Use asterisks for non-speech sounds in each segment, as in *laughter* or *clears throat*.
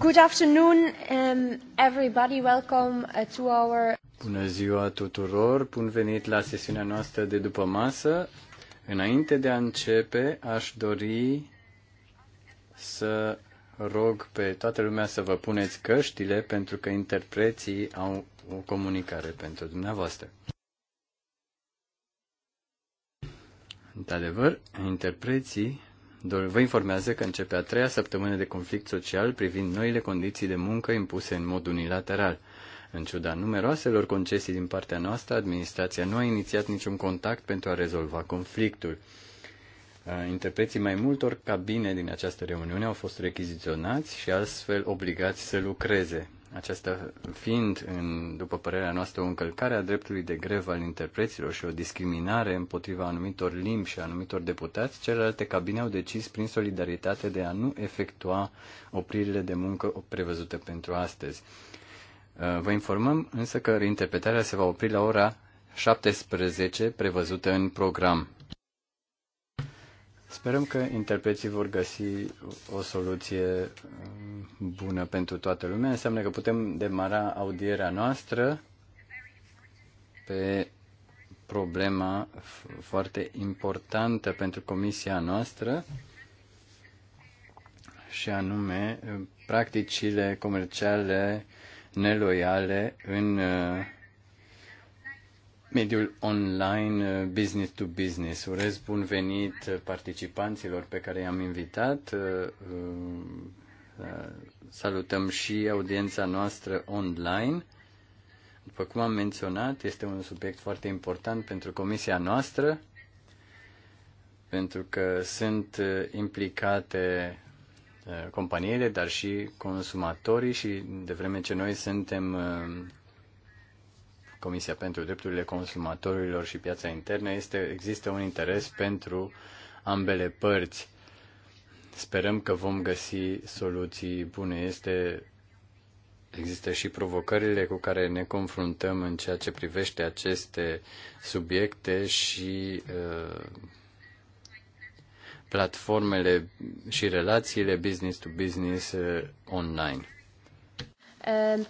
Good afternoon, um, everybody. Welcome uh, to our... Bună ziua tuturor. Bun venit la sesiunea noastră de după masă. Înainte de a începe, aș dori să rog pe toată lumea să vă puneți căștile pentru că interpreții au o comunicare pentru dumneavoastră. Într-adevăr, interpreții vă informează că începe a treia săptămână de conflict social privind noile condiții de muncă impuse în mod unilateral. În ciuda numeroaselor concesii din partea noastră, administrația nu a inițiat niciun contact pentru a rezolva conflictul. Interpreții mai multor cabine din această reuniune au fost rechiziționați și astfel obligați să lucreze. Aceasta fiind, în, după părerea noastră, o încălcare a dreptului de grevă al interpreților și o discriminare împotriva anumitor limbi și anumitor deputați, celelalte cabine au decis prin solidaritate de a nu efectua opririle de muncă prevăzute pentru astăzi. Uh, vă informăm însă că interpretarea se va opri la ora 17 prevăzută în program. Sperăm că interpreții vor găsi o soluție mm, bună pentru toată lumea. Înseamnă că putem demara audierea noastră pe problema foarte importantă pentru comisia noastră și anume practicile comerciale neloiale în uh, mediul online uh, business to business. Urez bun venit uh, participanților pe care i-am invitat. Uh, salutăm și audiența noastră online. După cum am menționat, este un subiect foarte important pentru comisia noastră, pentru că sunt implicate companiile, dar și consumatorii și de vreme ce noi suntem Comisia pentru Drepturile Consumatorilor și Piața Internă este, există un interes pentru ambele părți. Sperăm că vom găsi soluții bune. Este, există și provocările cu care ne confruntăm în ceea ce privește aceste subiecte și uh, platformele și relațiile business to business uh, online. Um,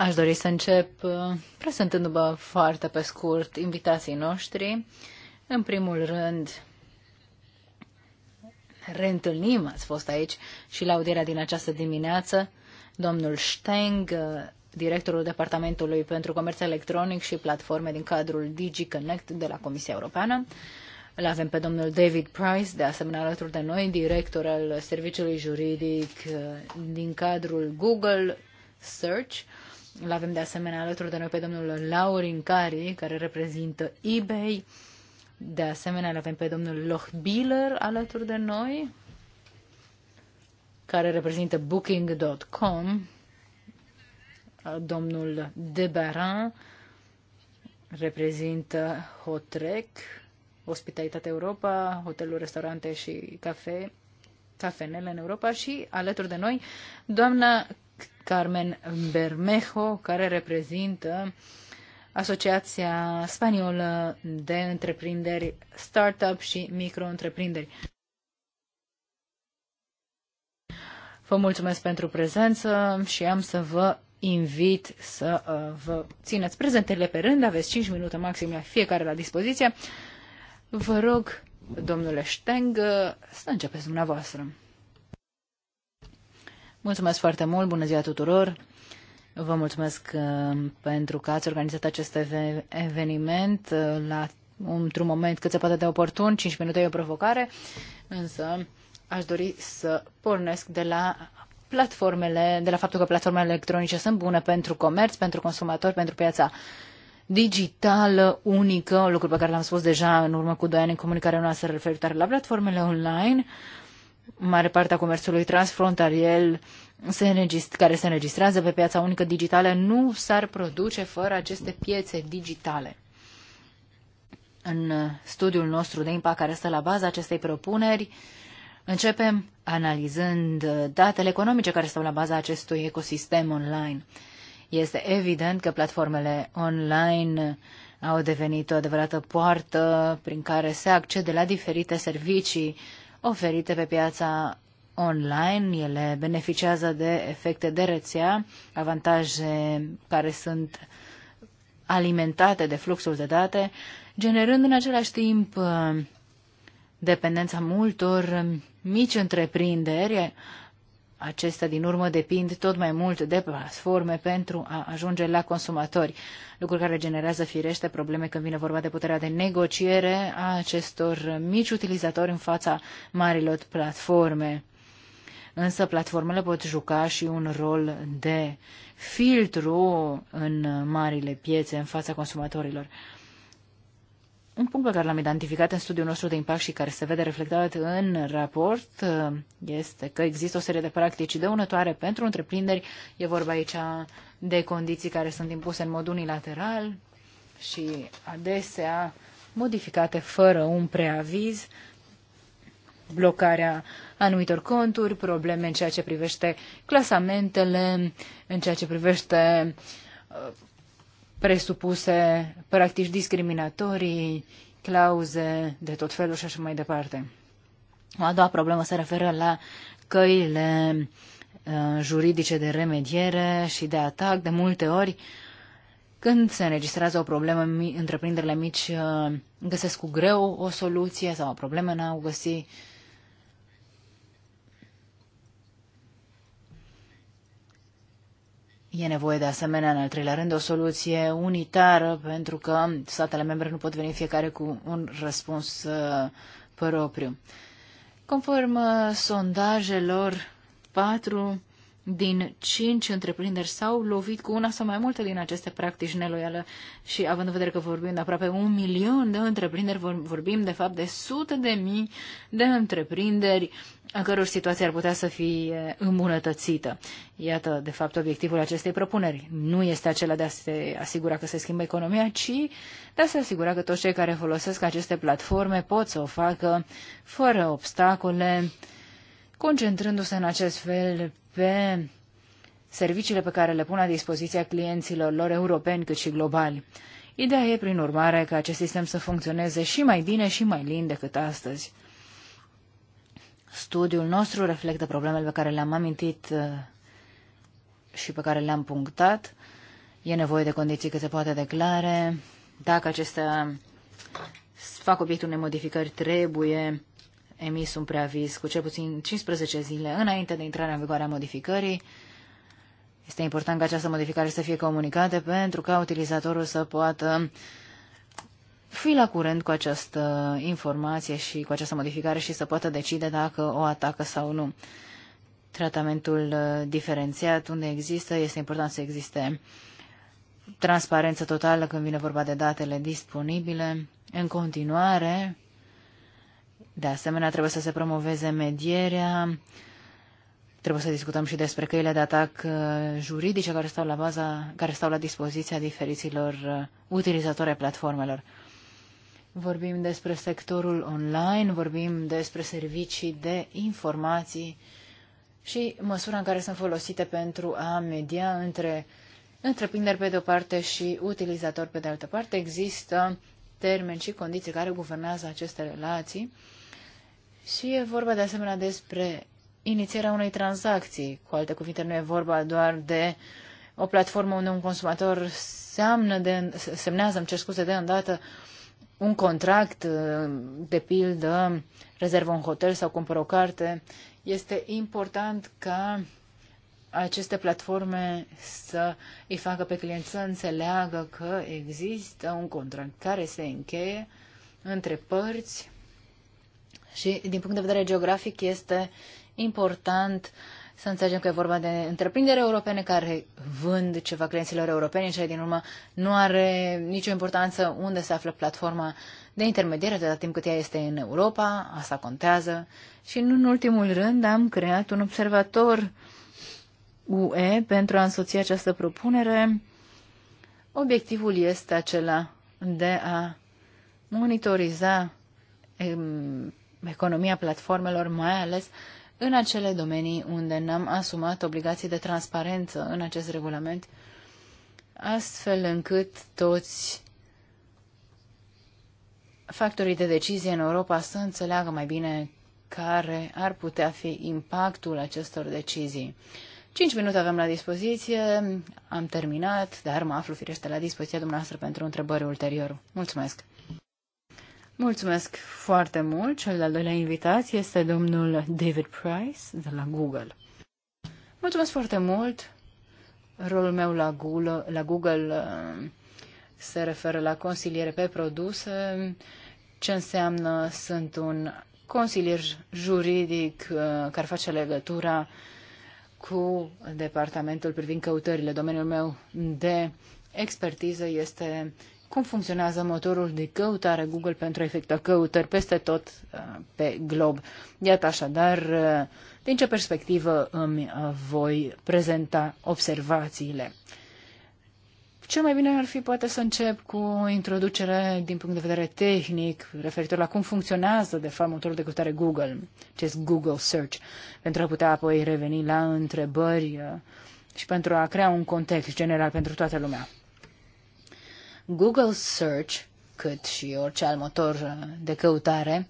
Aș dori să încep uh, prezentându-vă foarte pe scurt invitații noștri. În primul rând, reîntâlnim, ați fost aici și la audierea din această dimineață, domnul Steng, uh, directorul Departamentului pentru Comerț Electronic și Platforme din cadrul DigiConnect de la Comisia Europeană. Îl avem pe domnul David Price, de asemenea alături de noi, director al Serviciului Juridic uh, din cadrul Google Search. Îl avem de asemenea alături de noi pe domnul Laurin Cari, care reprezintă eBay. De asemenea, îl avem pe domnul Lochbiller alături de noi, care reprezintă Booking.com. Domnul Debaran reprezintă Hotrec, Ospitalitate Europa, hoteluri, restaurante și cafe, cafenele în Europa și alături de noi doamna Carmen Bermejo, care reprezintă Asociația Spaniolă de Întreprinderi, Startup și Micro-Întreprinderi. Vă mulțumesc pentru prezență și am să vă invit să uh, vă țineți prezentările pe rând. Aveți 5 minute maxim la fiecare la dispoziție. Vă rog, domnule Steng, să începeți dumneavoastră. Mulțumesc foarte mult, bună ziua tuturor! Vă mulțumesc uh, pentru că ați organizat acest eveniment uh, la într-un moment cât se poate de oportun, 5 minute e o provocare, însă aș dori să pornesc de la platformele, de la faptul că platformele electronice sunt bune pentru comerț, pentru consumatori, pentru piața digitală unică, un lucru pe care l-am spus deja în urmă cu 2 ani în comunicarea noastră referitoare la platformele online. Uh, mare parte a comerțului transfrontalier se care se înregistrează pe piața unică digitală nu s-ar produce fără aceste piețe digitale. În studiul nostru de impact care stă la baza acestei propuneri, începem analizând datele economice care stau la baza acestui ecosistem online. Este evident că platformele online au devenit o adevărată poartă prin care se accede la diferite servicii oferite pe piața online. Ele beneficiază de efecte de rețea, avantaje care sunt alimentate de fluxul de date, generând în același timp uh, dependența multor mici întreprinderi acestea din urmă depind tot mai mult de platforme pentru a ajunge la consumatori, lucru care generează firește probleme când vine vorba de puterea de negociere a acestor mici utilizatori în fața marilor platforme. Însă platformele pot juca și un rol de filtru în marile piețe în fața consumatorilor. Un punct pe care l-am identificat în studiul nostru de impact și care se vede reflectat în raport uh, este că există o serie de practici dăunătoare pentru întreprinderi. E vorba aici de condiții care sunt impuse în mod unilateral și adesea modificate fără un preaviz, blocarea anumitor conturi, probleme în ceea ce privește clasamentele, în ceea ce privește uh, presupuse practici discriminatorii, clauze de tot felul și așa mai departe. O a doua problemă se referă la căile uh, juridice de remediere și de atac. De multe ori, când se înregistrează o problemă, întreprinderile mici uh, găsesc cu greu o soluție sau o problemă n-au găsit E nevoie de asemenea, în al treilea rând, de o soluție unitară, pentru că statele membre nu pot veni fiecare cu un răspuns uh, propriu. Conform uh, sondajelor, patru din cinci întreprinderi s-au lovit cu una sau mai multe din aceste practici neloiale și având în vedere că vorbim de aproape un milion de întreprinderi, vorbim de fapt de sute de mii de întreprinderi a căror situație ar putea să fie îmbunătățită. Iată, de fapt, obiectivul acestei propuneri. Nu este acela de a se asigura că se schimbă economia, ci de a se asigura că toți cei care folosesc aceste platforme pot să o facă fără obstacole, concentrându-se în acest fel pe serviciile pe care le pun la dispoziția clienților lor europeni cât și globali. Ideea e, prin urmare, ca acest sistem să funcționeze și mai bine și mai lin decât astăzi. Studiul nostru reflectă problemele pe care le-am amintit uh, și pe care le-am punctat. E nevoie de condiții cât se poate declare. Dacă acestea fac obiectul unei modificări, trebuie emis un preaviz cu cel puțin 15 zile înainte de intrarea în vigoare a modificării. Este important ca această modificare să fie comunicată pentru ca utilizatorul să poată fi la curent cu această informație și cu această modificare și să poată decide dacă o atacă sau nu. Tratamentul uh, diferențiat unde există, este important să existe transparență totală când vine vorba de datele disponibile. În continuare, de asemenea, trebuie să se promoveze medierea, trebuie să discutăm și despre căile de atac uh, juridice care stau la baza, care stau la dispoziția diferiților uh, utilizatori ai platformelor. Vorbim despre sectorul online, vorbim despre servicii de informații și măsura în care sunt folosite pentru a media între întreprinderi pe de-o parte și utilizatori pe de altă parte. Există termeni și condiții care guvernează aceste relații și e vorba de asemenea despre inițierea unei tranzacții. Cu alte cuvinte, nu e vorba doar de o platformă unde un consumator seamnă de, semnează, îmi cer scuze, de îndată un contract, de pildă, rezervă un hotel sau cumpără o carte. Este important ca aceste platforme să îi facă pe client să înțeleagă că există un contract care se încheie între părți și din punct de vedere geografic este important să înțelegem că e vorba de întreprindere europene care vând ceva clienților europeni și din urmă nu are nicio importanță unde se află platforma de intermediere, atâta timp cât ea este în Europa, asta contează. Și nu în ultimul rând am creat un observator UE pentru a însoți această propunere. Obiectivul este acela de a monitoriza economia platformelor, mai ales în acele domenii unde n-am asumat obligații de transparență în acest regulament, astfel încât toți factorii de decizie în Europa să înțeleagă mai bine care ar putea fi impactul acestor decizii. Cinci minute avem la dispoziție, am terminat, dar mă aflu firește la dispoziția dumneavoastră pentru întrebări ulterior. Mulțumesc! Mulțumesc foarte mult. Cel de-al doilea invitat este domnul David Price de la Google. Mulțumesc foarte mult. Rolul meu la Google, la Google uh, se referă la consiliere pe produse. Ce înseamnă sunt un consilier juridic uh, care face legătura cu departamentul privind căutările. Domeniul meu de expertiză este cum funcționează motorul de căutare Google pentru efectul efectua căutări peste tot uh, pe glob. Iată așadar uh, din ce perspectivă îmi uh, voi prezenta observațiile. Cel mai bine ar fi poate să încep cu o introducere din punct de vedere tehnic, referitor la cum funcționează, de fapt, motorul de căutare Google, acest Google Search, pentru a putea apoi reveni la întrebări și pentru a crea un context general pentru toată lumea. Google Search, cât și orice alt motor uh, de căutare,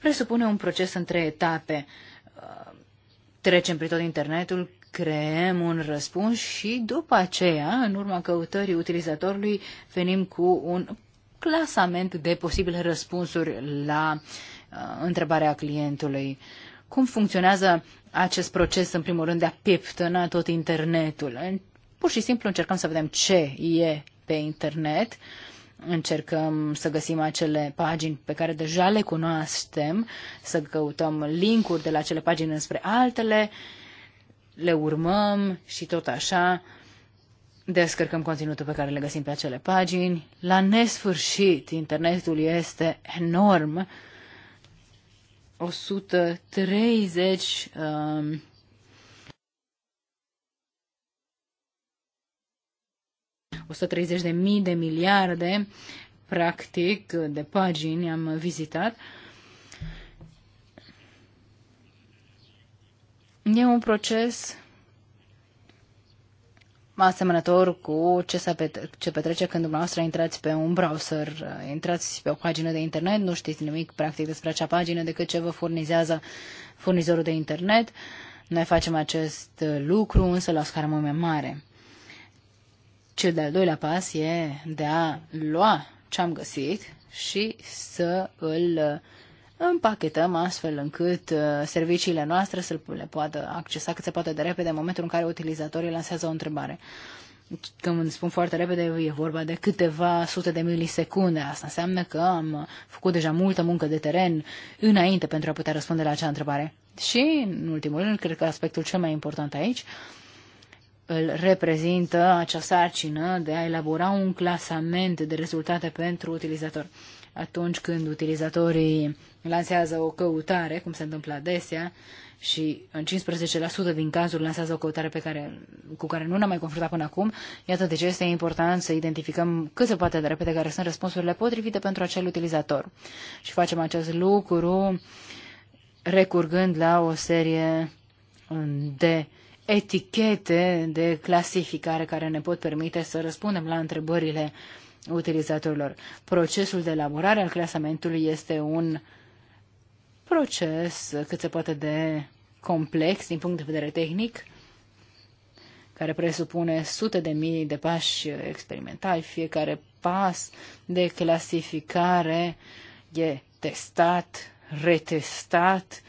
presupune un proces în trei etape. Uh, trecem prin tot internetul, creăm un răspuns și după aceea, în urma căutării utilizatorului, venim cu un clasament de posibile răspunsuri la uh, întrebarea clientului. Cum funcționează acest proces, în primul rând, de a pieptăna tot internetul? Pur și simplu încercăm să vedem ce e pe internet. Încercăm să găsim acele pagini pe care deja le cunoaștem, să căutăm linkuri de la acele pagini înspre altele, le urmăm și tot așa descărcăm conținutul pe care le găsim pe acele pagini. La nesfârșit, internetul este enorm. 130 um, 130.000 de miliarde, practic, de pagini am vizitat. E un proces asemănător cu ce, se pet- ce petrece când dumneavoastră intrați pe un browser, uh, intrați pe o pagină de internet, nu știți nimic practic despre acea pagină decât ce vă furnizează furnizorul de internet. Noi facem acest uh, lucru, însă la o scară mai mare. Cel de-al doilea pas e de a lua ce am găsit și să îl uh, împachetăm astfel încât uh, serviciile noastre să le poată accesa cât se poate de repede în momentul în care utilizatorii lansează o întrebare. Când spun foarte repede, e vorba de câteva sute de milisecunde. Asta înseamnă că am făcut deja multă muncă de teren înainte pentru a putea răspunde la acea întrebare. Și, în ultimul rând, cred că aspectul cel mai important aici îl reprezintă acea sarcină de a elabora un clasament de rezultate pentru utilizator. Atunci când utilizatorii lansează o căutare, cum se întâmplă adesea, și în 15% din cazuri lansează o căutare pe care, cu care nu ne-am mai confruntat până acum, iată de ce este important să identificăm cât se poate de repede care sunt răspunsurile potrivite pentru acel utilizator. Și facem acest lucru recurgând la o serie de etichete de clasificare care ne pot permite să răspundem la întrebările utilizatorilor. Procesul de elaborare al clasamentului este un proces cât se poate de complex din punct de vedere tehnic, care presupune sute de mii de pași experimentali. Fiecare pas de clasificare e testat, retestat,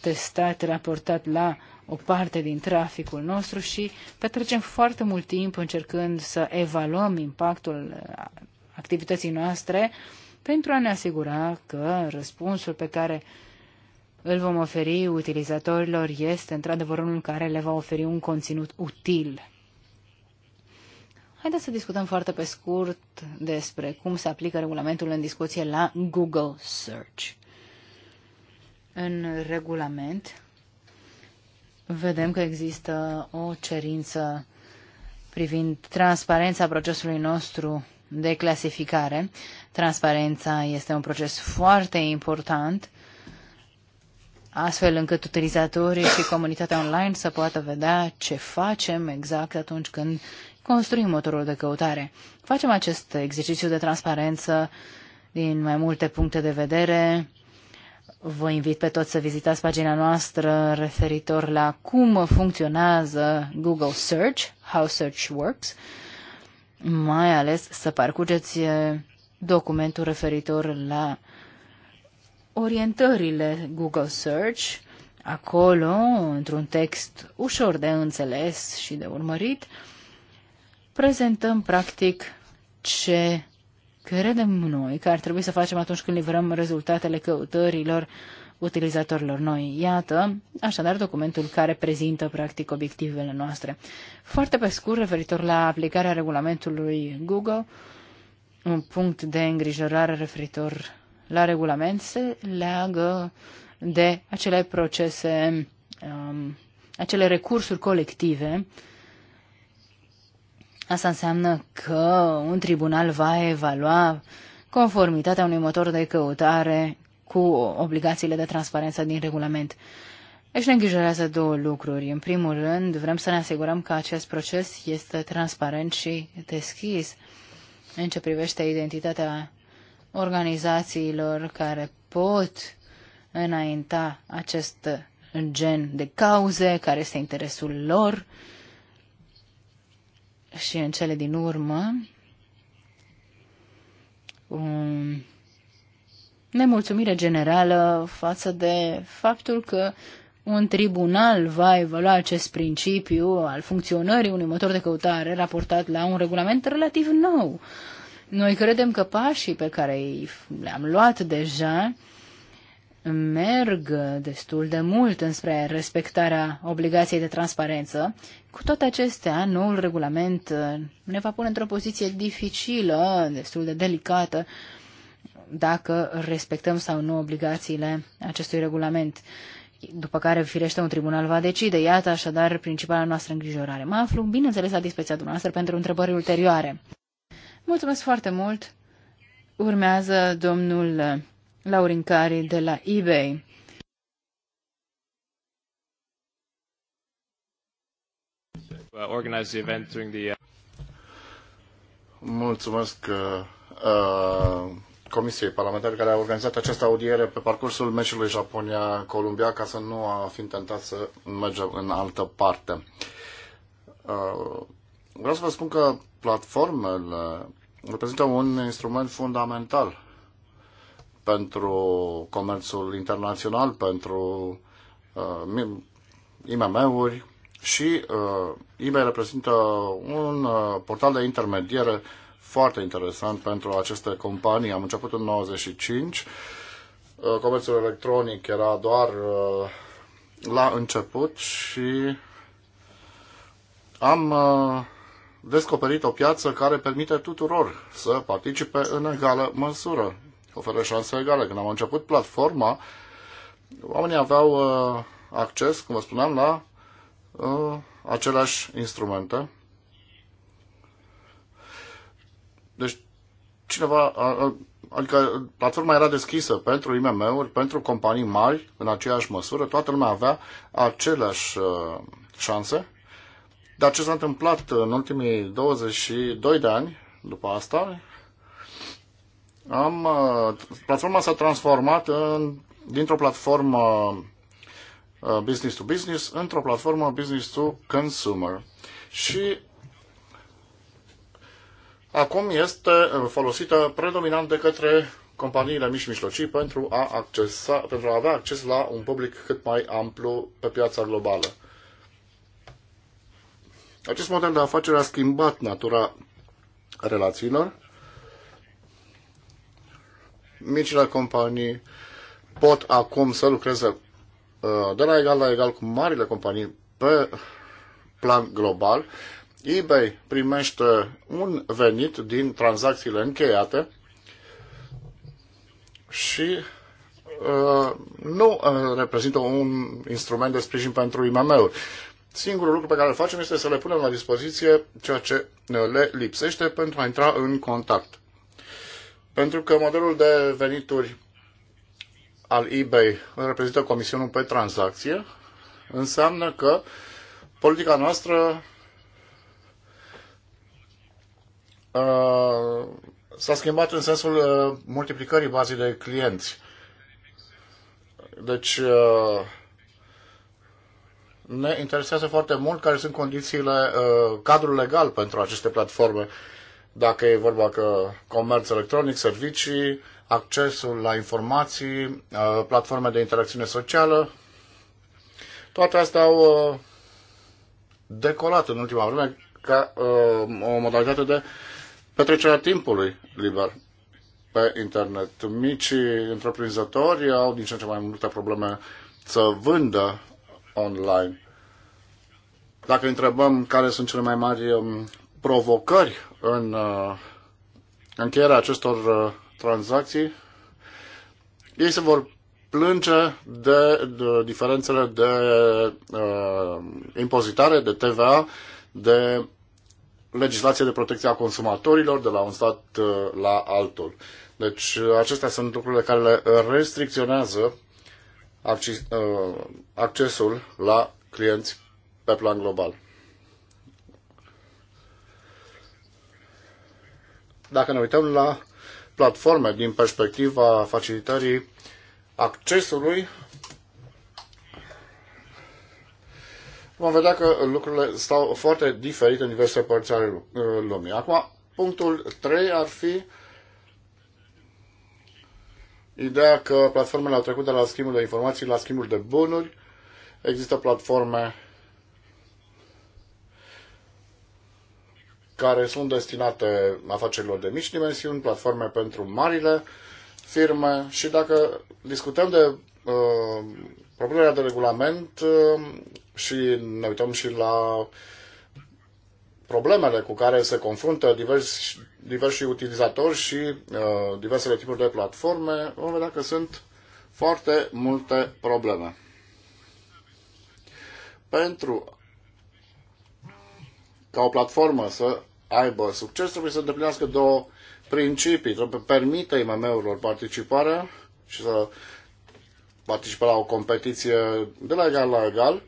testat, raportat la o parte din traficul nostru și petrecem foarte mult timp încercând să evaluăm impactul uh, activității noastre pentru a ne asigura că răspunsul pe care îl vom oferi utilizatorilor este într-adevăr unul care le va oferi un conținut util. Haideți să discutăm foarte pe scurt despre cum se aplică regulamentul în discuție la Google Search. În regulament vedem că există o cerință privind transparența procesului nostru de clasificare. Transparența este un proces foarte important, astfel încât utilizatorii și comunitatea online să poată vedea ce facem exact atunci când construim motorul de căutare. Facem acest exercițiu de transparență din mai multe puncte de vedere, Vă invit pe toți să vizitați pagina noastră referitor la cum funcționează Google Search, How Search Works, mai ales să parcurgeți documentul referitor la orientările Google Search, acolo, într-un text ușor de înțeles și de urmărit, prezentăm practic ce credem noi că ar trebui să facem atunci când livrăm rezultatele căutărilor utilizatorilor noi. Iată, așadar, documentul care prezintă, practic, obiectivele noastre. Foarte pe scurt, referitor la aplicarea regulamentului Google, un punct de îngrijorare referitor la regulament se leagă de acele procese, um, acele recursuri colective uh, Asta înseamnă că un tribunal va evalua conformitatea unui motor de căutare cu obligațiile de transparență din regulament. Aici deci ne îngrijorează două lucruri. În primul rând, vrem să ne asigurăm că acest proces este transparent și deschis în ce privește identitatea organizațiilor care pot înainta acest gen de cauze, care este interesul lor, uh, și în cele din urmă o nemulțumire generală față de faptul că un tribunal va evalua acest principiu al funcționării unui motor de căutare raportat la un regulament relativ nou. Noi credem că pașii pe care le-am luat deja merg destul de mult înspre respectarea obligației de transparență cu toate acestea, noul regulament uh, ne va pune într-o poziție dificilă, destul de delicată, dacă respectăm sau nu obligațiile acestui regulament, după care, firește, un tribunal va decide. Iată, așadar, principala noastră îngrijorare. Mă aflu, bineînțeles, la dispoziția dumneavoastră pentru întrebări ulterioare. Mulțumesc foarte mult! Urmează domnul Laurin Cari de la eBay. Uh, organized the event during the... Uh, Mulțumesc uh, uh, Comisiei Parlamentare care a organizat această audiere pe parcursul meciului Japonia-Columbia ca să nu a fi tentat să mergem în altă parte. Uh, vreau să vă spun că platformele reprezintă un instrument fundamental pentru comerțul internațional, pentru uh, IMM-uri, și uh, eBay reprezintă un uh, portal de intermediere foarte interesant pentru aceste companii. Am început în 95. Uh, comerțul electronic era doar uh, la început și am uh, descoperit o piață care permite tuturor să participe în egală măsură. Oferă șanse egale. Când am început platforma, oamenii aveau uh, acces, cum vă spuneam, la uh, aceleași instrumente. Deci, cineva, uh, adică platforma era deschisă pentru IMM-uri, pentru companii mari, în aceeași măsură, toată lumea avea aceleași uh, șanse. Dar ce s-a întâmplat în ultimii 22 de ani, după asta, am, uh, platforma s-a transformat în, dintr-o platformă Uh, business to business într-o platformă business to consumer. Și acum este uh, folosită predominant de către companiile mici și mijlocii pentru a, accesa, pentru a avea acces la un public cât mai amplu pe piața globală. Acest model de afacere a schimbat natura relațiilor. Micile companii pot acum să lucreze Uh, de la egal la egal cu marile companii pe plan global, eBay primește un venit din tranzacțiile încheiate și uh, nu uh, reprezintă un instrument de sprijin pentru IMM-uri. Singurul lucru pe care îl facem este să le punem la dispoziție ceea ce le lipsește pentru a intra în contact. Pentru că modelul de venituri al eBay îl reprezintă comisionul pe tranzacție, înseamnă că politica noastră uh, s-a schimbat în sensul uh, multiplicării bazei de clienți. Deci uh, ne interesează foarte mult care sunt condițiile, uh, cadrul legal pentru aceste platforme. Dacă e vorba că comerț electronic, servicii, accesul la informații, uh, platforme de interacțiune socială. Toate astea au uh, decolat în ultima vreme ca uh, o modalitate de petrecerea timpului liber pe internet. Micii întreprinzători au din ce în ce mai multe probleme să vândă online. Dacă întrebăm care sunt cele mai mari um, provocări în încheierea acestor tranzacții, ei se vor plânge de, de diferențele de uh, impozitare, de TVA, de legislație de protecție a consumatorilor de la un stat uh, la altul. Deci uh, acestea sunt lucrurile care le restricționează acces, uh, accesul la clienți pe plan global. Dacă ne uităm la platforme din perspectiva facilitării accesului, vom vedea că lucrurile stau foarte diferite în diverse părți ale lumii. Acum, punctul 3 ar fi ideea că platformele au trecut de la schimbul de informații la schimbul de bunuri. Există platforme care sunt destinate afacerilor de mici dimensiuni, platforme pentru marile firme și dacă discutăm de uh, propunerea de regulament uh, și ne uităm și la problemele cu care se confruntă diversi, diversi utilizatori și uh, diversele tipuri de platforme, vom vedea că sunt foarte multe probleme. Pentru ca o platformă să aibă succes, trebuie să îndeplinească două principii. Trebuie permite IMM-urilor participarea și să participe la o competiție de la egal la egal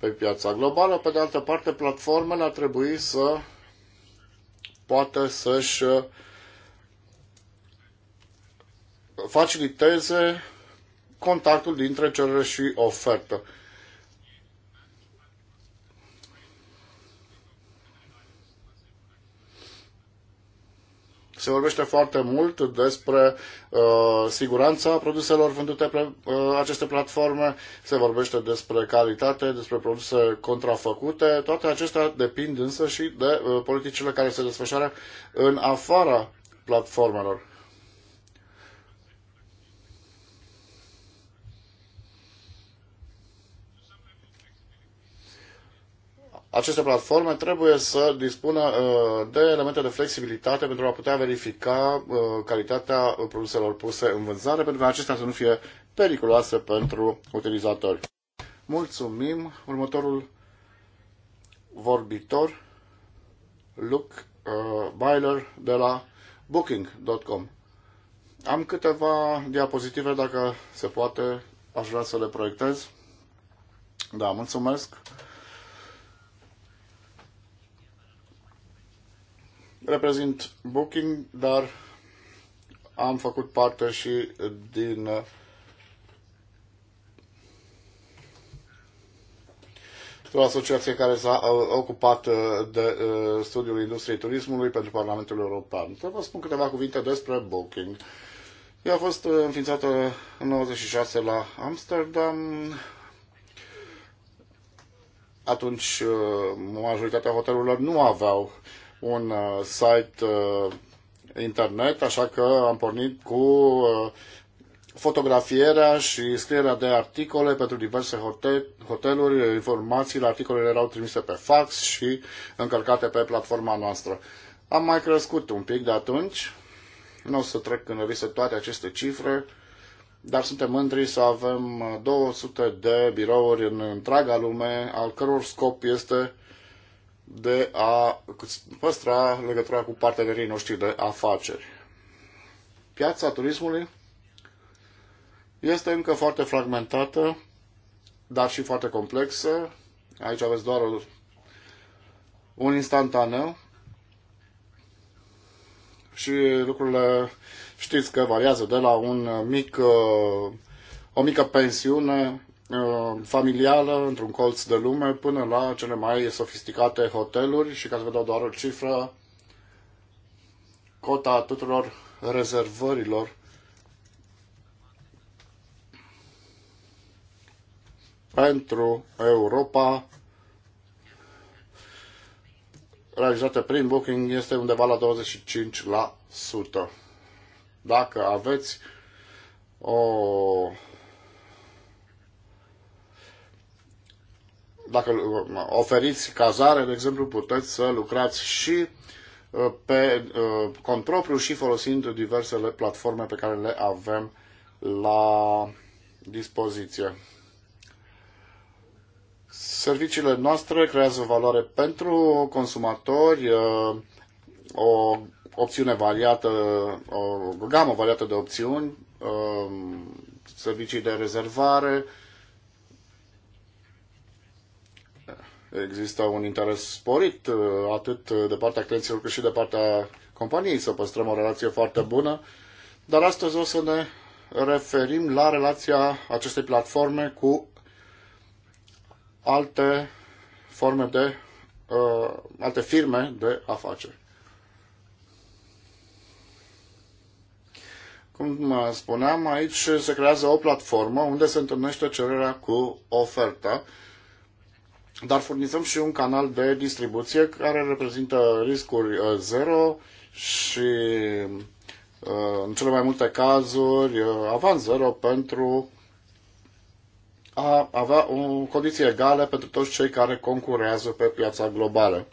pe piața globală. Pe de altă parte, platformele ar trebui să poată să-și uh, faciliteze contactul dintre cerere și ofertă. Se vorbește foarte mult despre uh, siguranța produselor vândute pe uh, aceste platforme, se vorbește despre calitate, despre produse contrafăcute. Toate acestea depind însă și de uh, politicile care se desfășoară în afara platformelor. aceste platforme trebuie să dispună uh, de elemente de flexibilitate pentru a putea verifica uh, calitatea uh, produselor puse în vânzare, pentru că acestea să nu fie periculoase pentru utilizatori. Mulțumim! Următorul vorbitor, Luke Byler de la Booking.com. Am câteva diapozitive, dacă se poate, aș vrea să le proiectez. Da, mulțumesc! reprezint Booking, dar am făcut parte și din o asociație care s-a uh, ocupat uh, de uh, studiul industriei turismului pentru Parlamentul European. Să vă spun câteva cuvinte despre Booking. Ea a fost înființată în 96 la Amsterdam. Atunci majoritatea hotelurilor nu aveau un uh, site uh, internet, așa că am pornit cu uh, fotografierea și scrierea de articole pentru diverse hotel, hoteluri. Informațiile, articolele erau trimise pe fax și încărcate pe platforma noastră. Am mai crescut un pic de atunci. Nu o să trec în revistă toate aceste cifre, dar suntem mândri să avem 200 de birouri în întreaga lume, al căror scop este de a păstra legătura cu partenerii noștri de afaceri. Piața turismului este încă foarte fragmentată, dar și foarte complexă. Aici aveți doar un instantaneu și lucrurile știți că variază de la un mic, o mică pensiune Uh, familială într-un colț de lume până la cele mai sofisticate hoteluri și ca să vă dau doar o cifră, cota tuturor rezervărilor pentru Europa realizate prin Booking este undeva la 25%. Dacă aveți o dacă oferiți cazare, de exemplu, puteți să lucrați și uh, pe uh, cont propriu și folosind diversele platforme pe care le avem la dispoziție. Serviciile noastre creează valoare pentru consumatori, uh, o opțiune variată, o gamă variată de opțiuni, servicii de rezervare, există un interes sporit uh, atât de partea clienților cât și de partea companiei să păstrăm o relație foarte bună, dar astăzi o să ne referim la relația acestei platforme cu alte forme de uh, alte firme de afaceri. Cum spuneam, aici se creează o platformă unde se întâlnește cererea cu oferta dar furnizăm și un canal de distribuție care reprezintă riscuri uh, zero și uh, în cele mai multe cazuri uh, avans zero pentru a avea o condiție egală pentru toți cei care concurează pe piața globală.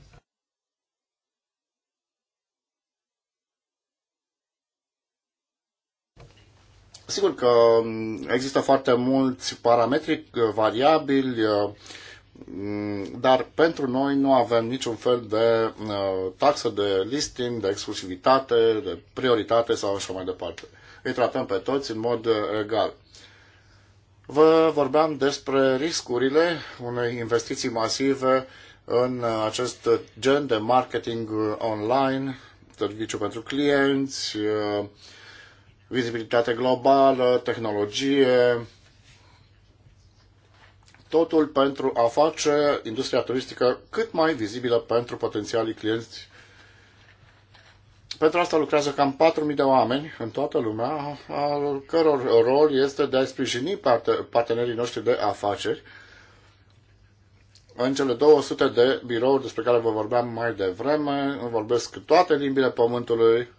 Sigur că um, există foarte mulți parametri variabili, Mm, dar pentru noi nu avem niciun fel de uh, taxă de listing, de exclusivitate, de prioritate sau așa mai departe. Îi tratăm pe toți în mod uh, egal. Vă vorbeam despre riscurile unei investiții masive în uh, acest gen de marketing online, serviciu pentru clienți, vizibilitate globală, tehnologie, totul pentru a face industria turistică cât mai vizibilă pentru potențialii clienți. Pentru asta lucrează cam 4.000 de oameni în toată lumea, al căror rol este de a sprijini partenerii noștri de afaceri în cele 200 de birouri despre care vă vorbeam mai devreme, vorbesc toate limbile pământului.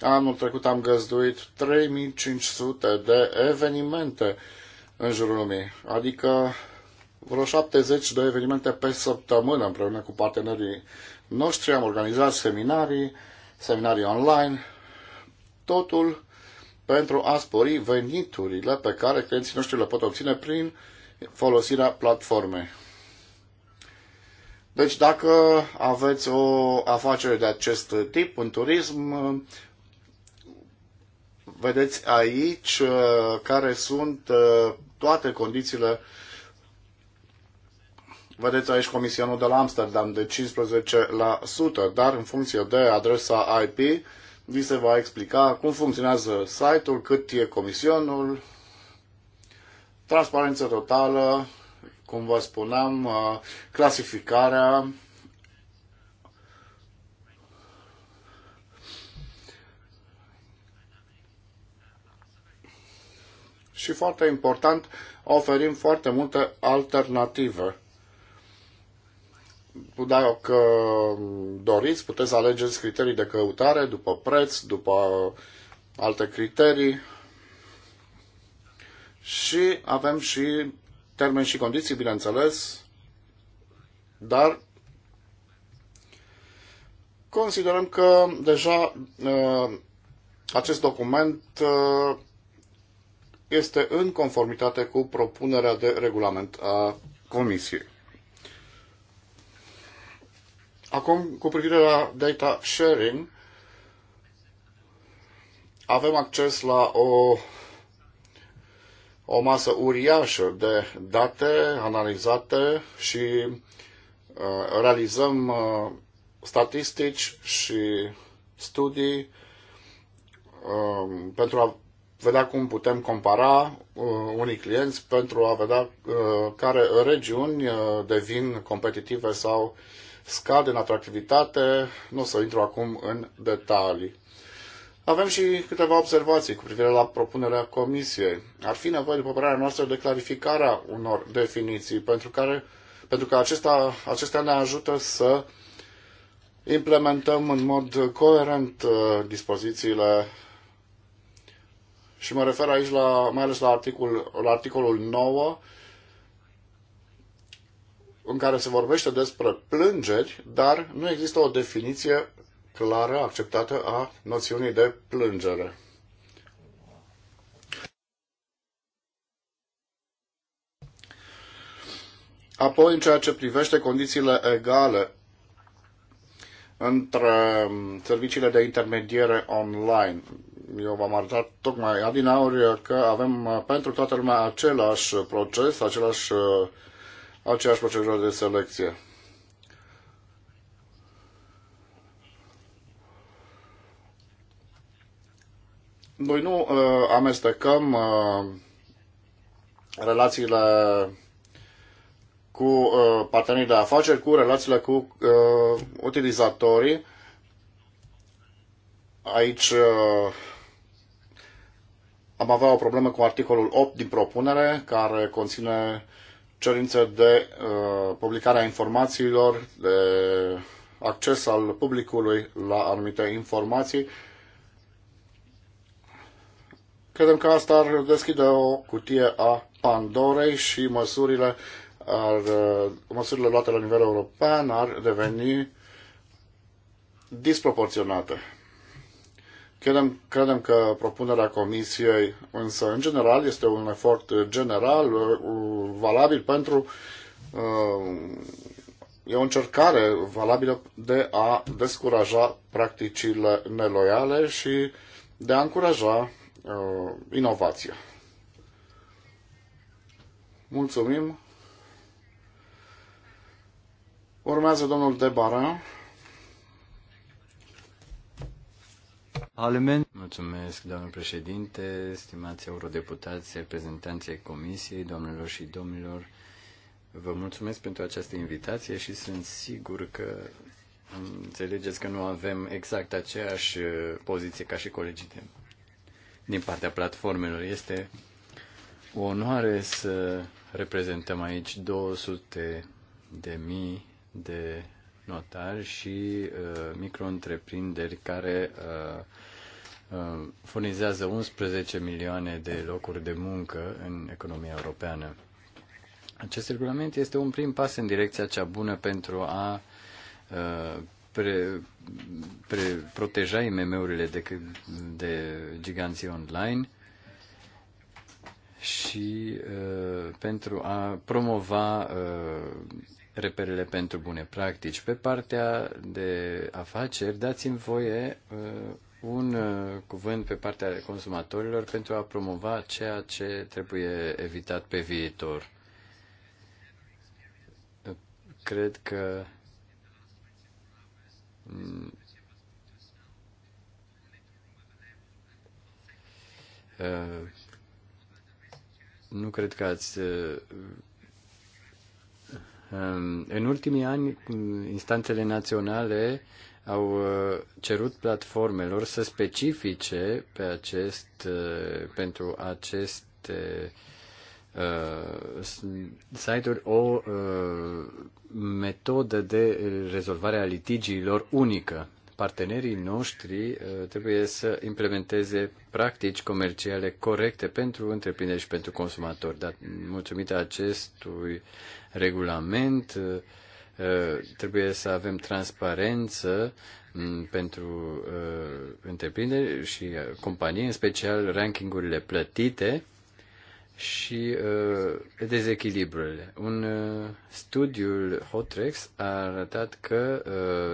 Anul trecut am găzduit 3500 de evenimente în jurul lumii, adică vreo 70 de evenimente pe săptămână împreună cu partenerii noștri. Am organizat seminarii, seminarii online, totul pentru a spori veniturile pe care clienții noștri le pot obține prin folosirea platformei. Deci dacă aveți o afacere de acest tip în turism, vedeți aici uh, care sunt uh, toate condițiile Vedeți aici comisionul de la Amsterdam de 15%, dar în funcție de adresa IP vi se va explica cum funcționează site-ul, cât e comisionul, transparență totală, cum vă spuneam, uh, clasificarea, și foarte important, oferim foarte multe alternative dacă doriți, puteți alegeți criterii de căutare după preț, după alte criterii. Și avem și termeni și condiții, bineînțeles, dar considerăm că deja uh, acest document uh, este în conformitate cu propunerea de regulament a Comisiei. Acum, cu privire la data sharing, avem acces la o, o masă uriașă de date analizate și uh, realizăm uh, statistici și studii uh, pentru a vedea cum putem compara uh, unii clienți pentru a vedea uh, care regiuni uh, devin competitive sau uh, scade în atractivitate. Nu o să intru acum în detalii. Avem și câteva observații cu privire la propunerea Comisiei. Ar fi nevoie, după părerea noastră, de clarificarea unor definiții, pentru, care, pentru că acesta, acestea ne ajută să implementăm în mod coerent uh, dispozițiile și mă refer aici la, mai ales la, articol, la articolul 9 în care se vorbește despre plângeri, dar nu există o definiție clară, acceptată a noțiunii de plângere. Apoi, în ceea ce privește condițiile egale între um, serviciile de intermediere online. Eu v-am arătat tocmai adinauri că avem uh, pentru toată lumea același proces, același uh, aceeași procedură de selecție. Noi nu uh, amestecăm uh, relațiile cu uh, partenerii de afaceri, cu relațiile cu uh, utilizatorii. Aici uh, am avea o problemă cu articolul 8 din propunere, care conține uh, cerințe de uh, publicare a informațiilor, de acces al publicului la anumite informații. Credem că asta ar deschide o cutie a Pandorei și măsurile, ar, uh, măsurile luate la nivel european ar deveni disproporționate. Credem, credem că propunerea Comisiei, însă, în general, este un efort general, uh, valabil pentru. Uh, e o încercare valabilă de a descuraja practicile neloiale și de a încuraja uh, inovația. Mulțumim! Urmează domnul Debaran. Parlament. Mulțumesc, doamnă președinte, stimați eurodeputați, reprezentanții Comisiei, doamnelor și domnilor. Vă mulțumesc pentru această invitație și sunt sigur că înțelegeți că nu avem exact aceeași uh, poziție ca și colegii de, din partea platformelor. Este o onoare să reprezentăm aici 200 de mii de notari și uh, micro-întreprinderi care uh, Uh, furnizează 11 milioane de locuri de muncă în economia europeană. Acest regulament este un prim pas în direcția cea bună pentru a uh, pre, pre, proteja IMM-urile de, de giganții online și uh, pentru a promova uh, reperele pentru bune practici. Pe partea de afaceri, dați-mi voie uh, un uh, cuvânt pe partea consumatorilor pentru a promova ceea ce trebuie evitat pe viitor. Cred că uh, nu cred că ați. Uh, um, în ultimii ani, instanțele naționale au uh, cerut platformelor să specifice pe acest, uh, pentru aceste uh, site-uri o uh, metodă de rezolvare a litigiilor unică. Partenerii noștri uh, trebuie să implementeze practici comerciale corecte pentru întreprinderi și pentru consumatori. Dar mulțumită acestui regulament, uh, Uh, trebuie să avem transparență mm, pentru uh, întreprinderi și uh, companii, în special rankingurile plătite și dezechilibrele. Un studiu Hotrex a arătat că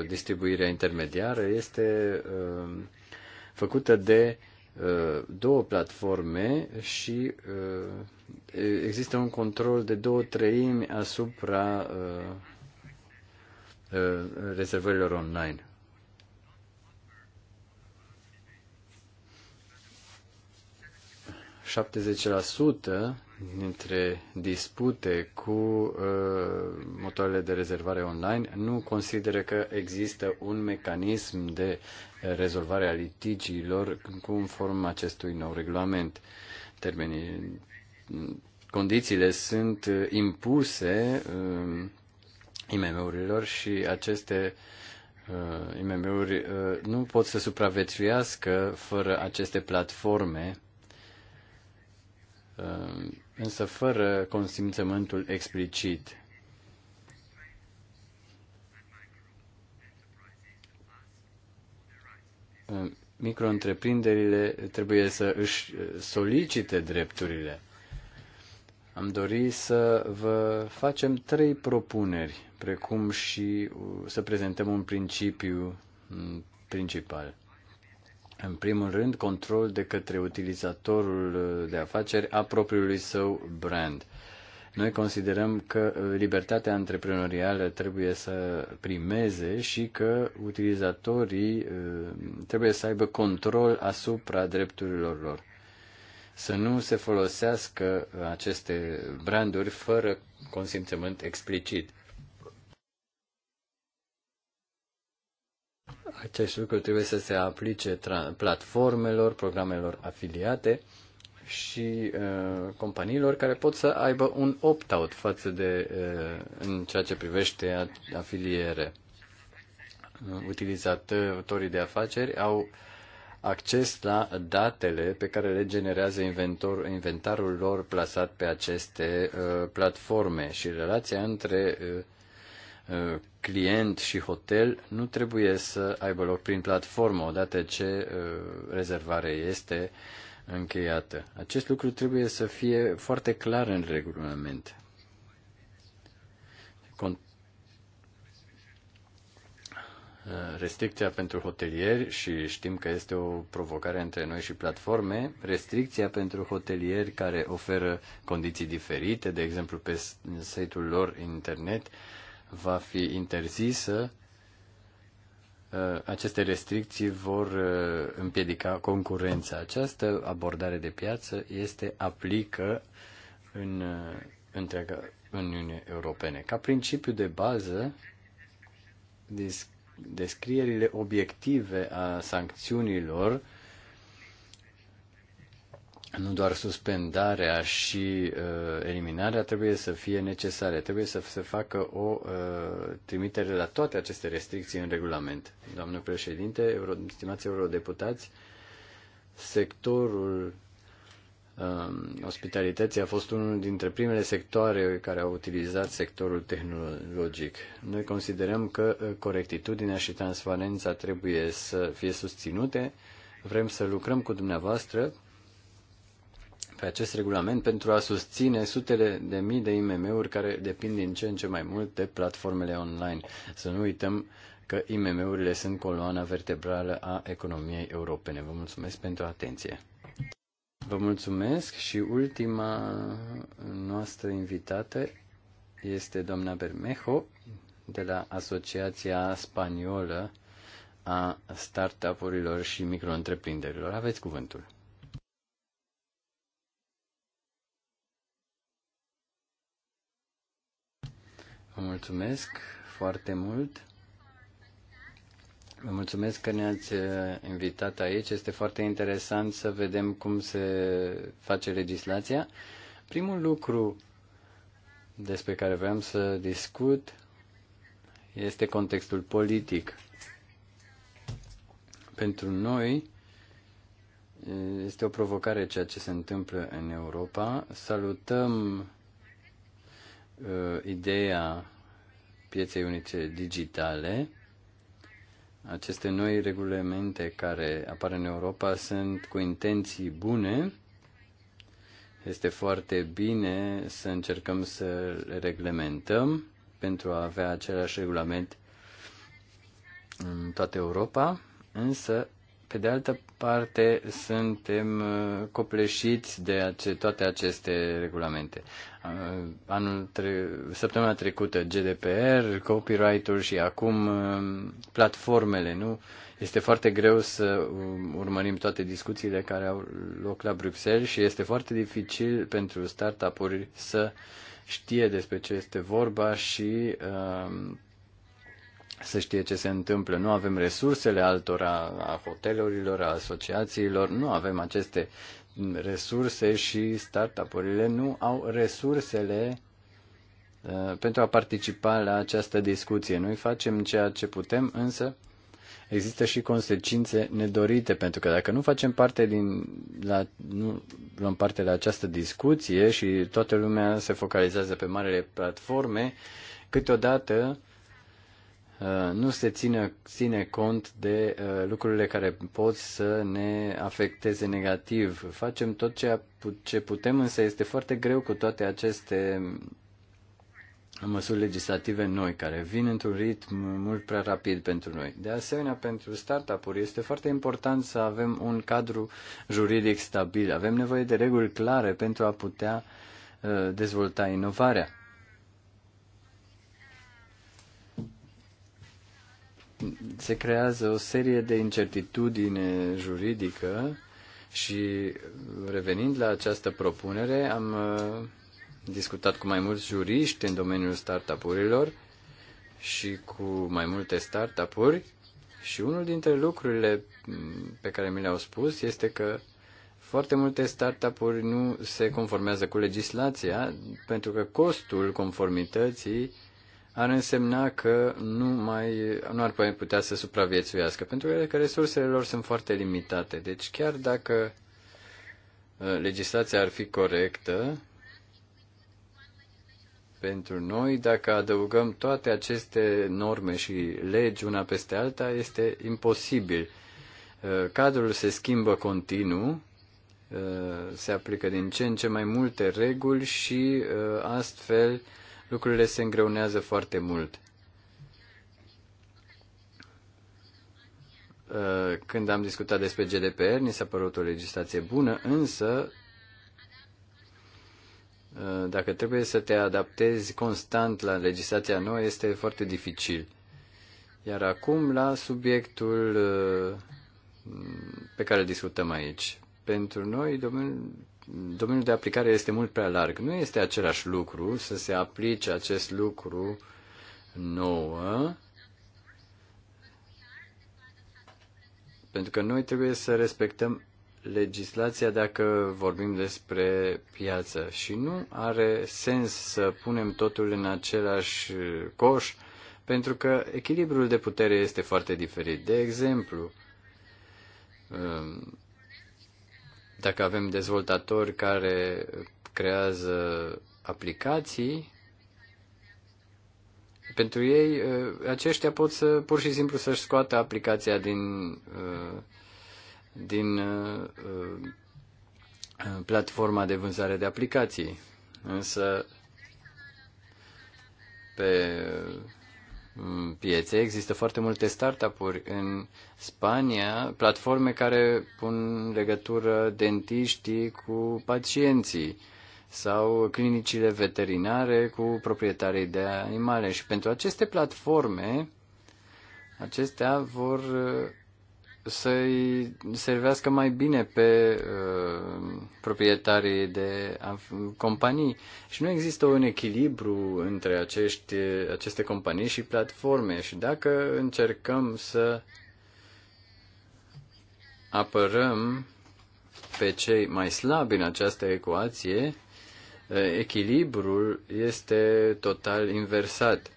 distribuirea intermediară este făcută de două platforme și există un control de două treimi asupra Uh, rezervărilor online. ...70% dintre dispute cu uh, motoarele de rezervare online nu consideră că există un mecanism de rezolvare a litigiilor conform acestui nou regulament. Termenii, condițiile sunt uh, impuse uh, IMM-urilor și aceste uh, IMM-uri uh, nu pot să supraviețuiască fără aceste platforme, uh, însă fără consimțământul explicit. Uh, micro-întreprinderile trebuie să își uh, solicite drepturile. Am dorit să vă facem trei propuneri precum și uh, să prezentăm un principiu mm, principal. În primul rând, control de către utilizatorul uh, de afaceri a propriului său brand. Noi considerăm că uh, libertatea antreprenorială trebuie să primeze și că utilizatorii trebuie să aibă control asupra drepturilor lor. Să nu se folosească aceste branduri fără consimțământ explicit. Acest lucru trebuie să se aplice platformelor, programelor afiliate și uh, companiilor care pot să aibă un opt-out față de uh, în ceea ce privește afiliere. Utilizatorii de afaceri au acces la datele pe care le generează inventor, inventarul lor plasat pe aceste uh, platforme și relația între uh, uh client și hotel nu trebuie să aibă loc prin platformă odată ce uh, rezervarea este încheiată. Acest lucru trebuie să fie foarte clar în regulament. Uh, restricția pentru hotelieri și știm că este o provocare între noi și platforme, restricția pentru hotelieri care oferă condiții diferite, de exemplu pe site-ul lor internet, uh, va fi interzisă, uh, aceste restricții vor uh, împiedica concurența. Această abordare de piață este aplică în uh, întreaga Uniune Europene. Ca principiu de bază, descrierile obiective a sancțiunilor nu doar suspendarea și uh, eliminarea trebuie să fie necesare, trebuie să se facă o uh, trimitere la toate aceste restricții în regulament. Doamnă președinte, euro, stimați eurodeputați, sectorul uh, ospitalității a fost unul dintre primele sectoare care au utilizat sectorul tehnologic. Noi considerăm că uh, corectitudinea și transparența trebuie să fie susținute. Vrem să lucrăm cu dumneavoastră pe acest regulament pentru a susține sutele de mii de IMM-uri care depind din ce în ce mai mult de platformele online. Să nu uităm că IMM-urile sunt coloana vertebrală a economiei europene. Vă mulțumesc pentru atenție. Vă mulțumesc și ultima noastră invitată este doamna Bermejo de la Asociația Spaniolă a Startup-urilor și Micro-Întreprinderilor. Aveți cuvântul. Vă mulțumesc foarte mult. Vă mulțumesc că ne-ați uh, invitat aici. Este foarte interesant să vedem cum se face legislația. Primul lucru despre care vreau să discut este contextul politic. Pentru noi uh, este o provocare ceea ce se întâmplă în Europa. Salutăm Uh, ideea pieței unice digitale, aceste noi regulamente care apar în Europa sunt cu intenții bune. Este foarte bine să încercăm să le reglementăm pentru a avea același regulament în toată Europa, însă pe de altă parte, suntem uh, copleșiți de ace- toate aceste regulamente. Uh, anul tre- săptămâna trecută GDPR, copyright-ul și acum uh, platformele, nu? Este foarte greu să um, urmărim toate discuțiile care au loc la Bruxelles și este foarte dificil pentru startup-uri să știe despre ce este vorba și uh, să știe ce se întâmplă. Nu avem resursele altora, a hotelurilor, a asociațiilor, nu avem aceste resurse și startup-urile nu au resursele uh, pentru a participa la această discuție. Noi facem ceea ce putem, însă există și consecințe nedorite, pentru că dacă nu facem parte din, la, nu luăm parte la această discuție și toată lumea se focalizează pe marele platforme, câteodată Uh, nu se ține, ține cont de uh, lucrurile care pot să ne afecteze negativ. Facem tot ceea ce putem, însă este foarte greu cu toate aceste măsuri legislative noi, care vin într-un ritm mult prea rapid pentru noi. De asemenea, pentru startup-uri este foarte important să avem un cadru juridic stabil. Avem nevoie de reguli clare pentru a putea uh, dezvolta inovarea se creează o serie de incertitudine juridică și revenind la această propunere, am uh, discutat cu mai mulți juriști în domeniul startup-urilor și cu mai multe startup-uri și unul dintre lucrurile mm, pe care mi le-au spus este că foarte multe startup-uri nu se conformează cu legislația pentru că costul conformității ar însemna că nu, mai, nu ar putea să supraviețuiască, pentru că resursele lor sunt foarte limitate. Deci chiar dacă uh, legislația ar fi corectă pentru noi, dacă adăugăm toate aceste norme și legi una peste alta, este imposibil. Uh, cadrul se schimbă continuu, uh, se aplică din ce în ce mai multe reguli și astfel lucrurile se îngreunează foarte mult. Uh, când am discutat despre GDPR, ni s-a părut o legislație bună, însă uh, dacă trebuie să te adaptezi constant la legislația nouă, este foarte dificil. Iar acum la subiectul uh, pe care îl discutăm aici. Pentru noi, domeniul domeniul de aplicare este mult prea larg. Nu este același lucru să se aplice acest lucru nouă, pentru că noi trebuie să respectăm legislația dacă vorbim despre piață și nu are sens să punem totul în același coș, pentru că echilibrul de putere este foarte diferit. De exemplu, um, dacă avem dezvoltatori care creează aplicații, pentru ei, uh, aceștia pot să pur și simplu să-și scoată aplicația din, uh, din uh, platforma de vânzare de aplicații. Însă, pe Mm, piețe. Există foarte multe startup-uri în Spania, platforme care pun legătură dentiștii cu pacienții sau clinicile veterinare cu proprietarii de animale. Și pentru aceste platforme, acestea vor să-i servească mai bine pe uh, proprietarii de companii. Și nu există un echilibru între acești, aceste companii și platforme. Și dacă încercăm să apărăm pe cei mai slabi în această ecuație, uh, echilibrul este total inversat.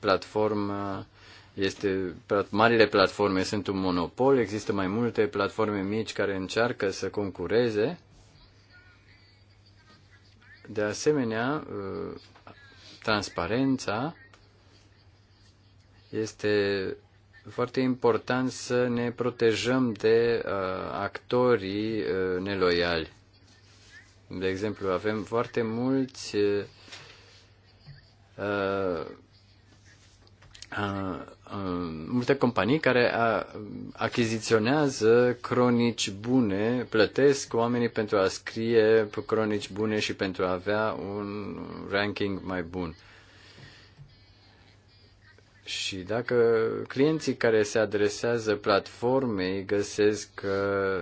Platforma este, marile platforme sunt un monopol, există mai multe platforme mici care încearcă să concureze. De asemenea, ă, transparența este foarte important să ne protejăm de ă, actorii ă, neloiali. De exemplu, avem foarte mulți Uh, multe companii care achiziționează cronici bune, plătesc oamenii pentru a scrie cronici bune și pentru a avea un ranking mai bun. Și dacă clienții care se adresează platformei găsesc că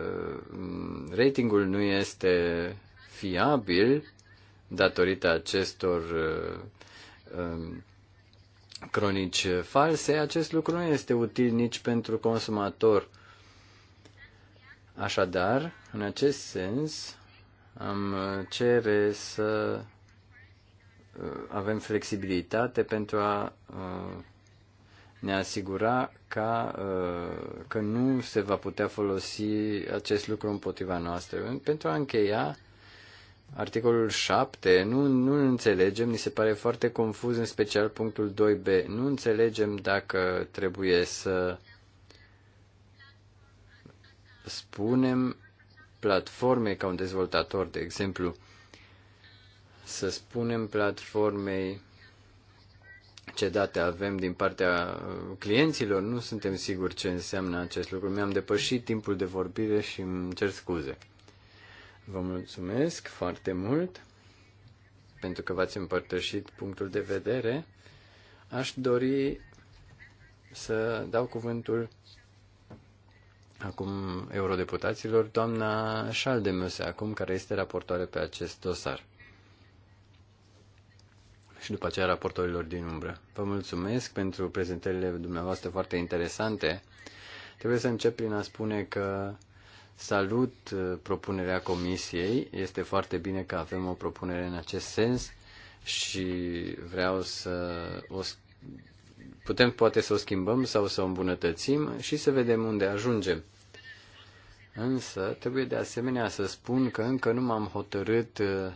mm, ratingul nu este fiabil datorită acestor uh, um, cronici false, acest lucru nu este util nici pentru consumator. Așadar, în acest sens, am cere să uh, avem flexibilitate pentru a uh, ne asigura ca, uh, că nu se va putea folosi acest lucru împotriva noastră. Pentru a încheia, Articolul 7 nu, nu înțelegem, ni se pare foarte confuz, în special punctul 2b. Nu înțelegem dacă trebuie să spunem platforme ca un dezvoltator, de exemplu, să spunem platformei ce date avem din partea clienților, nu suntem siguri ce înseamnă acest lucru. Mi-am depășit timpul de vorbire și îmi cer scuze. Vă mulțumesc foarte mult pentru că v-ați împărtășit punctul de vedere. Aș dori să dau cuvântul acum eurodeputaților, doamna Șaldemuse, acum care este raportoare pe acest dosar. Și după aceea raportorilor din umbră. Vă mulțumesc pentru prezentările dumneavoastră foarte interesante. Trebuie să încep prin a spune că Salut uh, propunerea comisiei. Este foarte bine că avem o propunere în acest sens și vreau să o putem poate să o schimbăm sau să o îmbunătățim și să vedem unde ajungem. Însă, trebuie de asemenea să spun că încă nu m-am hotărât uh,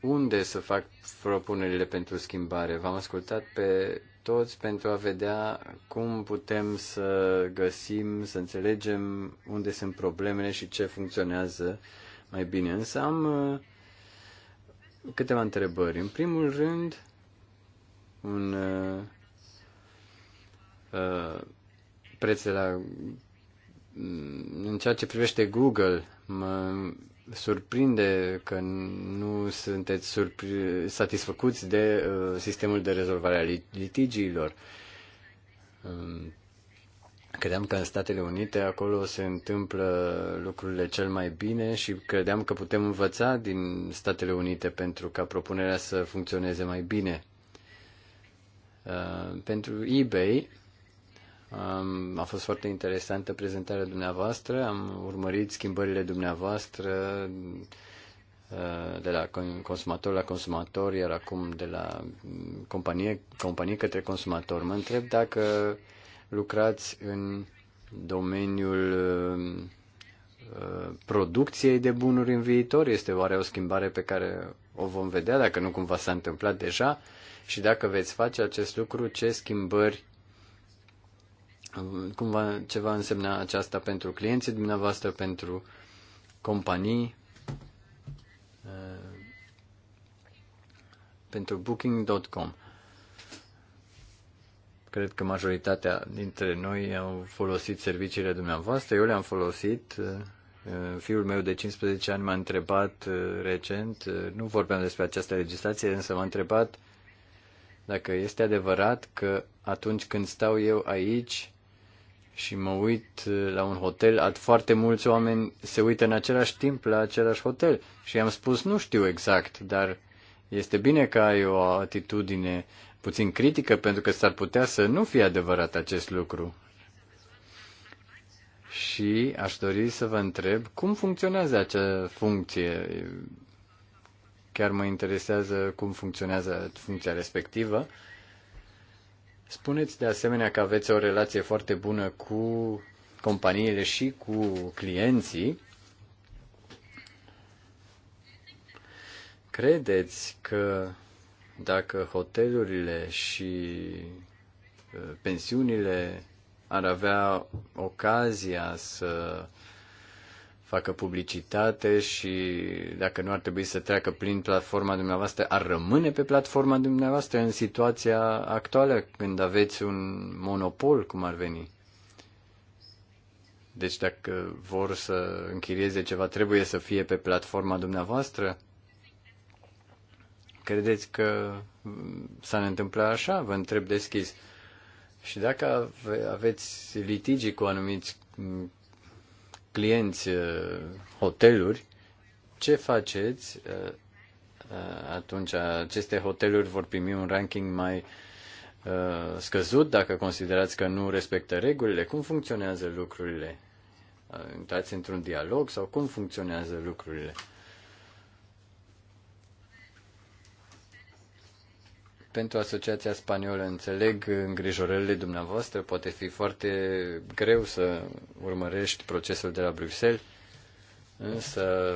unde să fac propunerile pentru schimbare. V-am ascultat pe toți pentru a vedea cum putem să găsim, să înțelegem unde sunt problemele și ce funcționează mai bine. Însă am uh, câteva întrebări. În primul rând, un uh, uh preț la. Mm, în ceea ce privește Google, mă surprinde că nu sunteți surpri- satisfăcuți de uh, sistemul de rezolvare a litigiilor. Um, credeam că în Statele Unite acolo se întâmplă lucrurile cel mai bine și credeam că putem învăța din Statele Unite pentru ca propunerea să funcționeze mai bine. Uh, pentru eBay, a fost foarte interesantă prezentarea dumneavoastră. Am urmărit schimbările dumneavoastră uh, de la consumator la consumator, iar acum de la companie, companie către consumator. Mă întreb dacă lucrați în domeniul uh, uh, producției de bunuri în viitor? Este oare o schimbare pe care o vom vedea, dacă nu cumva s-a întâmplat deja? Și dacă veți face acest lucru, ce schimbări cum va, ce va însemna aceasta pentru clienții dumneavoastră, pentru companii, uh, pentru booking.com. Cred că majoritatea dintre noi au folosit serviciile dumneavoastră, eu le-am folosit. Uh, fiul meu de 15 ani m-a întrebat uh, recent, nu vorbeam despre această legislație, însă m-a întrebat dacă este adevărat că atunci când stau eu aici, și mă uit uh, la un hotel, foarte mulți oameni se uită în același timp la același hotel. Și am spus, nu știu exact, dar este bine că ai o atitudine puțin critică, pentru că s-ar putea să nu fie adevărat acest lucru. Și aș dori să vă întreb cum funcționează acea funcție. Chiar mă interesează cum funcționează funcția respectivă Spuneți de asemenea că aveți o relație foarte bună cu companiile și cu clienții. Credeți că dacă hotelurile și uh, pensiunile ar avea ocazia să facă publicitate și dacă nu ar trebui să treacă prin platforma dumneavoastră, ar rămâne pe platforma dumneavoastră în situația actuală când aveți un monopol, cum ar veni? Deci dacă vor să închirieze ceva, trebuie să fie pe platforma dumneavoastră? Credeți că s-ar întâmpla așa? Vă întreb deschis. Și dacă aveți litigii cu anumiți clienți, uh, hoteluri, ce faceți uh, uh, atunci? Aceste hoteluri vor primi un ranking mai scăzut dacă considerați că nu respectă regulile? Cum funcționează lucrurile? Intrați într-un dialog sau cum funcționează lucrurile? Pentru Asociația Spaniolă înțeleg îngrijorările dumneavoastră, poate fi foarte greu să urmărești procesul de la Bruxelles, însă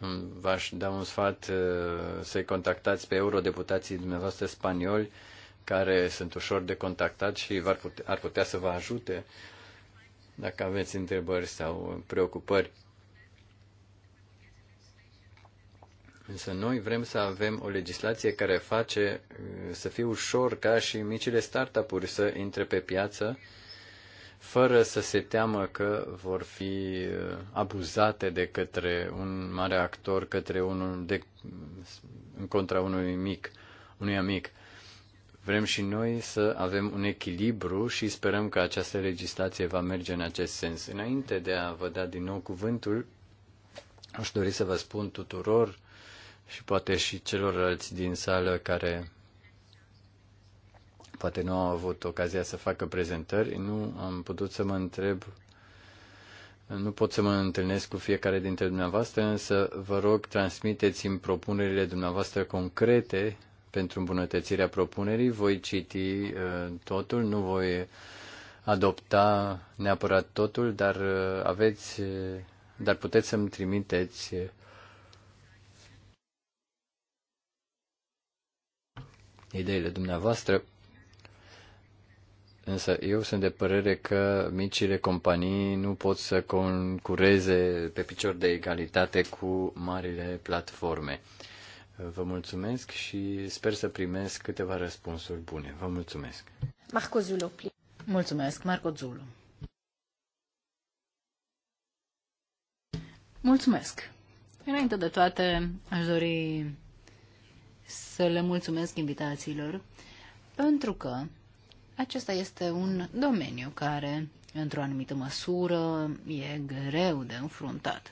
hmm, v-aș da un sfat uh, să-i contactați pe eurodeputații dumneavoastră spanioli, care sunt ușor de contactat și ar putea, ar putea să vă ajute dacă aveți întrebări sau preocupări. Însă noi vrem să avem o legislație care face uh, să fie ușor ca și micile startup-uri să intre pe piață fără să se teamă că vor fi uh, abuzate de către un mare actor, către unul de, în contra unui mic, unui amic. Vrem și noi să avem un echilibru și sperăm că această legislație va merge în acest sens. Înainte de a vă da din nou cuvântul, aș dori să vă spun tuturor și poate și celorlalți din sală care poate nu au avut ocazia să facă prezentări, nu am putut să mă întreb, nu pot să mă întâlnesc cu fiecare dintre dumneavoastră, însă vă rog transmiteți-mi propunerile dumneavoastră concrete pentru îmbunătățirea propunerii. Voi citi uh, totul, nu voi adopta neapărat totul, dar uh, aveți, uh, dar puteți să-mi trimiteți uh, ideile dumneavoastră, însă eu sunt de părere că micile companii nu pot să concureze pe picior de egalitate cu marile platforme. Vă mulțumesc și sper să primesc câteva răspunsuri bune. Vă mulțumesc. Marco Zulo, Mulțumesc, Marco Zulo. Mulțumesc. Înainte de toate, aș dori să le mulțumesc invitațiilor, pentru că acesta este un domeniu care, într-o anumită măsură, e greu de înfruntat.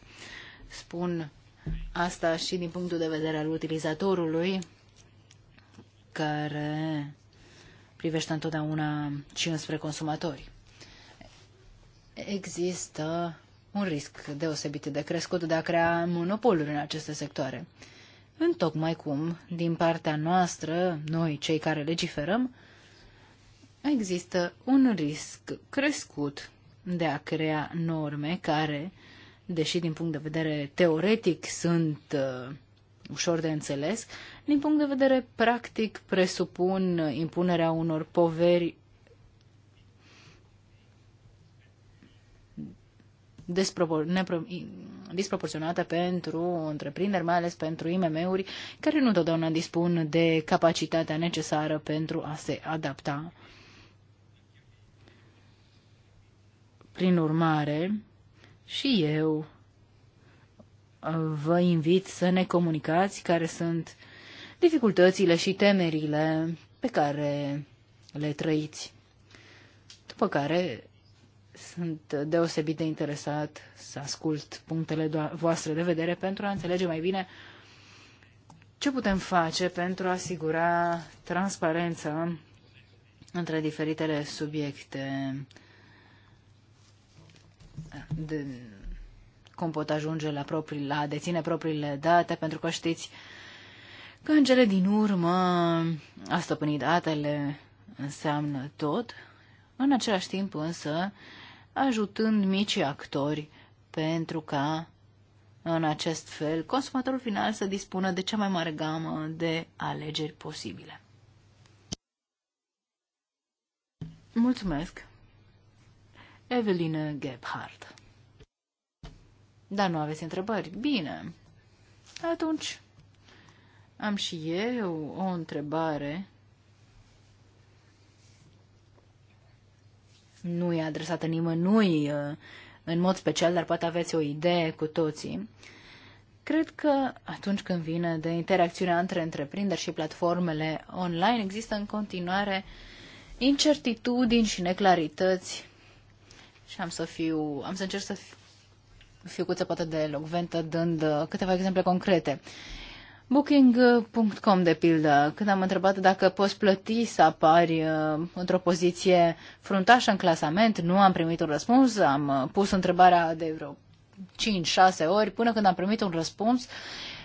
Spun asta și din punctul de vedere al utilizatorului, care privește întotdeauna și înspre consumatori. Există un risc deosebit de crescut de a crea monopoluri în aceste sectoare întocmai cum, din partea noastră, noi cei care legiferăm, există un risc crescut de a crea norme care, deși din punct de vedere teoretic sunt uh, ușor de înțeles, din punct de vedere practic presupun impunerea unor poveri despropor- disproporționată pentru întreprinderi, mai ales pentru IMM-uri, care nu întotdeauna dispun de capacitatea necesară pentru a se adapta. Prin urmare, și eu uh, vă invit să ne comunicați care sunt dificultățile și temerile pe care le trăiți. După care sunt deosebit de interesat să ascult punctele voastre de vedere pentru a înțelege mai bine ce putem face pentru a asigura transparența între diferitele subiecte de cum pot ajunge la, proprii, la deține propriile date, pentru că știți că în cele din urmă a stăpânit datele înseamnă tot. În același timp însă ajutând micii actori pentru ca în acest fel consumatorul final să dispună de cea mai mare gamă de alegeri posibile. Mulțumesc! Eveline Gebhardt Dar nu aveți întrebări? Bine! Atunci am și eu o întrebare nu e adresată nimănui uh, în mod special, dar poate aveți o idee cu toții. Cred că atunci când vine de interacțiunea între întreprinderi și platformele online, există în continuare incertitudini și neclarități și am să fiu, am să încerc să fiu, fiu cât poate de elocventă, dând uh, câteva exemple concrete. Booking.com, de pildă, când am întrebat dacă poți plăti să apari uh, într-o poziție fruntașă în clasament, nu am primit un răspuns, am uh, pus întrebarea de vreo 5-6 ori până când am primit un răspuns,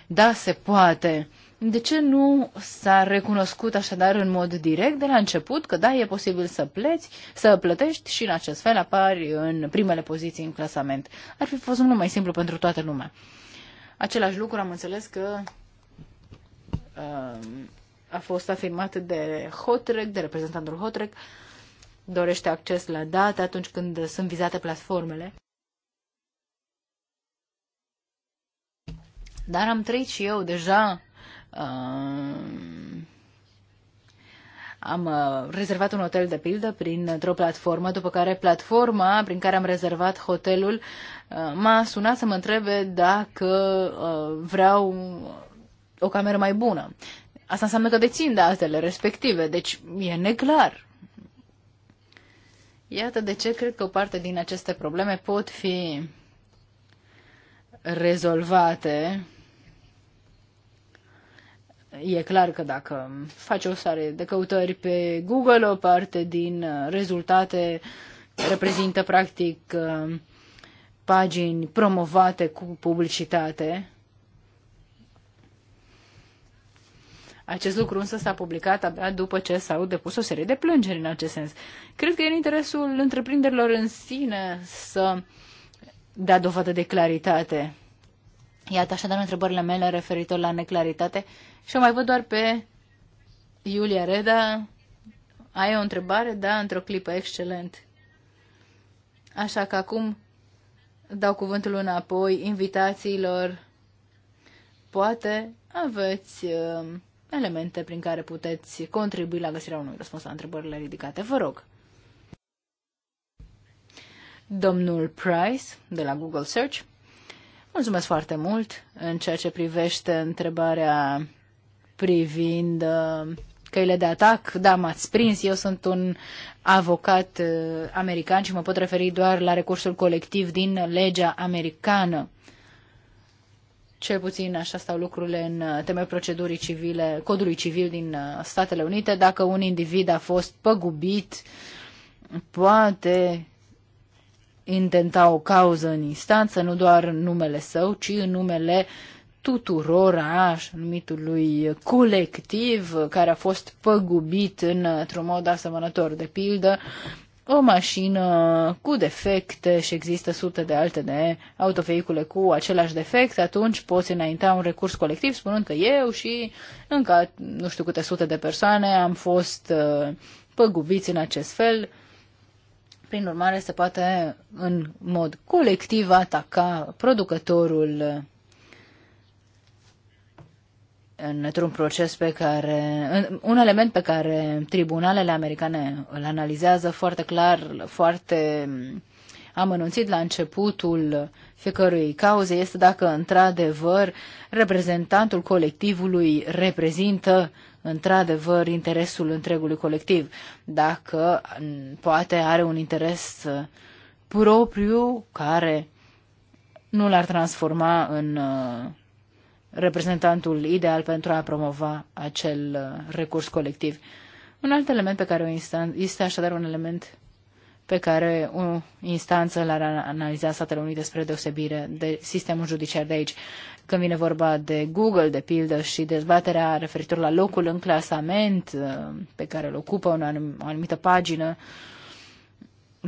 da, se poate. De ce nu s-a recunoscut așadar în mod direct de la început că da, e posibil să pleci, să plătești și în acest fel apari în primele poziții în clasament? Ar fi fost unul mai simplu pentru toată lumea. Același lucru am înțeles că a fost afirmat de Hotrec, de reprezentantul Hotrec, dorește acces la date atunci când sunt vizate platformele. Dar am trăit și eu deja. Uh, am rezervat un hotel de pildă printr-o platformă, după care platforma prin care am rezervat hotelul uh, m-a sunat să mă întrebe dacă uh, vreau o cameră mai bună. Asta înseamnă că dețin datele respective, deci e neclar. Iată de ce cred că o parte din aceste probleme pot fi rezolvate. E clar că dacă faci o sare de căutări pe Google, o parte din rezultate reprezintă practic pagini promovate cu publicitate Acest lucru însă s-a publicat abia după ce s-au depus o serie de plângeri în acest sens. Cred că e în interesul întreprinderilor în sine să dea dovadă de claritate. Iată așadar întrebările mele referitor la neclaritate și o mai văd doar pe Iulia Reda. Ai o întrebare? Da, într-o clipă, excelent. Așa că acum dau cuvântul înapoi invitațiilor. Poate aveți uh, elemente prin care puteți contribui la găsirea unui răspuns la întrebările ridicate. Vă rog. Domnul Price, de la Google Search. Mulțumesc foarte mult în ceea ce privește întrebarea privind uh, căile de atac. Da, m-ați prins. Eu sunt un avocat uh, american și mă pot referi doar la recursul colectiv din legea americană. Cel puțin așa stau lucrurile în uh, temei procedurii civile, codului civil din uh, Statele Unite. Dacă un individ a fost păgubit, poate intenta o cauză în instanță, nu doar în numele său, ci în numele tuturora, așa numitului colectiv care a fost păgubit într-un mod asemănător. De pildă, o mașină cu defecte și există sute de alte de autovehicule cu același defect, atunci poți înainta un recurs colectiv spunând că eu și încă nu știu câte sute de persoane am fost uh, păgubiți în acest fel. Prin urmare, se poate în mod colectiv ataca producătorul într-un proces pe care, un element pe care tribunalele americane îl analizează foarte clar, foarte amănunțit la începutul fiecărui cauze este dacă într-adevăr reprezentantul colectivului reprezintă într-adevăr interesul întregului colectiv, dacă poate are un interes propriu care nu l-ar transforma în uh, reprezentantul ideal pentru a promova acel uh, recurs colectiv. Un alt element pe care o instanță, este așadar un element pe care o instanță l-ar analiza Statele Unite spre deosebire de sistemul judiciar de aici. Când vine vorba de Google, de pildă, și dezbaterea referitor la locul în clasament uh, pe care îl ocupă o anumită pagină, uh,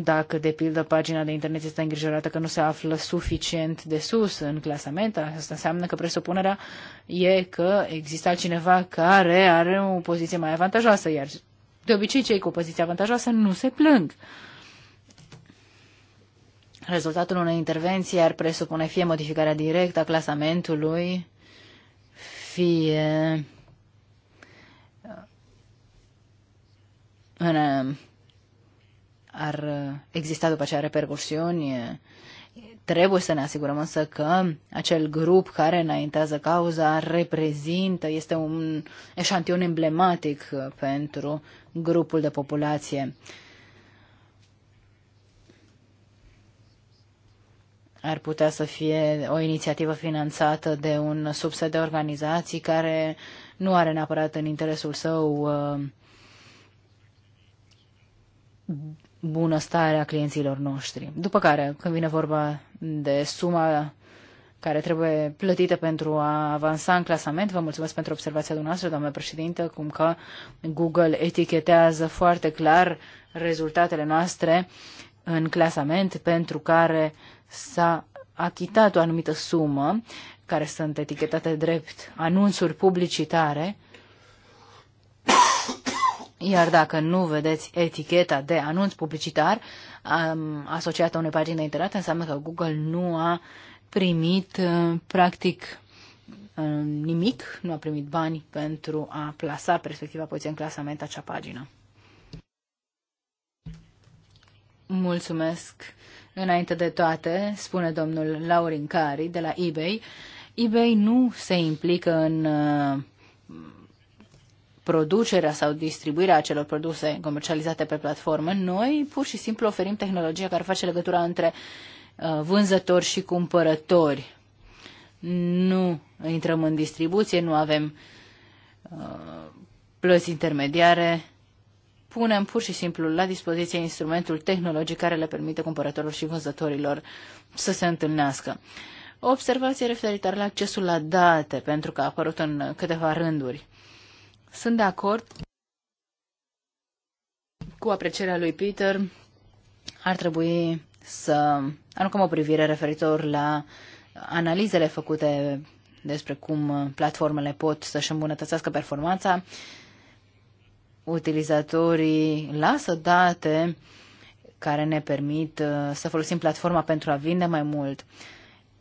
dacă, de pildă, pagina de internet este îngrijorată că nu se află suficient de sus în clasament, asta înseamnă că presupunerea e că există altcineva care are o poziție mai avantajoasă, iar de obicei cei cu o poziție avantajoasă nu se plâng. Rezultatul unei intervenții ar presupune fie modificarea directă a clasamentului, fie uh, în ar uh, exista după aceea repercursiuni. Trebuie să ne asigurăm însă că acel grup care înaintează cauza reprezintă, este un eșantion emblematic uh, pentru grupul de populație. ar putea să fie o inițiativă finanțată de un subset de organizații care nu are neapărat în interesul său uh, bunăstarea clienților noștri. După care, când vine vorba de suma care trebuie plătită pentru a avansa în clasament. Vă mulțumesc pentru observația dumneavoastră, doamnă președintă, cum că Google etichetează foarte clar rezultatele noastre în clasament pentru care s-a achitat o anumită sumă, care sunt etichetate drept anunțuri publicitare, iar dacă nu vedeți eticheta de anunț publicitar um, asociată unei pagini de internet, înseamnă că Google nu a primit uh, practic uh, nimic, nu a primit bani pentru a plasa perspectiva poziției în clasament acea pagină. Mulțumesc înainte de toate, spune domnul Laurin Cari de la eBay. eBay nu se implică în uh, producerea sau distribuirea acelor produse comercializate pe platformă, noi pur și simplu oferim tehnologia care face legătura între uh, vânzători și cumpărători. Nu intrăm în distribuție, nu avem uh, plăți intermediare, punem pur și simplu la dispoziție instrumentul tehnologic care le permite cumpărătorilor și vânzătorilor să se întâlnească. O observație referitoare la accesul la date, pentru că a apărut în câteva rânduri. Sunt de acord cu aprecierea lui Peter. Ar trebui să aruncăm o privire referitor la analizele făcute despre cum platformele pot să-și îmbunătățească performanța. Utilizatorii lasă date care ne permit uh, să folosim platforma pentru a vinde mai mult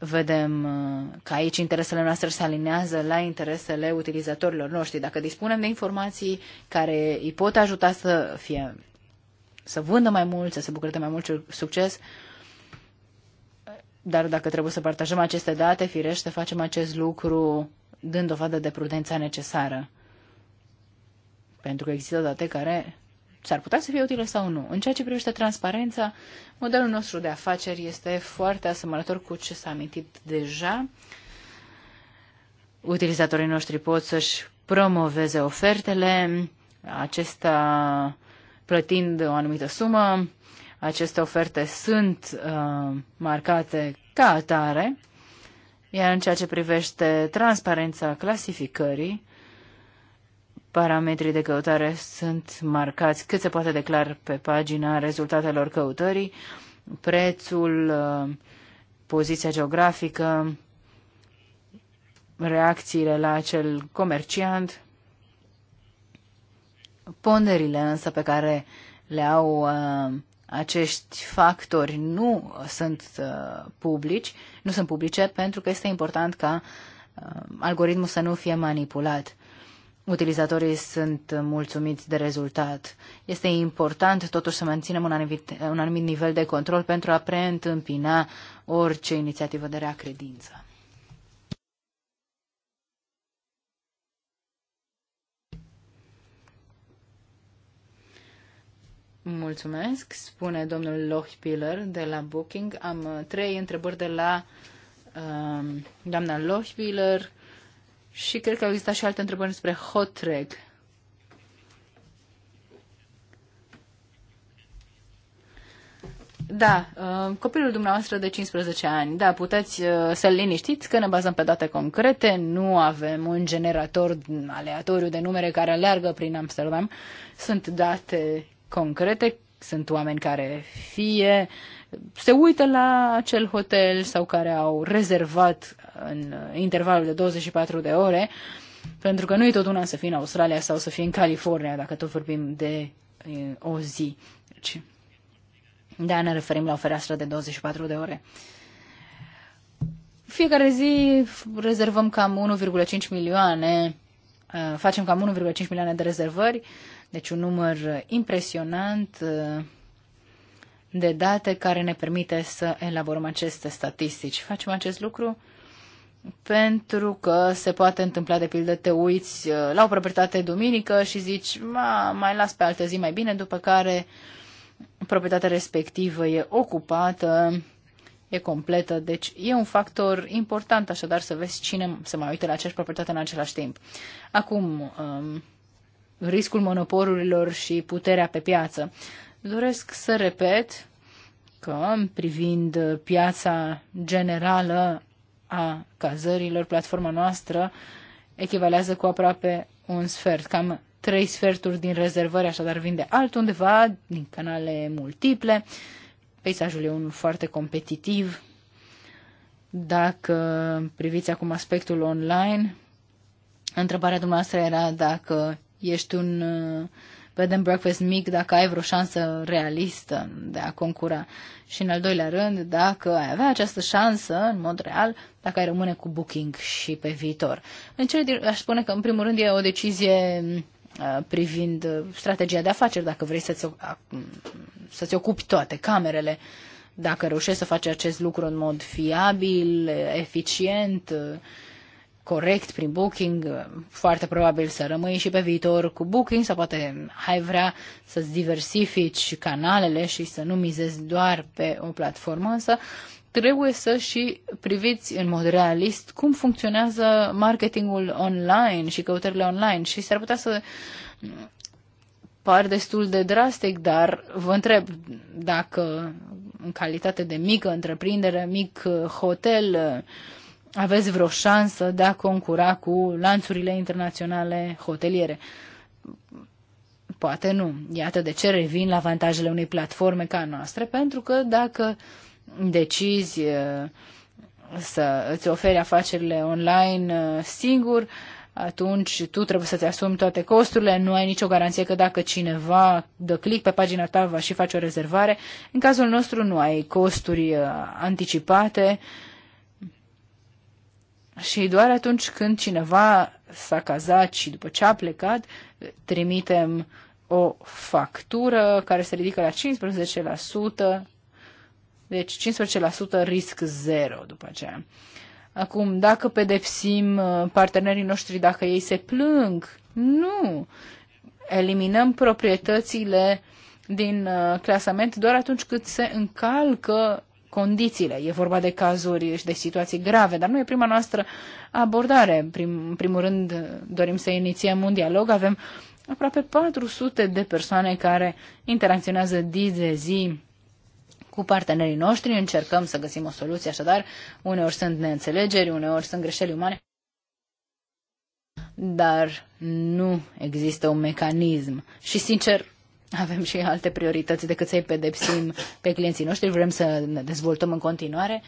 vedem uh, că aici interesele noastre se alinează la interesele utilizatorilor noștri. Dacă dispunem de informații care îi pot ajuta să fie să vândă mai mult, să se bucure de mai mult succes, dar dacă trebuie să partajăm aceste date, firește, facem acest lucru dând dovadă de prudența necesară. Pentru că există date care s-ar putea să fie utile sau nu. În ceea ce privește transparența, modelul nostru de afaceri este foarte asemănător cu ce s-a amintit deja. Utilizatorii noștri pot să-și promoveze ofertele, acesta plătind o anumită sumă, aceste oferte sunt uh, marcate ca atare, iar în ceea ce privește transparența clasificării, Parametrii de căutare sunt marcați cât se poate declar pe pagina rezultatelor căutării, prețul, uh, poziția geografică, reacțiile la acel comerciant, ponderile însă pe care le au uh, acești factori nu sunt uh, publici, nu sunt publice pentru că este important ca uh, algoritmul să nu fie manipulat utilizatorii sunt mulțumiți de rezultat. Este important totuși să menținem un anumit, un anumit nivel de control pentru a preîntâmpina orice inițiativă de reacredință. Mulțumesc, spune domnul Lohpiller de la Booking. Am trei întrebări de la um, doamna Lochbiller, și cred că au existat și alte întrebări despre Hotreg. Da, uh, copilul dumneavoastră de 15 ani, da, puteți uh, să-l liniștiți că ne bazăm pe date concrete, nu avem un generator aleatoriu de numere care aleargă prin Amsterdam. Sunt date concrete, sunt oameni care fie se uită la acel hotel sau care au rezervat în intervalul de 24 de ore, pentru că nu e tot una să fii în Australia sau să fii în California, dacă tot vorbim de o zi. Deci, da, ne referim la o fereastră de 24 de ore. Fiecare zi rezervăm cam 1,5 milioane, facem cam 1,5 milioane de rezervări, deci un număr impresionant de date care ne permite să elaborăm aceste statistici. Facem acest lucru pentru că se poate întâmpla, de pildă, te uiți uh, la o proprietate duminică și zici, Ma, mai las pe altă zi mai bine, după care proprietatea respectivă e ocupată, e completă, deci e un factor important așadar să vezi cine se mai uită la aceeași proprietate în același timp. Acum, um, riscul monopolurilor și puterea pe piață. Doresc să repet că, privind piața generală a cazărilor, platforma noastră echivalează cu aproape un sfert, cam trei sferturi din rezervări, așadar vin de altundeva, din canale multiple. Peisajul e unul foarte competitiv. Dacă priviți acum aspectul online, întrebarea dumneavoastră era dacă ești un uh, vedem breakfast mic dacă ai vreo șansă realistă de a concura. Și în al doilea rând, dacă ai avea această șansă, în mod real, dacă ai rămâne cu booking și pe viitor. În cele, aș spune că, în primul rând, e o decizie uh, privind uh, strategia de afaceri, dacă vrei să-ți, să-ți ocupi toate camerele, dacă reușești să faci acest lucru în mod fiabil, eficient, uh, corect prin Booking, uh, foarte probabil să rămâi și pe viitor cu Booking sau poate ai vrea să-ți diversifici canalele și să nu mizezi doar pe o platformă, însă trebuie să și priviți în mod realist cum funcționează marketingul online și căutările online și s-ar putea să par destul de drastic, dar vă întreb dacă în calitate de mică întreprindere, mic uh, hotel, uh, aveți vreo șansă de a concura cu lanțurile internaționale hoteliere. Poate nu. Iată de ce revin la avantajele unei platforme ca noastre, pentru că dacă decizi eh, să îți oferi afacerile online eh, singur, atunci tu trebuie să-ți asumi toate costurile, nu ai nicio garanție că dacă cineva dă click pe pagina ta va și face o rezervare. În cazul nostru nu ai costuri eh, anticipate, uh, și doar atunci când cineva s-a cazat și după ce a plecat, trimitem o factură care se ridică la 15%, deci 15% risc zero după aceea. Acum, dacă pedepsim uh, partenerii noștri dacă ei se plâng, nu. Eliminăm proprietățile din uh, clasament doar atunci când se încalcă condițiile. E vorba de cazuri și de situații grave, dar nu e prima noastră abordare. Prim, în primul rând, dorim să inițiem un dialog. Avem aproape 400 de persoane care interacționează zi de zi cu partenerii noștri, încercăm să găsim o soluție, așadar, uneori sunt neînțelegeri, uneori sunt greșeli umane, dar nu există un mecanism. Și, sincer, avem și alte priorități decât să-i pedepsim pe clienții noștri. Vrem să ne dezvoltăm în continuare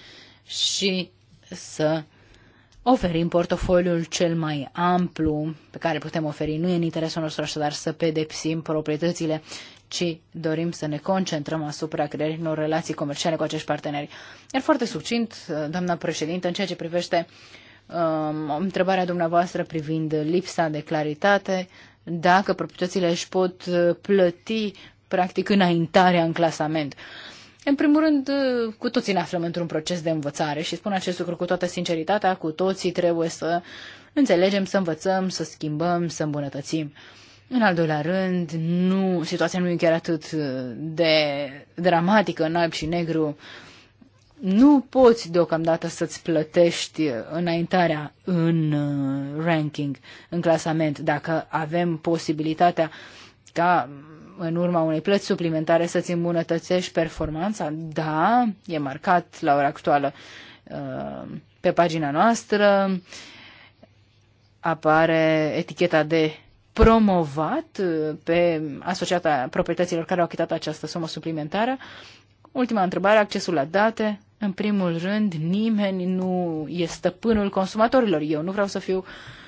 și să oferim portofoliul cel mai amplu pe care putem oferi. Nu e în interesul nostru așadar să pedepsim proprietățile, ci dorim să ne concentrăm asupra creării unor relații comerciale cu acești parteneri. Iar foarte succint, doamna președintă, în ceea ce privește um, întrebarea dumneavoastră privind lipsa de claritate, dacă proprietățile își pot uh, plăti practic înaintarea în clasament. În primul rând, uh, cu toții ne aflăm într-un proces de învățare și spun acest lucru cu toată sinceritatea, cu toții trebuie să înțelegem, să învățăm, să schimbăm, să îmbunătățim. În al doilea rând, nu, situația nu e chiar atât uh, de dramatică în alb și negru nu poți deocamdată să-ți plătești înaintarea în uh, ranking, în clasament, dacă avem posibilitatea ca în urma unei plăți suplimentare să-ți îmbunătățești performanța? Da, e marcat la ora actuală uh, pe pagina noastră, apare eticheta de promovat uh, pe asociata proprietăților care au achitat această sumă suplimentară. Ultima întrebare, accesul la date. În primul rând, nimeni nu e stăpânul consumatorilor. Eu nu vreau să fiu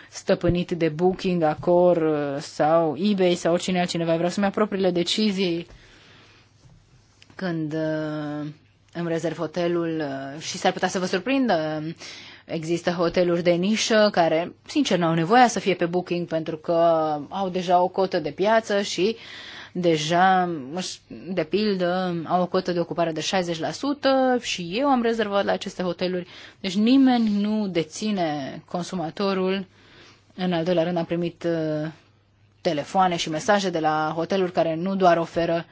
stăpânit de Booking, Accor uh, sau eBay sau oricine altcineva. Vreau să-mi propriile decizii când uh, îmi rezerv hotelul uh, și s-ar putea să vă surprindă. Um, există hoteluri de nișă care, sincer, nu au nevoie să fie pe Booking pentru că au deja o cotă de piață și uh, deja, de pildă, au o cotă de ocupare de 60% și eu am rezervat la aceste hoteluri. Deci nimeni nu deține consumatorul. În al doilea rând am primit uh, telefoane și mesaje de la hoteluri care nu doar oferă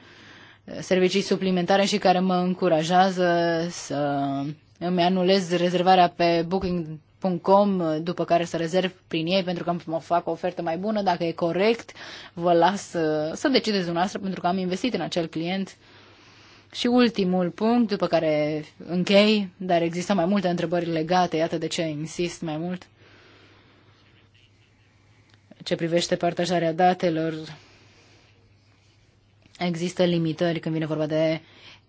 uh, servicii suplimentare și care mă încurajează să îmi anulez rezervarea pe Booking Com, după care să rezerv prin ei pentru că mă fac o ofertă mai bună, dacă e corect, vă las uh, să decideți dumneavoastră pentru că am investit în acel client. Și ultimul punct, după care închei, dar există mai multe întrebări legate, iată de ce insist mai mult. Ce privește partajarea datelor, există limitări când vine vorba de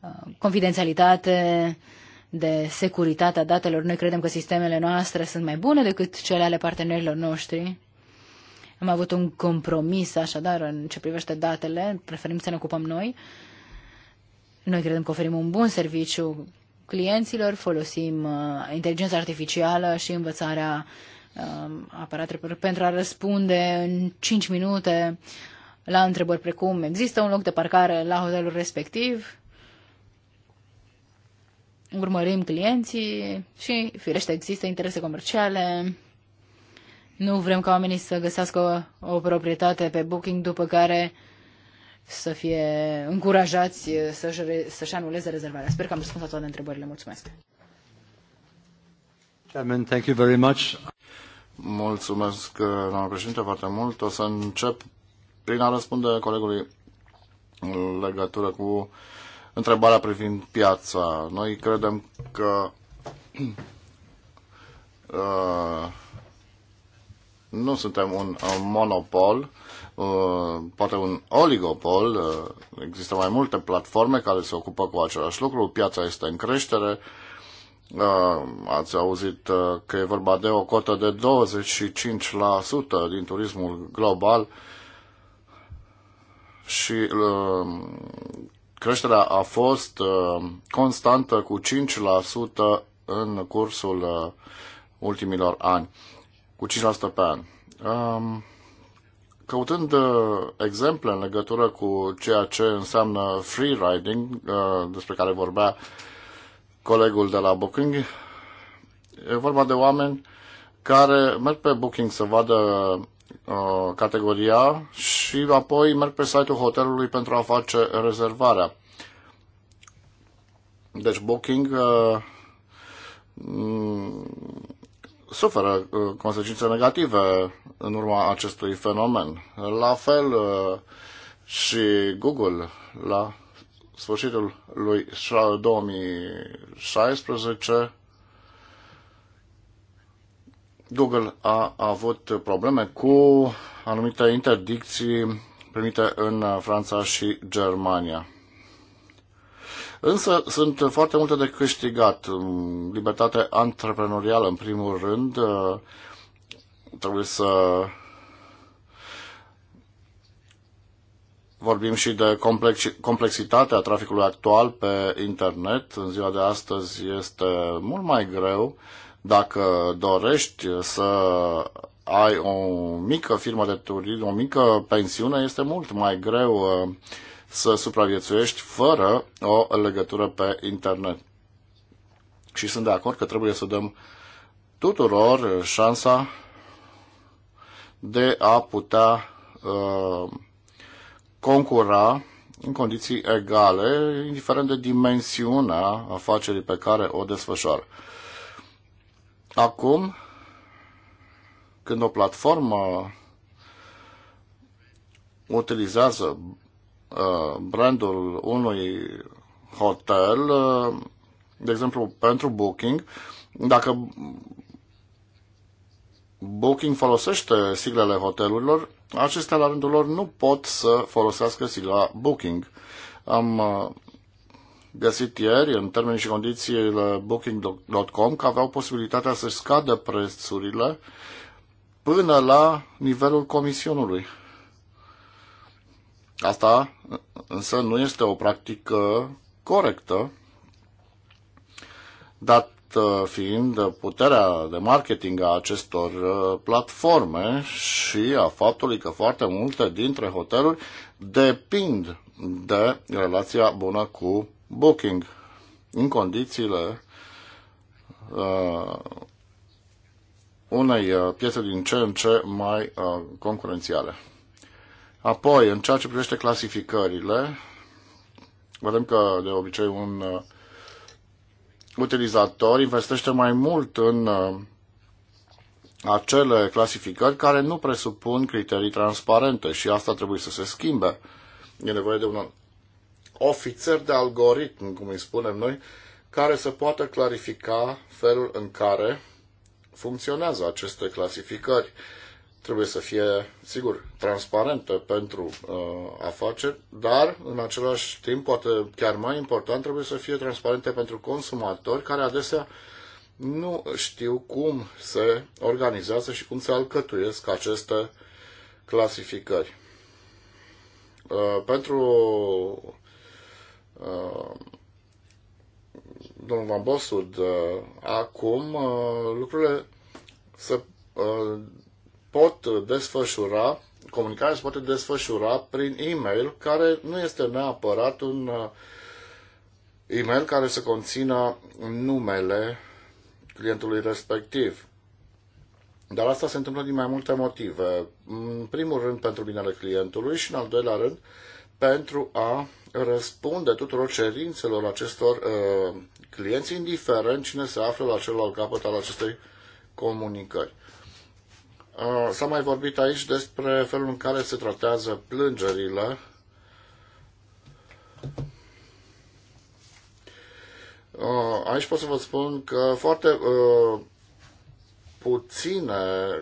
uh, confidențialitate, uh, de securitate a datelor. Noi credem că sistemele noastre sunt mai bune decât cele ale partenerilor noștri. Am avut un compromis, așadar, în ce privește datele, preferim să ne ocupăm noi. Noi credem că oferim un bun serviciu clienților, folosim uh, inteligența artificială și învățarea uh, aparatelor pentru a răspunde în 5 minute la întrebări precum există un loc de parcare la hotelul respectiv, urmărim clienții și, firește, există interese comerciale. Nu vrem ca oamenii să găsească o, o proprietate pe booking după care să fie încurajați să-și, să-și anuleze rezervarea. Sper că am răspuns la toate întrebările. Mulțumesc. Chairman, thank you very much. Mulțumesc, doamna președinte, foarte mult. O să încep prin a răspunde colegului în legătură cu uh, întrebarea privind piața. Noi credem că *clears throat* uh, nu suntem un, un monopol, uh, poate un oligopol. Uh, există mai multe platforme care se ocupă cu același lucru. Piața este în creștere. Uh, ați auzit uh, că e vorba de o cotă de 25% din turismul global și uh, creșterea a fost uh, constantă cu 5% în cursul uh, ultimilor ani, cu 5% pe an. Um, căutând uh, exemple în legătură cu ceea ce înseamnă free riding despre care vorbea colegul de la Booking, e vorba de oameni care merg pe Booking să vadă Uh, categoria și apoi merg pe site-ul hotelului pentru a face rezervarea. Deci booking uh, mm, suferă uh, consecințe negative în urma acestui fenomen. La fel uh, și Google la sfârșitul lui 2016 Google a avut probleme cu anumite interdicții primite în Franța și Germania. Însă sunt foarte multe de câștigat. Libertate antreprenorială, în primul rând, trebuie să vorbim și de complexitatea traficului actual pe internet. În ziua de astăzi este mult mai greu uh, dacă dorești să ai o mică firmă de turism, o mică pensiune, este mult mai greu uh, să supraviețuiești fără o legătură pe internet. Și sunt de acord că trebuie să dăm tuturor șansa de a putea uh, concura în condiții egale, indiferent de dimensiunea afacerii pe care o desfășoară. Acum, când o platformă utilizează uh, brandul unui hotel, uh, de exemplu pentru Booking, dacă Booking folosește siglele hotelurilor, acestea la rândul lor nu pot să folosească sigla Booking. Am uh, găsit ieri în termenii și la booking.com că aveau posibilitatea să scadă prețurile până la nivelul comisionului. Asta însă nu este o practică corectă, dat uh, fiind puterea de marketing a acestor uh, platforme și a faptului că foarte multe dintre hoteluri depind de relația bună cu booking în condițiile uh, unei uh, piețe din ce în ce mai uh, concurențiale. Apoi, în ceea ce privește clasificările, vedem că de obicei un uh, utilizator investește mai mult în uh, acele clasificări care nu presupun criterii transparente și asta trebuie să se schimbe. E nevoie de un ofițeri de algoritm, cum îi spunem noi, care să poată clarifica felul în care funcționează aceste clasificări. Trebuie să fie, sigur, transparente pentru uh, afaceri, dar, în același timp, poate chiar mai important, trebuie să fie transparente pentru consumatori, care adesea nu știu cum se organizează și cum se alcătuiesc aceste clasificări. Uh, pentru Uh, domnul Van Bossud, uh, acum uh, lucrurile se pot desfășura, comunicarea se poate desfășura prin e-mail, care nu este neapărat un e-mail care să conțină numele clientului respectiv. Dar asta se întâmplă din mai multe motive. În primul rând pentru binele clientului și în al doilea rând pentru a răspunde tuturor cerințelor acestor uh, clienți, indiferent cine se află la celălalt capăt al acestei comunicări. Uh, S-a mai vorbit aici despre felul în care se tratează plângerile. Uh, aici pot să vă spun că foarte uh, puține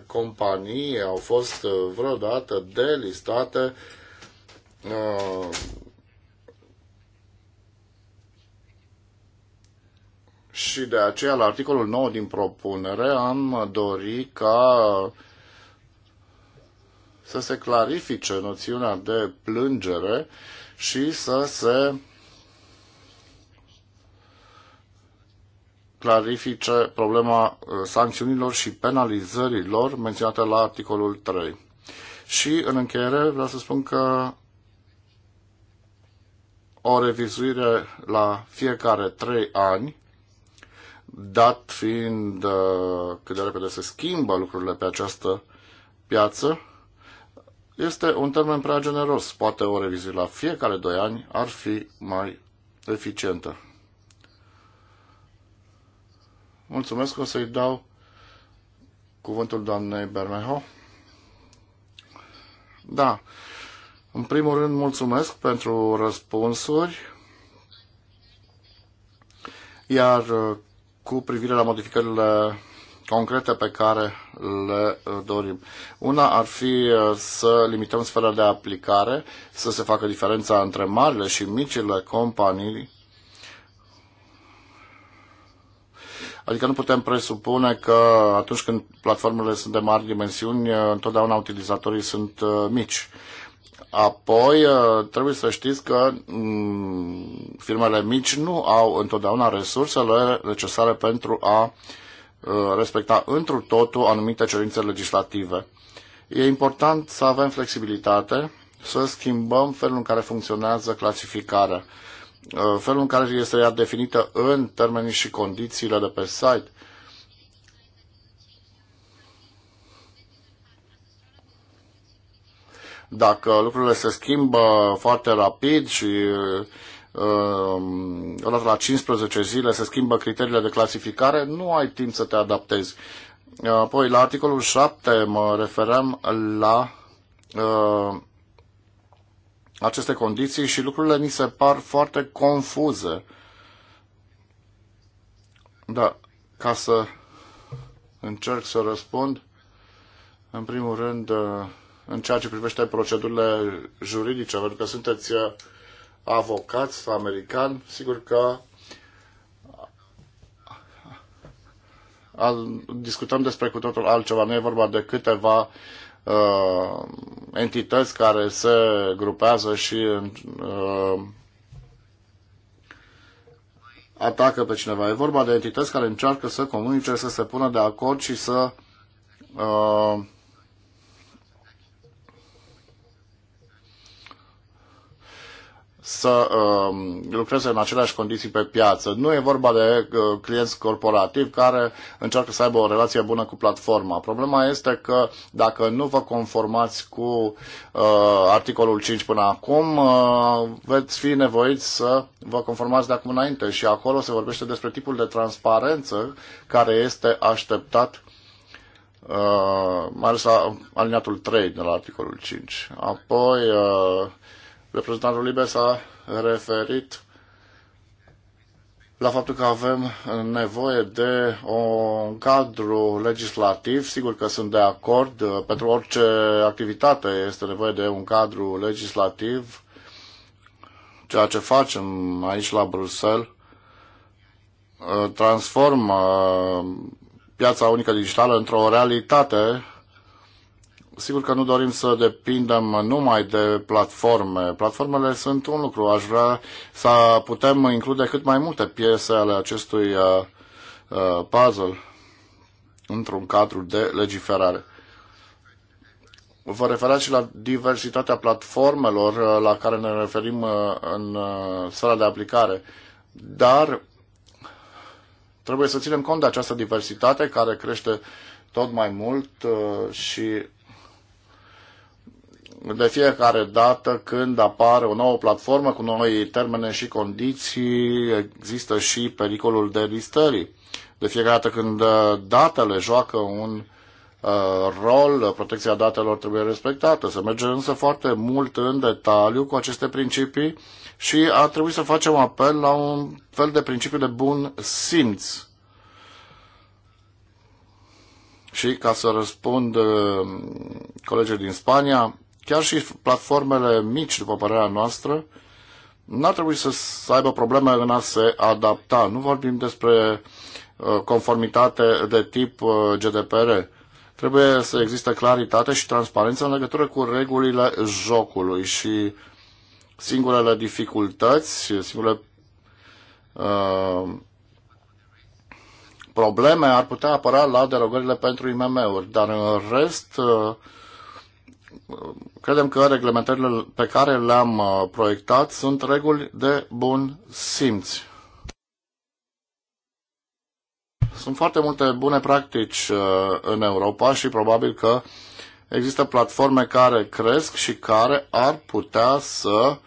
companii au fost uh, vreodată delistate uh, și de aceea la articolul 9 din propunere am dori ca să se clarifice noțiunea de plângere și să se clarifice problema uh, sancțiunilor și penalizărilor menționate la articolul 3. Și în încheiere vreau să spun că o revizuire la fiecare trei ani dat fiind uh, cât de repede se schimbă lucrurile pe această piață, este un termen prea generos. Poate o revizuire la fiecare doi ani ar fi mai eficientă. Mulțumesc, o să-i dau cuvântul doamnei Bermeho. Da, în primul rând mulțumesc pentru răspunsuri, iar uh, cu privire la modificările concrete pe care le uh, dorim. Una ar fi uh, să limităm sfera de aplicare, să se facă diferența între marile și micile companii. Adică nu putem presupune că atunci când platformele sunt de mari dimensiuni, uh, întotdeauna utilizatorii sunt mici. Apoi, uh, trebuie să știți că mm, firmele mici nu au întotdeauna resursele necesare pentru a uh, respecta întru totul anumite cerințe legislative. E important să avem flexibilitate, să schimbăm felul în care funcționează clasificarea, uh, felul în care este ea definită în termenii și condițiile de pe site, Dacă lucrurile se schimbă foarte rapid și odată uh, la 15 zile se schimbă criteriile de clasificare, nu ai timp să te adaptezi. Uh, apoi, la articolul 7 mă referam la uh, aceste condiții și lucrurile mi se par foarte confuze. Da, ca să încerc să răspund, în primul rând, uh, în ceea ce privește procedurile juridice, pentru că sunteți uh, avocat american, sigur că discutăm despre cu totul altceva. Nu e vorba de câteva uh, entități care se grupează și uh, atacă pe cineva. E vorba de entități care încearcă să comunice, să se pună de acord și să uh, să um, lucreze în aceleași condiții pe piață. Nu e vorba de uh, clienți corporativi care încearcă să aibă o relație bună cu platforma. Problema este că dacă nu vă conformați cu uh, articolul 5 până acum, uh, veți fi nevoiți să vă conformați de acum înainte și acolo se vorbește despre tipul de transparență care este așteptat uh, mai ales la aliniatul 3 de la articolul 5. Apoi uh, Reprezentantul Libe s-a referit la faptul că avem nevoie de un cadru legislativ. Sigur că sunt de acord. Pentru orice activitate este nevoie de un cadru legislativ. Ceea ce facem aici la Bruxelles uh, transformă piața unică digitală într-o realitate Sigur că nu dorim să depindem numai de platforme. Platformele sunt un lucru. Aș vrea să putem include cât mai multe piese ale acestui uh, uh, puzzle într-un cadru de legiferare. Vă referați și la diversitatea platformelor uh, la care ne referim uh, în uh, sala de aplicare, dar trebuie să ținem cont de această diversitate care crește tot mai mult și de fiecare dată când apare o nouă platformă cu noi termene și condiții, există și pericolul de listării. De fiecare dată când uh, datele joacă un uh, rol, protecția datelor trebuie respectată. Să mergem însă foarte mult în detaliu cu aceste principii și a trebuit să facem apel la un fel de principiu de bun simț. Și ca să răspund uh, colegii din Spania, chiar și platformele mici, după părerea noastră, n-ar trebui să, aibă probleme în a se adapta. Nu vorbim despre uh, conformitate de tip uh, GDPR. Trebuie să existe claritate și transparență în legătură cu regulile jocului și singurele dificultăți, singurele uh, probleme ar putea apăra la derogările pentru IMM-uri, dar în rest uh, Credem că reglementările pe care le-am uh, proiectat sunt reguli de bun simț. Sunt foarte multe bune practici uh, în Europa și probabil că există platforme care cresc și care ar putea să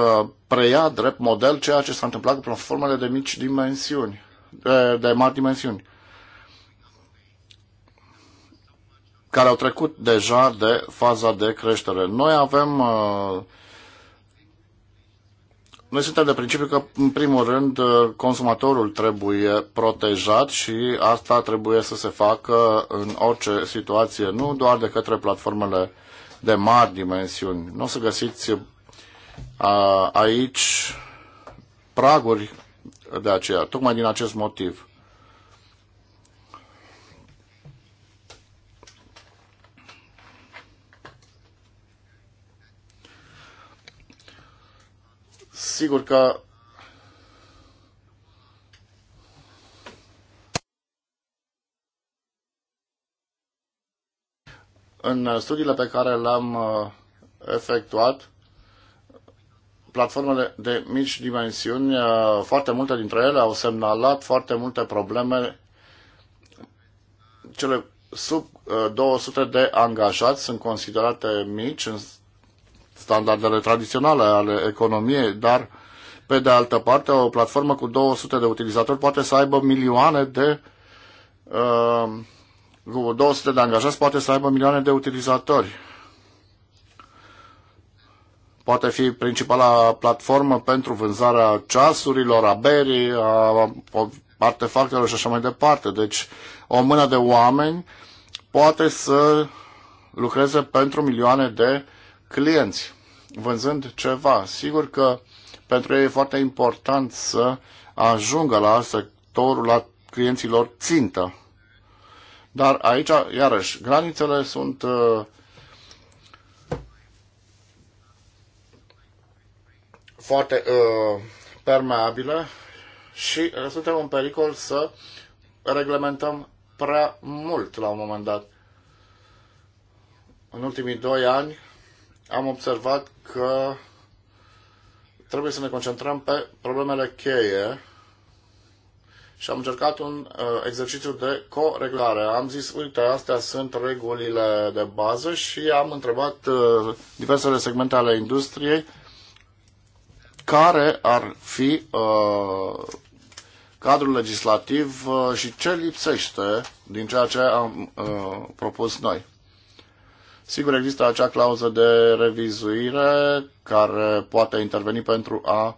uh, preia drept model ceea ce s-a întâmplat cu platformele de mici dimensiuni, de, de mari dimensiuni. care au trecut deja de faza de creștere. Noi avem uh, noi suntem de principiu că, în primul rând, uh, consumatorul trebuie protejat și asta trebuie să se facă în orice situație, nu doar de către platformele de mari dimensiuni. Nu o să găsiți uh, aici praguri de aceea, tocmai din acest motiv. sigur că în studiile pe care le-am uh, efectuat, platformele de mici dimensiuni, uh, foarte multe dintre ele au semnalat foarte multe probleme. Cele sub 200 uh, de angajați sunt considerate mici standardele tradiționale ale economiei, dar pe de altă parte o platformă cu 200 de utilizatori poate să aibă milioane de uh, 200 de angajați poate să aibă milioane de utilizatori. Poate fi principala platformă pentru vânzarea ceasurilor, a berii, a artefactelor și așa mai departe. Deci o mână de oameni poate să lucreze pentru milioane de clienți vânzând ceva. Sigur că pentru ei e foarte important să ajungă la sectorul, la clienților țintă. Dar aici, iarăși, granițele sunt uh, foarte uh, permeabile și uh, suntem în pericol să reglementăm prea mult la un moment dat. În ultimii doi ani am observat că trebuie să ne concentrăm pe problemele cheie și am încercat un uh, exercițiu de coreglare. Am zis, uite, astea sunt regulile de bază și am întrebat uh, diversele segmente ale industriei care ar fi uh, cadrul legislativ uh, și ce lipsește din ceea ce am uh, propus noi. Sigur, există acea clauză de revizuire care poate interveni pentru a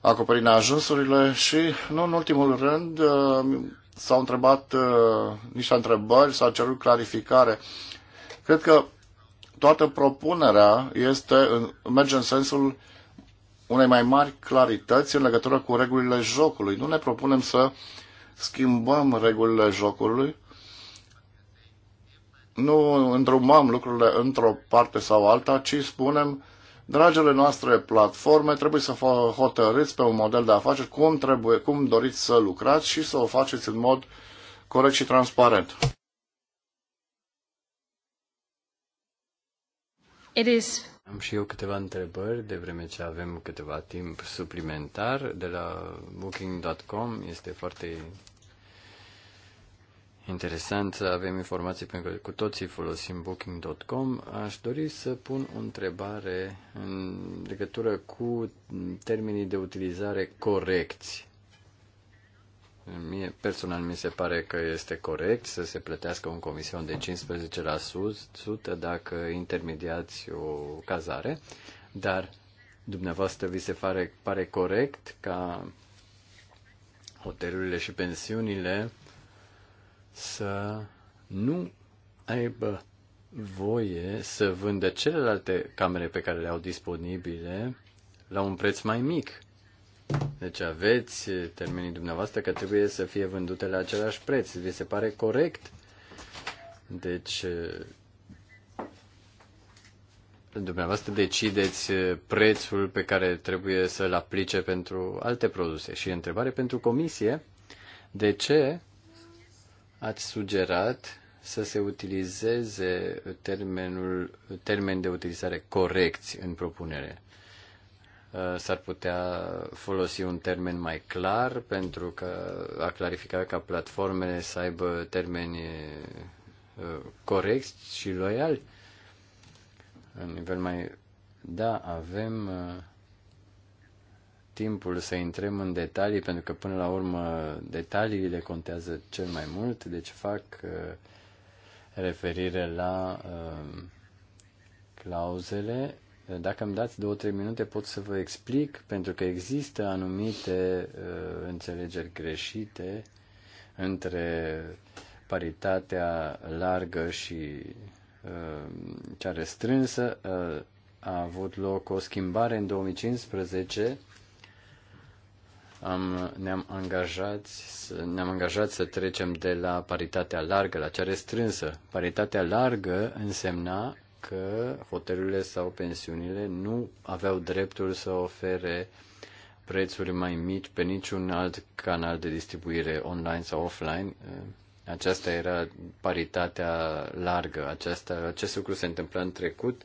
acoperi neajunsurile și, nu în ultimul rând, uh, s-au întrebat uh, niște întrebări, s-a cerut clarificare. Cred că toată propunerea este, merge în sensul unei mai mari clarități în legătură cu regulile jocului. Nu ne propunem să schimbăm regulile jocului, nu îndrumăm lucrurile într-o parte sau alta, ci spunem, dragile noastre platforme, trebuie să hotărâți pe un model de afaceri cum, trebuie, cum doriți să lucrați și să o faceți în mod corect și transparent. It is. Am și eu câteva întrebări, de vreme ce avem câteva timp suplimentar de la booking.com. Este foarte interesant să avem informații pentru că cu toții folosim booking.com. Aș dori să pun o întrebare în legătură cu termenii de utilizare corecți. Mie, personal mi se pare că este corect să se plătească un comision de 15% dacă intermediați o cazare, dar dumneavoastră vi se pare, pare corect ca hotelurile și pensiunile să nu aibă voie să vândă celelalte camere pe care le au disponibile la un preț mai mic. Deci aveți termenii dumneavoastră că trebuie să fie vândute la același preț. Vi se pare corect? Deci dumneavoastră decideți prețul pe care trebuie să-l aplice pentru alte produse. Și întrebare pentru comisie, de ce ați sugerat să se utilizeze termenul, termen de utilizare corecți în propunere. Uh, s-ar putea folosi un termen mai clar pentru că a clarifica ca platformele să aibă termeni uh, corecți și loiali. În nivel mai... Da, avem uh, timpul să intrăm în detalii, pentru că până la urmă detaliile contează cel mai mult, deci fac uh, referire la uh, clauzele. Dacă îmi dați două-trei minute pot să vă explic, pentru că există anumite uh, înțelegeri greșite între paritatea largă și cea restrânsă a avut loc o schimbare în 2015 am, ne-am, angajat, ne-am angajat să trecem de la paritatea largă la cea restrânsă. Paritatea largă însemna că hotelurile sau pensiunile nu aveau dreptul să ofere prețuri mai mici pe niciun alt canal de distribuire online sau offline. Aceasta era paritatea largă. Aceasta, acest lucru se întâmpla în trecut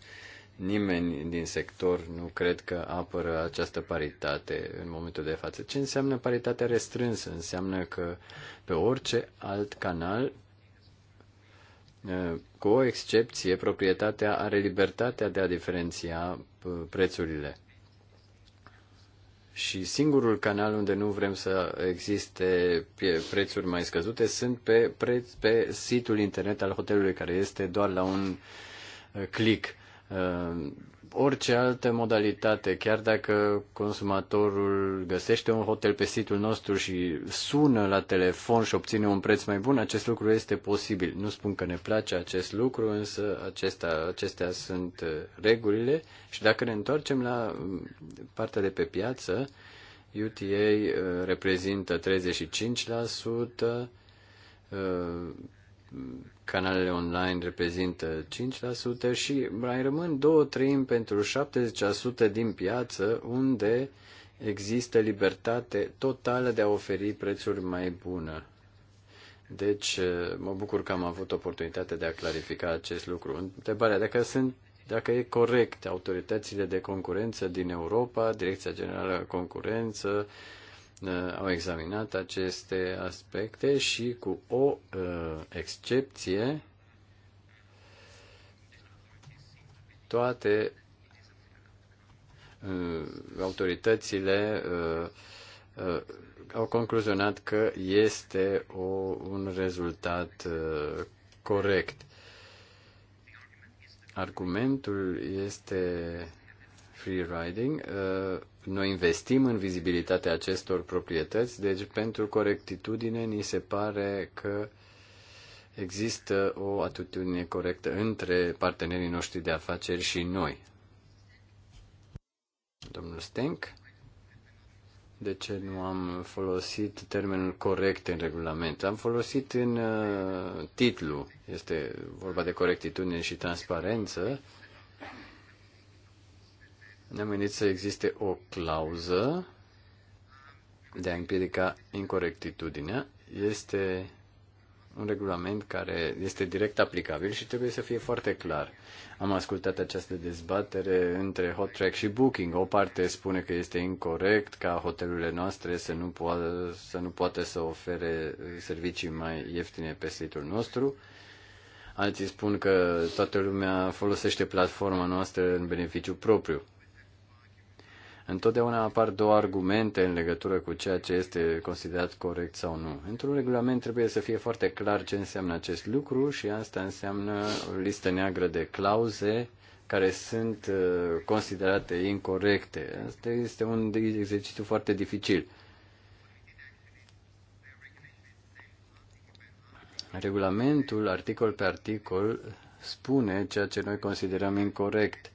nimeni din sector nu cred că apără această paritate în momentul de față. Ce înseamnă paritatea restrânsă? Înseamnă că pe orice alt canal, cu o excepție, proprietatea are libertatea de a diferenția prețurile. Și singurul canal unde nu vrem să existe prețuri mai scăzute sunt pe, preț, pe site-ul internet al hotelului, care este doar la un click Uh, orice altă modalitate, chiar dacă consumatorul găsește un hotel pe site-ul nostru și sună la telefon și obține un preț mai bun, acest lucru este posibil. Nu spun că ne place acest lucru, însă acestea, acestea sunt uh, regulile și dacă ne întoarcem la um, partea de pe piață, UTA uh, reprezintă 35%, canalele online reprezintă 5% și mai rămân 2 3 pentru 70% din piață unde există libertate totală de a oferi prețuri mai bune. Deci, eh, mă bucur că am avut oportunitatea de a clarifica acest lucru. Întrebarea, dacă, sunt, dacă e corect autoritățile de concurență din Europa, Direcția Generală Concurență, uh, Uh, au examinat aceste aspecte și cu o uh, excepție toate uh, autoritățile au concluzionat că este o, un rezultat corect. Argumentul este free riding. Noi investim în vizibilitatea acestor proprietăți, deci pentru corectitudine ni se pare că există o atitudine corectă între partenerii noștri de afaceri și noi. Domnul Stenck, de ce nu am folosit termenul corect în regulament? Am folosit în uh, titlu, este vorba de corectitudine și transparență, ne-am gândit să existe o clauză de a împiedica incorectitudinea. Este un regulament care este direct aplicabil și trebuie să fie foarte clar. Am ascultat această dezbatere între Hot Track și Booking. O parte spune că este incorrect ca hotelurile noastre să nu, poată să, nu poată să ofere servicii mai ieftine pe site-ul nostru. Alții spun că toată lumea folosește platforma noastră în beneficiu propriu. Întotdeauna apar două argumente în legătură cu ceea ce este considerat corect sau nu. Într-un regulament trebuie să fie foarte clar ce înseamnă acest lucru și asta înseamnă o listă neagră de clauze care sunt uh, considerate incorrecte. Asta este un exercițiu foarte dificil. Regulamentul, articol pe articol, spune ceea ce noi considerăm incorrect.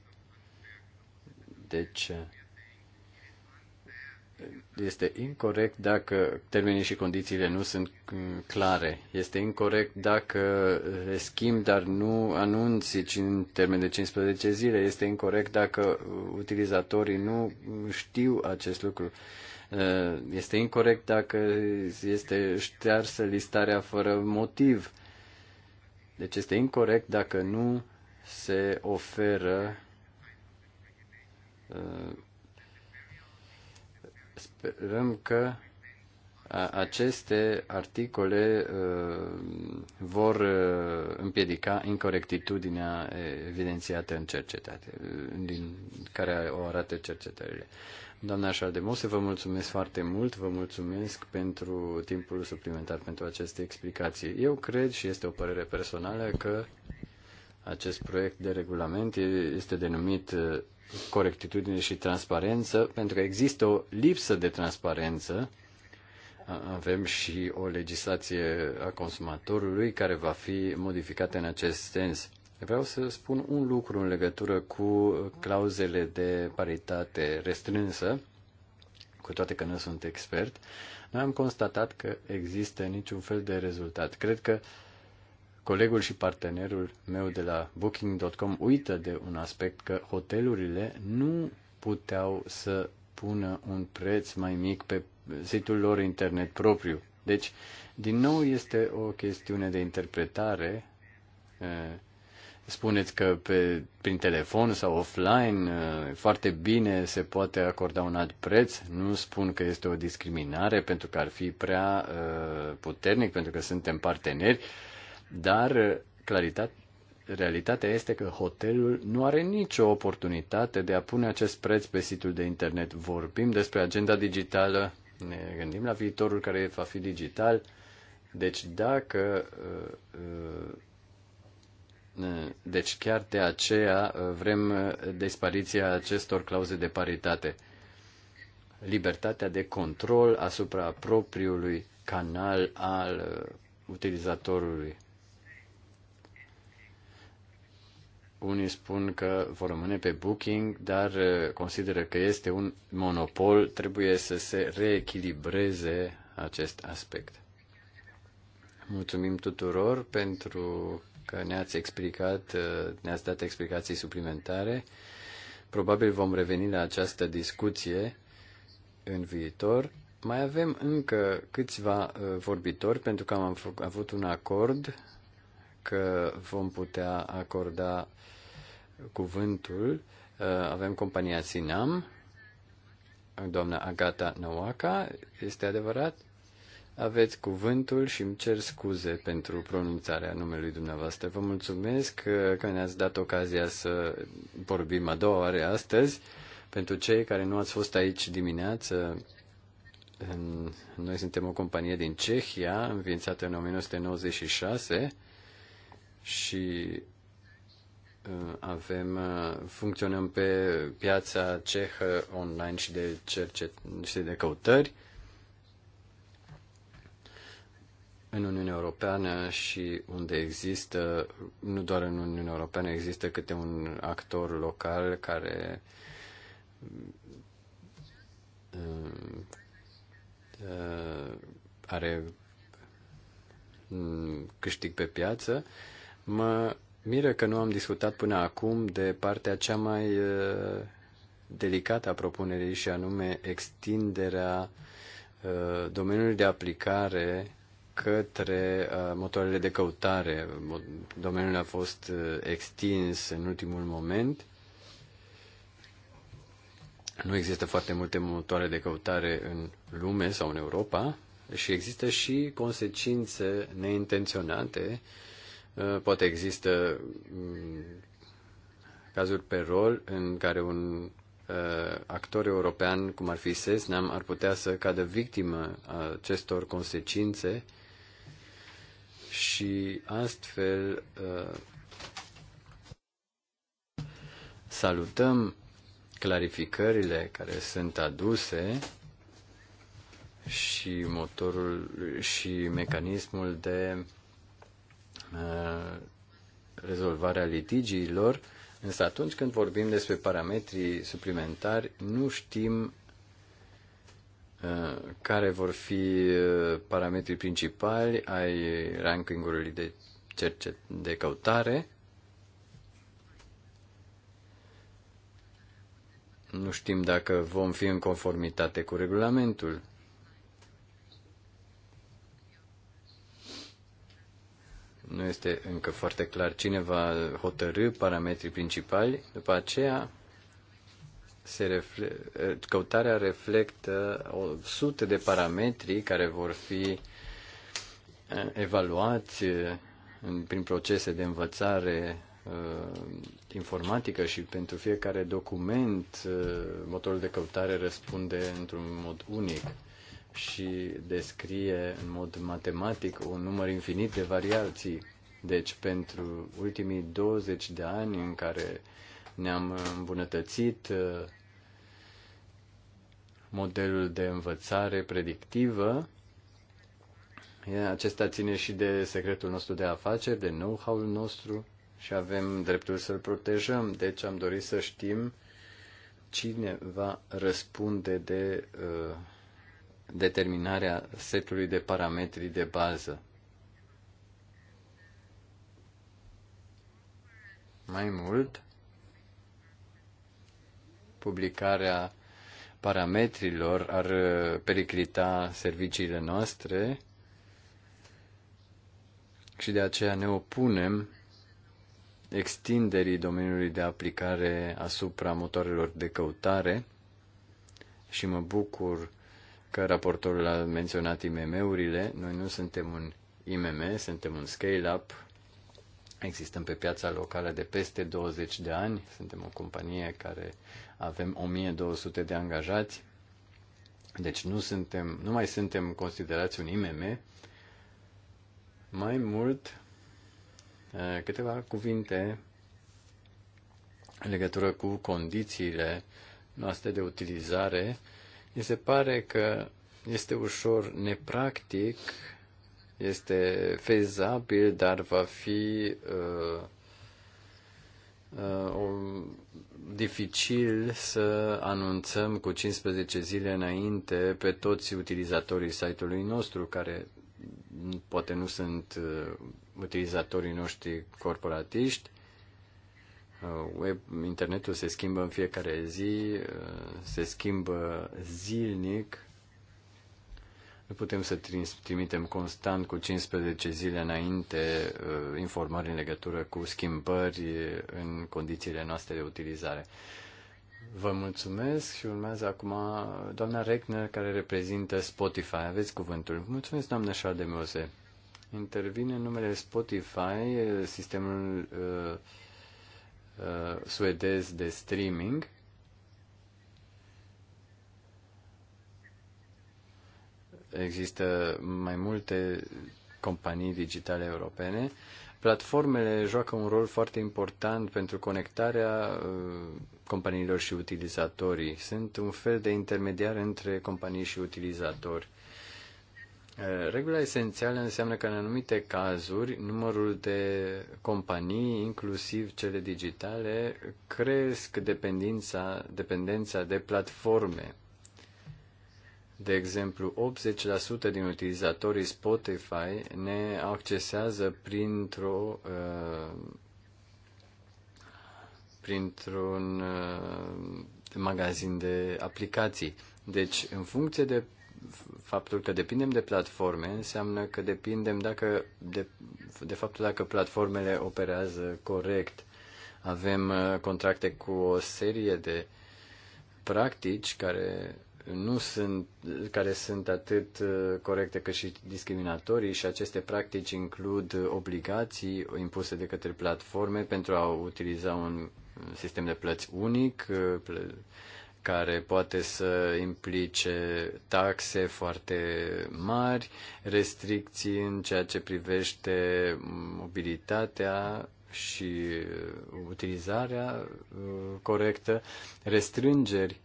Deci, este incorrect dacă termenii și condițiile nu sunt clare. Este incorrect dacă le schimbi, dar nu anunți în termen de 15 zile. Este incorrect dacă utilizatorii nu știu acest lucru. Uh, este incorrect dacă este ștearsă listarea fără motiv. Deci este incorrect dacă nu se oferă uh, Sperăm că aceste articole vor împiedica incorectitudinea evidențiată în cercetate, din care o arată cercetările. Doamna Șardemose, vă mulțumesc foarte mult, vă mulțumesc pentru timpul suplimentar pentru aceste explicații. Eu cred, și este o părere personală, că acest proiect de regulament este denumit corectitudine și transparență, pentru că există o lipsă de transparență. Avem și o legislație a consumatorului care va fi modificată în acest sens. Vreau să spun un lucru în legătură cu clauzele de paritate restrânsă, cu toate că nu sunt expert. Noi am constatat că există niciun fel de rezultat. Cred că uh, Colegul și partenerul meu de la Booking.com uită de un aspect că hotelurile nu puteau să pună un preț mai mic pe site-ul lor internet propriu. Deci, din nou, este o chestiune de interpretare. Eh, spuneți că pe, prin telefon sau offline eh, foarte bine se poate acorda un alt preț. Nu spun că este o discriminare pentru că ar fi prea eh, puternic, pentru că suntem parteneri dar uh, claritate, realitatea este că hotelul nu are nicio oportunitate de a pune acest preț pe site-ul de internet. Vorbim despre agenda digitală, ne gândim la viitorul care va fi digital. Deci dacă uh, uh, deci chiar de aceea vrem dispariția acestor clauze de paritate. Libertatea de control asupra propriului canal al utilizatorului. Unii spun că vor rămâne pe Booking, dar uh, consideră că este un monopol, trebuie să se reechilibreze acest aspect. Mulțumim tuturor pentru că ne-ați explicat, uh, ne-ați dat explicații suplimentare. Probabil vom reveni la această discuție în viitor. Mai avem încă câțiva uh, vorbitori pentru că am avut un acord că vom putea acorda cuvântul uh, avem compania Sinam, doamna Agata Nawaka, este adevărat? Aveți cuvântul și îmi cer scuze pentru pronunțarea numelui dumneavoastră. Vă mulțumesc că ne-ați dat ocazia să vorbim a doua oară astăzi. Pentru cei care nu ați fost aici dimineață, noi suntem o companie din Cehia, înființată în 1996 și avem, uh, funcționăm pe piața cehă online și de, cercet, și de căutări în Uniunea Europeană și unde există, nu doar în Uniunea Europeană, există câte un actor local care uh, uh, are câștig pe piață, mă miră că nu am discutat până acum de partea cea mai uh, delicată a propunerii și anume extinderea uh, domeniului de aplicare către uh, motoarele de căutare. Domeniul a fost extins în ultimul moment. Nu există foarte multe motoare de căutare în lume sau în Europa și există și consecințe neintenționate uh, Uh, poate există mm, cazuri pe rol în care un uh, actor european, cum ar fi Sesnam, ar putea să cadă victimă acestor consecințe și astfel uh, salutăm clarificările care sunt aduse și motorul și mecanismul de Uh, rezolvarea litigiilor, însă atunci când vorbim despre parametrii suplimentari, nu știm uh, care vor fi uh, parametrii principali ai rankingului de, cercet, de căutare. Nu știm dacă vom fi în conformitate cu regulamentul. nu este încă foarte clar cine va hotărâ parametrii principali. După aceea, se refle- căutarea reflectă o sute de parametri care vor fi uh, evaluați uh, prin procese de învățare uh, informatică și pentru fiecare document motorul de căutare răspunde într-un mod unic și descrie în mod matematic un număr infinit de variații. Deci pentru ultimii 20 de ani în care ne-am îmbunătățit uh, modelul de învățare predictivă, acesta ține și de secretul nostru de afaceri, de know-how-ul nostru și avem dreptul să-l protejăm. Deci am dorit să știm cine va răspunde de uh, determinarea setului de parametri de bază. Mai mult, publicarea parametrilor ar uh, periclita serviciile noastre și de aceea ne opunem extinderii domeniului de aplicare asupra motoarelor de căutare și mă bucur că raportorul a menționat IMM-urile. Noi nu suntem un IMM, suntem un scale-up. Existăm pe piața locală de peste 20 de ani. Suntem o companie care avem 1200 de angajați. Deci nu, suntem, nu mai suntem considerați un IMM. Mai mult, câteva cuvinte în legătură cu condițiile noastre de utilizare mi se pare că este ușor nepractic, este fezabil, dar va fi uh, uh, dificil să anunțăm cu 15 zile înainte pe toți utilizatorii site-ului nostru, care poate nu sunt uh, utilizatorii noștri corporatiști, Uh, web, internetul se schimbă în fiecare zi, uh, se schimbă zilnic. Nu putem să trimitem constant cu 15 zile înainte uh, informări în legătură cu schimbări în condițiile noastre de utilizare. Vă mulțumesc și urmează acum doamna Reckner, care reprezintă Spotify. Aveți cuvântul. Mulțumesc, doamna Șademose. Intervine numele Spotify, sistemul uh, uh, suedez de streaming. Există mai multe companii digitale europene. Platformele joacă un rol foarte important pentru conectarea uh, companiilor și utilizatorii. Sunt un fel de intermediar între companii și utilizatori Uh, Regula esențială înseamnă că în anumite cazuri numărul de companii, inclusiv cele digitale, cresc dependența, dependența de platforme. De exemplu, 80% din utilizatorii Spotify ne accesează printr-o uh, printr-un uh, magazin de aplicații. Deci, în funcție de faptul că depindem de platforme înseamnă că depindem dacă, de, de faptul dacă platformele operează corect. Avem uh, contracte cu o serie de practici care nu sunt, care sunt atât uh, corecte cât și discriminatorii și aceste practici includ obligații impuse de către platforme pentru a utiliza un sistem de plăți unic, uh, care poate să implice taxe foarte mari, restricții în ceea ce privește mobilitatea și utilizarea uh, corectă, restrângeri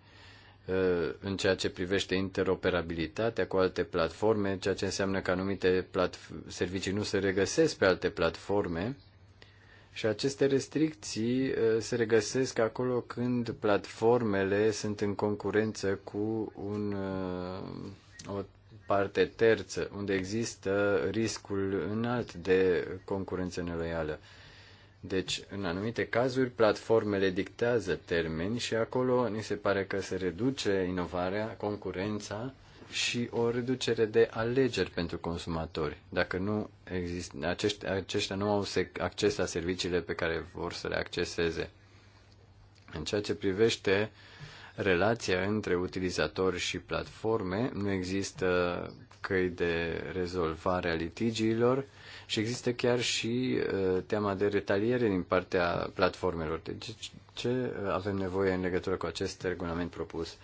uh, în ceea ce privește interoperabilitatea cu alte platforme, ceea ce înseamnă că anumite servicii nu se regăsesc pe alte platforme și aceste restricții uh, se regăsesc acolo când platformele sunt în concurență cu un, uh, o parte terță, unde există riscul înalt de concurență neloială. Deci, în anumite cazuri, platformele dictează termeni și acolo ni se pare că se reduce inovarea, concurența și o reducere de alegeri pentru consumatori. Dacă nu există, acești, aceștia nu au acces la serviciile pe care vor să le acceseze. În ceea ce privește relația între utilizatori și platforme, nu există căi de rezolvare a litigiilor și există chiar și uh, teama de retaliere din partea platformelor. Deci ce avem nevoie în legătură cu acest regulament propus? Uh,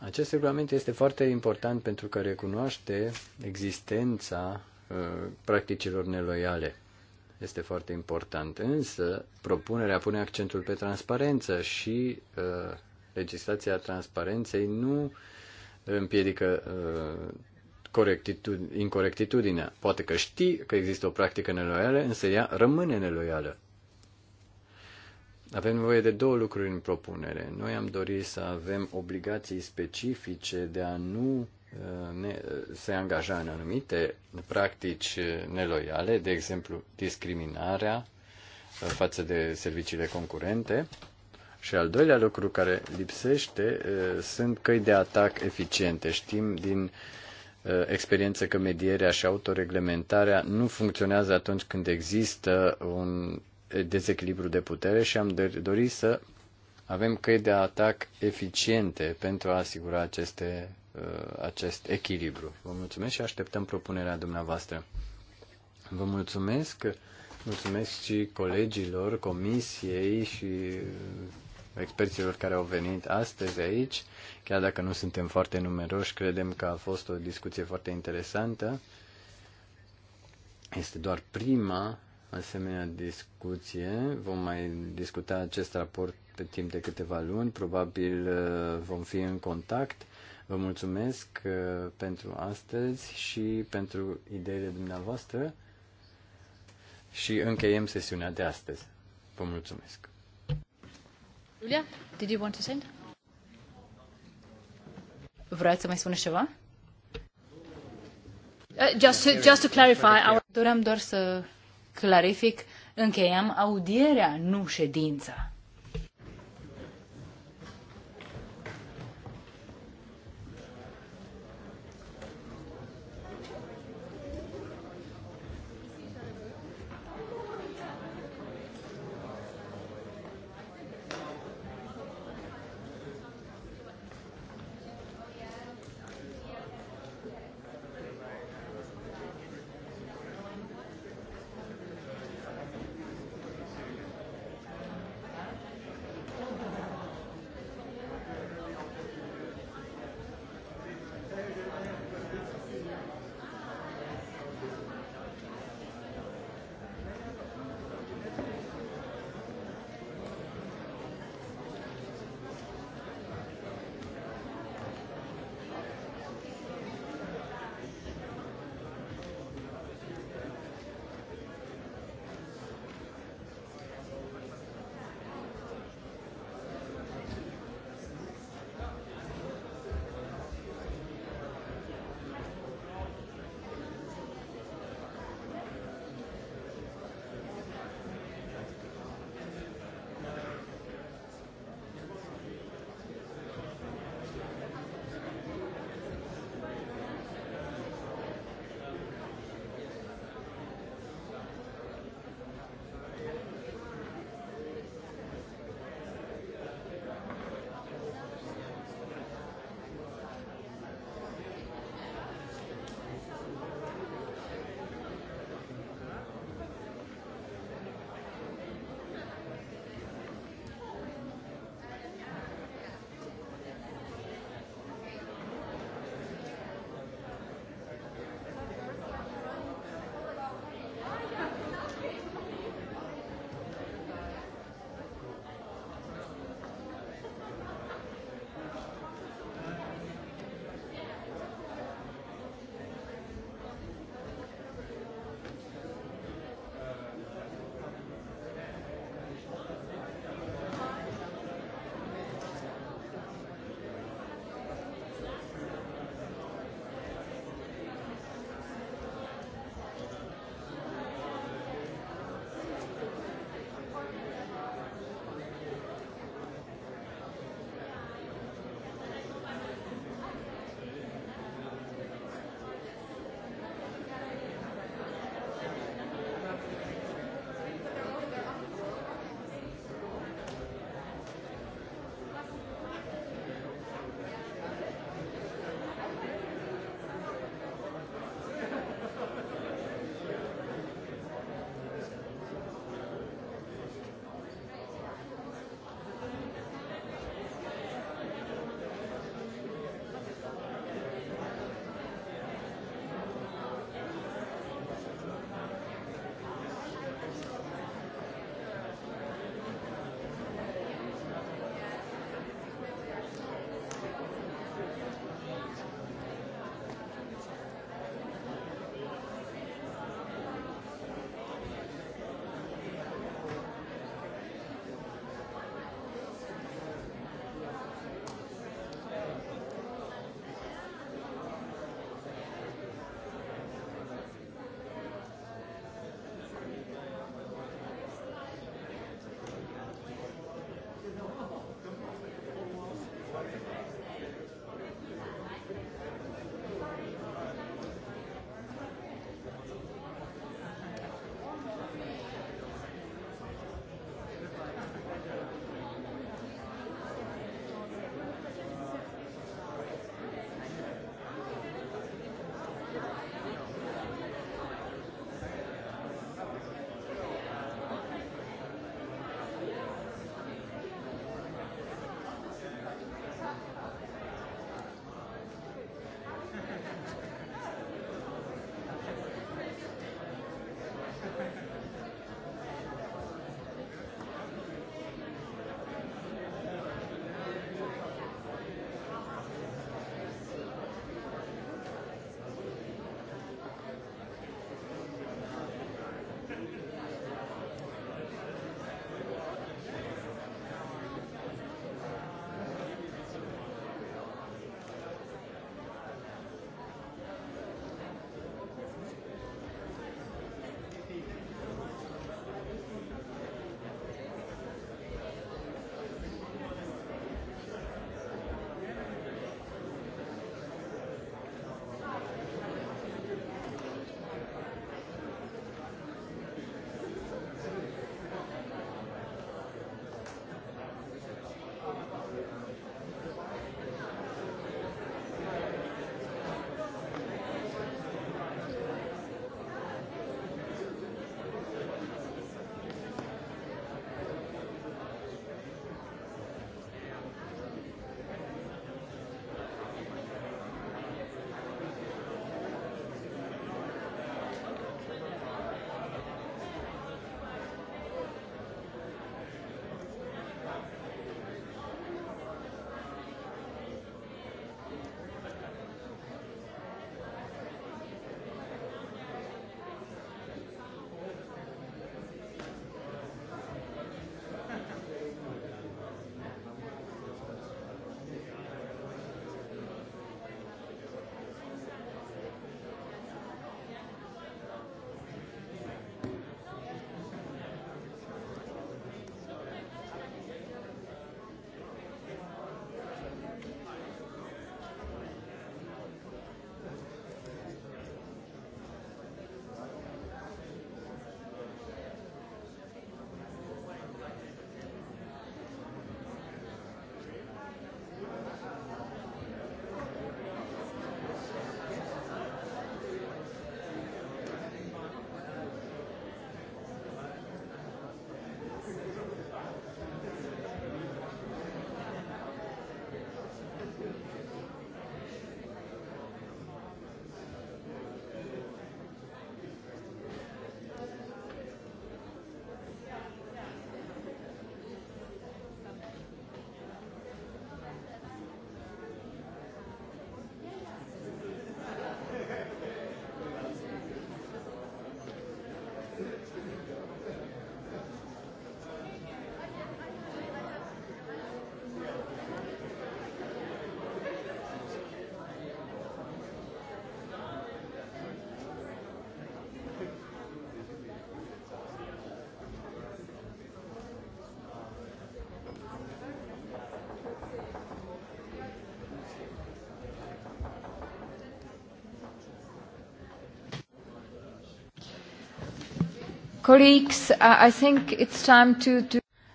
acest regulament este foarte important pentru că recunoaște existența uh, practicilor neloiale. Este foarte important. Însă, propunerea pune accentul pe transparență și uh, legislația transparenței nu împiedică uh, incorectitudinea. Poate că știi că există o practică neloială, însă ea rămâne neloială. Avem nevoie de două lucruri în propunere. Noi am dorit să avem obligații specifice de a nu uh, ne, uh, se angaja în anumite practici uh, neloiale, de exemplu discriminarea față de serviciile concurente. Și al doilea lucru care lipsește sunt căi de atac eficiente. Știm din experiență că medierea și autoreglementarea nu funcționează atunci când există un dezechilibru de putere și am dorit să avem căi de atac eficiente pentru a asigura aceste, uh, acest echilibru. Vă mulțumesc și așteptăm propunerea dumneavoastră. Vă mulțumesc, mulțumesc și colegilor, comisiei și experților care au venit astăzi aici. Chiar dacă nu suntem foarte numeroși, credem că a fost o discuție foarte interesantă. Este doar prima asemenea discuție. Vom mai discuta acest raport pe timp de câteva luni. Probabil uh, vom fi în contact. Vă mulțumesc uh, pentru astăzi și pentru ideile dumneavoastră și încheiem sesiunea de astăzi. Vă mulțumesc. Julia, did you want to send? Vreau să mai spuneți ceva? Uh, just, to, just to clarify, our... doream doar să clarific, încheiam audierea, nu ședința.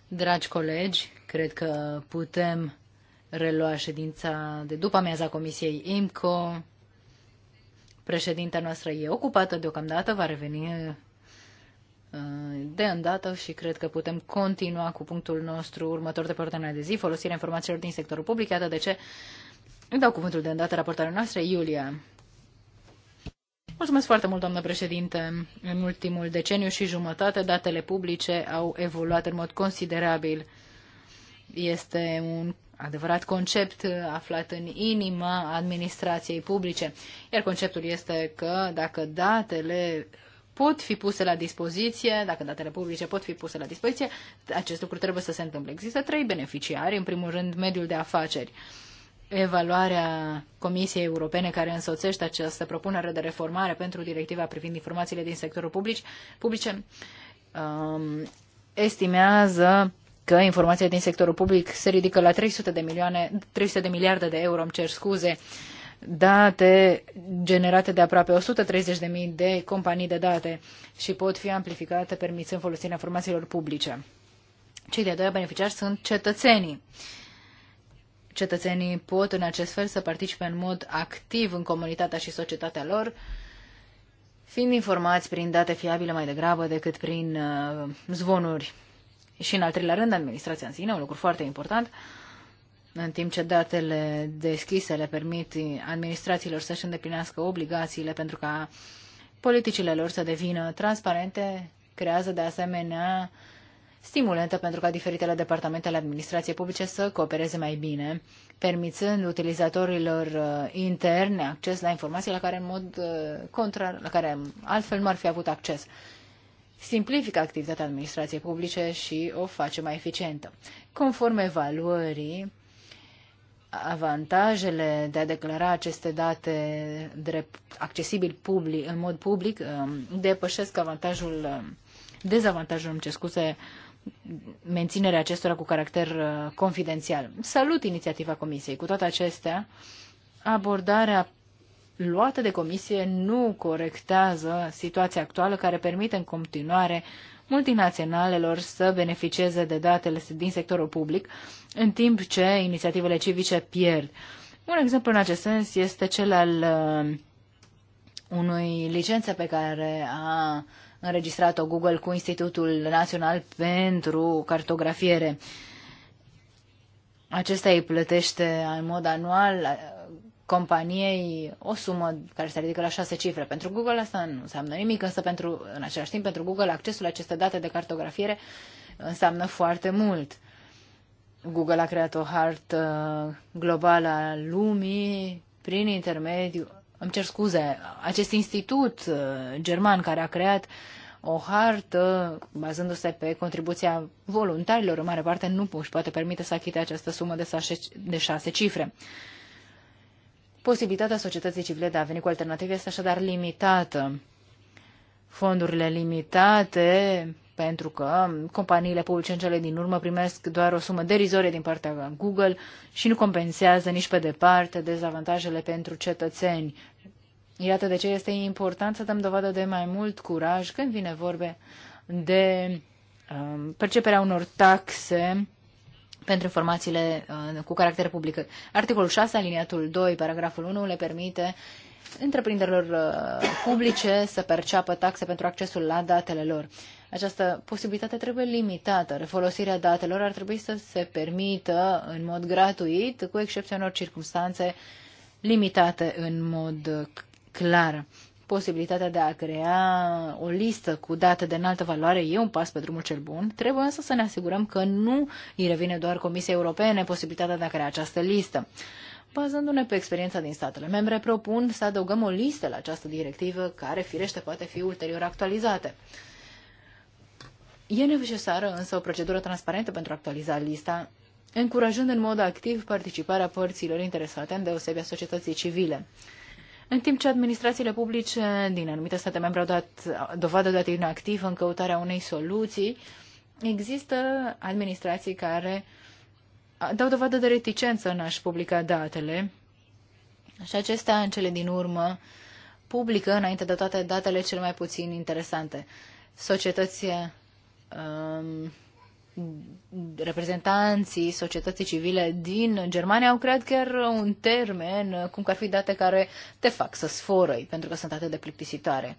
Dragi colegi, cred că putem relua ședința de după amiaza Comisiei IMCO. Președinta noastră e ocupată deocamdată, va reveni uh, de îndată și cred că putem continua cu punctul nostru următor de pe de zi, folosirea informațiilor din sectorul public, iată de ce îmi dau cuvântul de îndată raportarea noastră, Iulia. Mulțumesc foarte mult, doamnă președinte. În ultimul deceniu și jumătate, datele publice au evoluat în mod considerabil. Este un adevărat concept aflat în inima administrației publice. Iar conceptul este că dacă datele pot fi puse la dispoziție, dacă datele publice pot fi puse la dispoziție, acest lucru trebuie să se întâmple. Există trei beneficiari, în primul rând mediul de afaceri. Uh, evaluarea Comisiei Europene care însoțește această propunere de reformare pentru directiva privind informațiile din sectorul public, publice um, estimează că informația din sectorul public se ridică la 300 de, milioane, 300 de miliarde de euro, îmi cer scuze, date generate de aproape 130.000 de companii de date și pot fi amplificate permițând folosirea informațiilor publice. Cei de-a doua beneficiari sunt cetățenii. Uh, cetățenii pot în acest fel să participe în mod activ în comunitatea și societatea lor, fiind informați prin date fiabile mai degrabă decât prin uh, zvonuri. Și în al treilea rând, administrația în sine, un lucru foarte important, în timp ce datele deschise le permit administrațiilor să-și îndeplinească obligațiile pentru ca politicile lor să devină transparente, creează de asemenea uh, stimulente pentru ca diferitele departamente ale administrației publice să coopereze mai bine, permițând utilizatorilor uh, interne acces la informații la care în mod uh, contrar, la care altfel nu ar fi avut acces. Simplifică activitatea administrației publice și o face mai eficientă. Conform evaluării, avantajele de a declara aceste date drept accesibil public, în mod public uh, depășesc avantajul, dezavantajul, îmi ce scuze, menținerea acestora cu caracter uh, confidențial. Salut inițiativa Comisiei. Cu toate acestea, abordarea luată de Comisie nu corectează situația actuală care permite în continuare multinaționalelor să beneficieze de datele din sectorul public, în timp ce inițiativele civice pierd. Un exemplu în acest sens este cel al uh, unui licențe pe care a înregistrat-o Google cu Institutul Național pentru Cartografiere. Acesta îi plătește în mod anual uh, companiei o sumă care se ridică la șase cifre. Pentru Google asta nu înseamnă nimic, însă pentru, în același timp pentru Google accesul la aceste date de cartografiere înseamnă foarte mult. Google a creat o hartă uh, globală a lumii prin intermediul îmi cer scuze, acest institut uh, german care a creat o hartă bazându-se pe contribuția voluntarilor, în mare parte nu își poate permite să achite această sumă de șase, de șase cifre. Posibilitatea societății civile de a veni cu alternative este așadar limitată. Fondurile limitate pentru că companiile publice în cele din urmă primesc doar o sumă derizorie din partea Google și nu compensează nici pe departe dezavantajele pentru cetățeni. Iată de ce este important să dăm dovadă de mai mult curaj când vine vorbe de um, perceperea unor taxe pentru informațiile uh, cu caracter public. Articolul 6, aliniatul 2, paragraful 1, le permite întreprinderilor uh, publice să perceapă taxe pentru accesul la datele lor. Această posibilitate trebuie limitată. Refolosirea datelor ar trebui să se permită în mod gratuit, cu excepția unor circunstanțe limitate în mod clar. Posibilitatea de a crea o listă cu date de înaltă valoare e un pas pe drumul cel bun. Trebuie însă să ne asigurăm că nu îi revine doar Comisiei Europene posibilitatea de a crea această listă. Bazându-ne pe experiența din statele membre, propun să adăugăm o listă la această directivă, care, firește, poate fi ulterior actualizată. E necesară însă o procedură transparentă pentru a actualiza lista, încurajând în mod activ participarea părților interesate, îndeosebi a societății civile. În timp ce administrațiile publice din anumite state membre au dat dovadă de atitudine activă în căutarea unei soluții, există administrații care dau dovadă de reticență în a-și publica datele și acestea în cele din urmă publică înainte de toate datele cele mai puțin interesante. Societăția reprezentanții societății civile din Germania au creat chiar un termen, cum că ar fi date care te fac să sforăi, pentru că sunt atât de plictisitoare.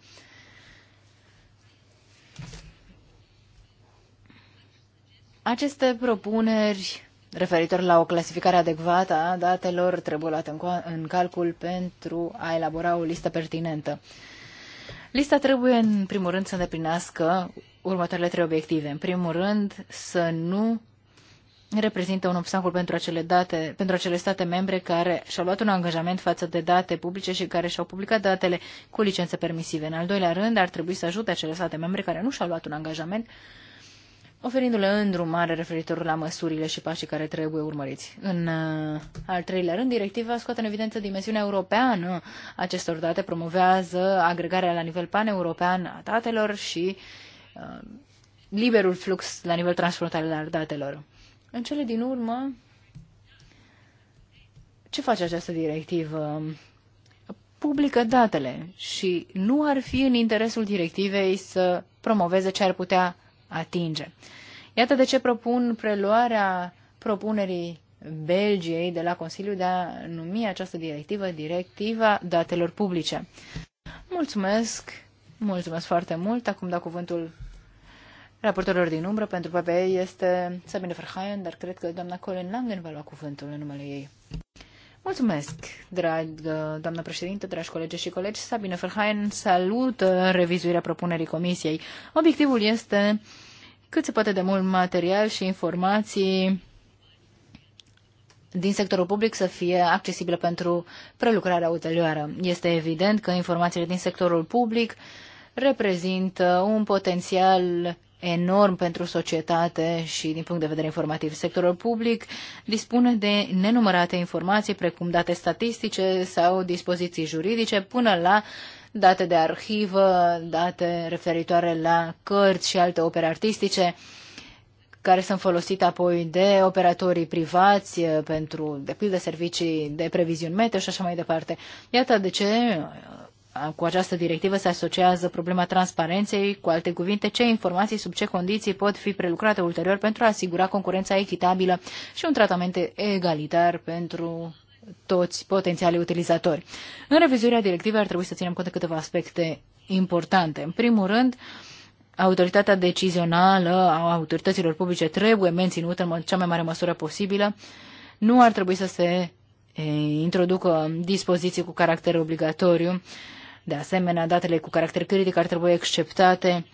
Aceste propuneri referitor la o clasificare adecvată a datelor trebuie luate în calcul pentru a elabora o listă pertinentă. Lista trebuie, în primul rând, să îndeplinească următoarele trei obiective. În primul rând, să nu reprezintă un obstacol pentru acele, date, pentru acele state membre care și-au luat un angajament față de date publice și care și-au publicat datele cu licențe permisive. În al doilea rând, ar trebui să ajute acele state membre care nu și-au luat un angajament, oferindu-le îndrumare referitor la măsurile și pașii care trebuie urmăriți. În uh, al treilea rând, directiva scoate în evidență dimensiunea europeană acestor date, promovează agregarea la nivel pan-european a datelor și uh, Uh, liberul flux la nivel transfrontalier al datelor. În cele din urmă, ce face această directivă? Publică datele și nu ar fi în interesul directivei să promoveze ce ar putea atinge. Iată de ce propun preluarea propunerii Belgiei de la Consiliu de a numi această directivă Directiva Datelor Publice. Mulțumesc, mulțumesc foarte mult. Acum dau cuvântul raportorul din umbră pentru PPE este Sabine Verhaien, dar cred că doamna Colin Langen va lua cuvântul în numele ei. Mulțumesc, dragă doamnă președinte, dragi colegi și colegi. Sabine Verhaien salută revizuirea propunerii comisiei. Obiectivul este cât se poate de mult material și informații din sectorul public să fie accesibilă pentru prelucrarea ulterioară. Este evident că informațiile din sectorul public reprezintă un potențial enorm pentru societate și din punct de vedere informativ. Sectorul public dispune de nenumărate informații, precum date statistice sau dispoziții juridice, până la date de arhivă, date referitoare la cărți și alte opere artistice care sunt folosite apoi de operatorii privați eh, pentru, de pildă, servicii de previziuni meteo și așa mai departe. Iată de ce cu această directivă se asociază problema transparenței, cu alte cuvinte, ce informații sub ce condiții pot fi prelucrate ulterior pentru a asigura concurența echitabilă și un tratament egalitar pentru toți potențialii utilizatori. În revizuirea directivei ar trebui să ținem cont de câteva aspecte importante. În primul rând, autoritatea decizională a autorităților publice trebuie menținută în cea mai mare măsură posibilă. Nu ar trebui să se eh, introducă dispoziții cu caracter obligatoriu de asemenea, datele cu caracter critic ar trebui acceptate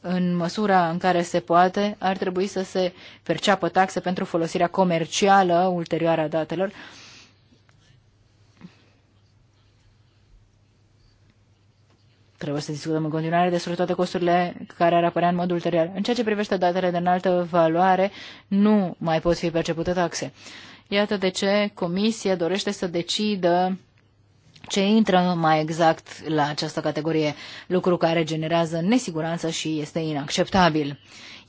în măsura în care se poate, ar trebui să se perceapă taxe pentru folosirea comercială ulterioară a datelor. Trebuie să discutăm în continuare despre toate costurile care ar apărea în mod ulterior. În ceea ce privește datele de înaltă valoare, nu mai pot fi percepute taxe. Iată de ce Comisia dorește să decidă ce intră mai exact la această categorie, lucru care generează nesiguranță și este inacceptabil.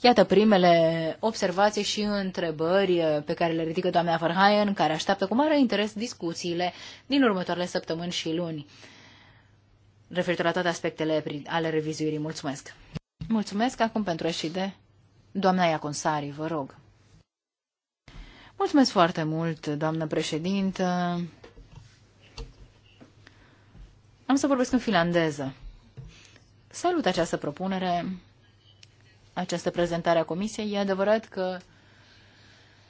Iată primele observații și întrebări pe care le ridică doamna Farhaien, care așteaptă cu mare interes discuțiile din următoarele săptămâni și luni. Referitor la toate aspectele ale revizuirii, mulțumesc! Mulțumesc acum pentru de Doamna Iaconsari, vă rog. Mulțumesc foarte mult, doamnă președintă. Am să vorbesc în finlandeză. Salut această propunere, această prezentare a comisiei. E adevărat că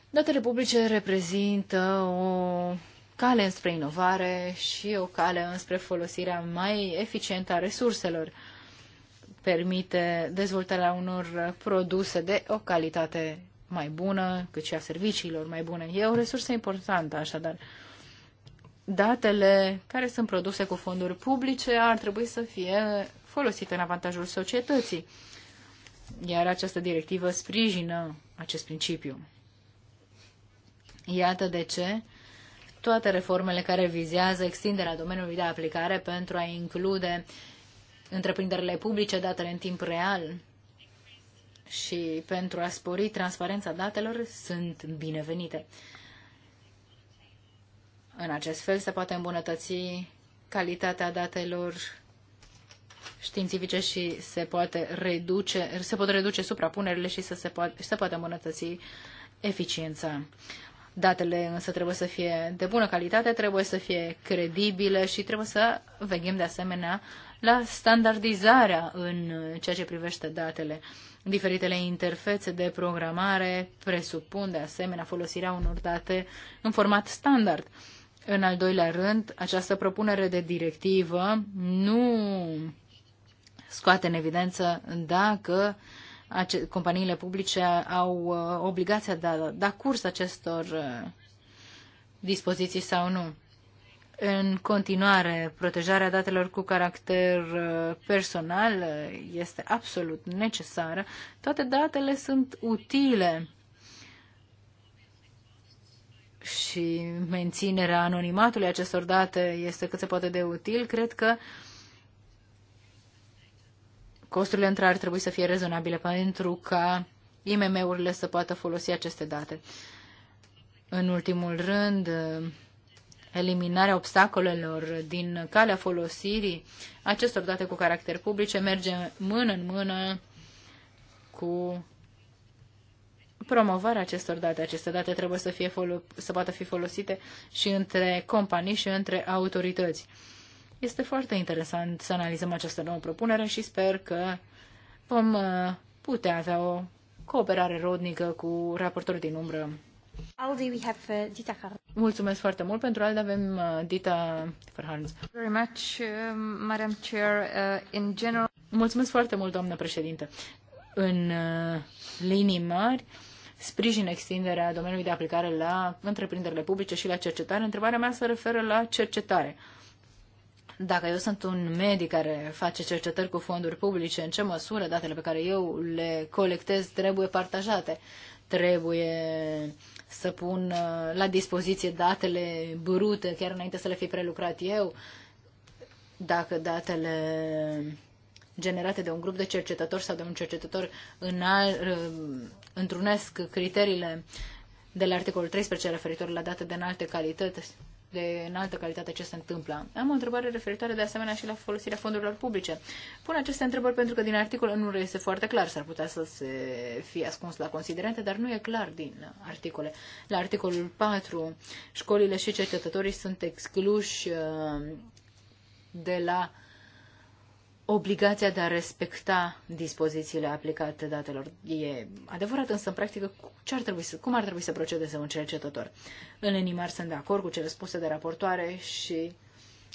datele publice reprezintă o cale înspre inovare și o cale înspre folosirea mai eficientă a resurselor. Permite dezvoltarea unor produse de o calitate mai bună, cât și a serviciilor mai bune. E o resursă importantă, așadar datele care sunt produse cu fonduri publice ar trebui să fie folosite în avantajul societății. Iar această directivă sprijină acest principiu. Iată de ce toate reformele care vizează extinderea domeniului de aplicare pentru a include întreprinderile publice, datele în timp real și pentru a spori transparența datelor sunt binevenite. În acest fel se poate îmbunătăți calitatea datelor științifice și se, poate reduce, se pot reduce suprapunerile și să se, poate, se poate îmbunătăți eficiența. Datele însă trebuie să fie de bună calitate, trebuie să fie credibile și trebuie să veghem de asemenea la standardizarea în ceea ce privește datele. Diferitele interfețe de programare presupun de asemenea folosirea unor date în format standard. În al doilea rând, această propunere de directivă nu scoate în evidență dacă companiile publice au uh, obligația de a da curs acestor uh, dispoziții sau nu. În continuare, protejarea datelor cu caracter uh, personal este absolut necesară. Toate datele sunt utile și menținerea anonimatului acestor date este cât se poate de util, cred că costurile între ar trebui să fie rezonabile pentru ca IMM-urile să poată folosi aceste date. În ultimul rând, eliminarea obstacolelor din calea folosirii acestor date cu caracter publice merge mână în mână cu promovarea acestor date. Aceste date trebuie să, fie să poată fi folosite și între companii și între autorități. Este foarte interesant să analizăm această nouă propunere și sper că vom uh, putea avea o cooperare rodnică cu raportorul din umbră. Aldi, we have uh, Dita Harms. Mulțumesc foarte mult. Pentru Aldi avem uh, Dita Farhans. Very much, uh, Madam Chair, uh, in general... Mulțumesc foarte mult, doamnă președinte. În uh, linii mari, uh, sprijin extinderea domeniului de aplicare la întreprinderile publice și la cercetare. Întrebarea mea se referă la cercetare. Dacă eu sunt un medic care face cercetări cu fonduri publice, în ce măsură datele pe care eu le colectez trebuie partajate? Trebuie să pun uh, la dispoziție datele brute chiar înainte să le fi prelucrat eu? Dacă datele generate de un grup de cercetători sau de un cercetător înal, uh, întrunesc criteriile de la articolul 13 referitor la date de înalte calități, de înaltă calitate ce se întâmplă. Am o întrebare referitoare de asemenea și la folosirea fondurilor publice. Pun aceste întrebări pentru că din articol nu este foarte clar, s-ar putea să se fie ascuns la considerente, dar nu e clar din articole. La articolul 4, școlile și cercetătorii sunt excluși uh, de la uh, obligația de a respecta dispozițiile aplicate datelor. E adevărat, însă, în practică, ce ar trebui să, cum ar trebui să procedeze un cercetător? În linii mari sunt de acord cu cele spuse de raportoare și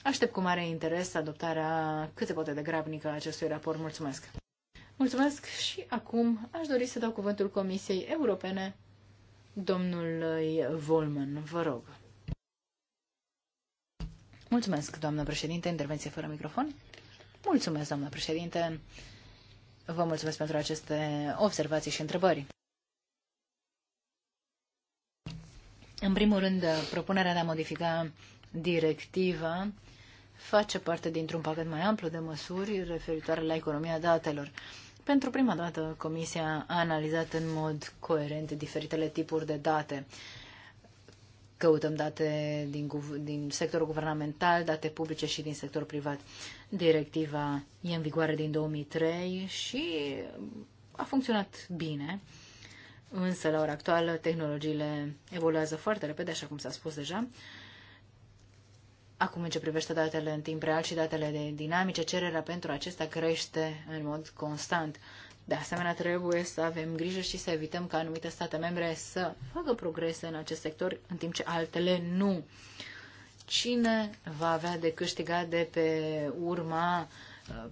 aștept cu mare interes adoptarea cât se poate de grabnică a acestui raport. Mulțumesc! Mulțumesc și acum aș dori să dau cuvântul Comisiei Europene domnului Volman. Vă rog. Mulțumesc, doamnă președinte. Intervenție fără microfon. Mulțumesc, doamnă președinte. Vă mulțumesc pentru aceste observații și întrebări. În primul rând, propunerea de a modifica directiva face parte dintr-un pachet mai amplu de măsuri referitoare la economia datelor. Pentru prima dată, Comisia a analizat în mod coerent diferitele tipuri de date. Căutăm date din, din sectorul guvernamental, date publice și din sectorul privat. Directiva e în vigoare din 2003 și a funcționat bine. Însă, la ora actuală, tehnologiile evoluează foarte repede, așa cum s-a spus deja. Acum, în ce privește datele în timp real și datele de dinamice, cererea pentru acestea crește în mod constant. De asemenea, trebuie să avem grijă și să evităm ca anumite state membre să facă progrese în acest sector, în timp ce altele nu. Cine va avea de câștigat de pe urma uh,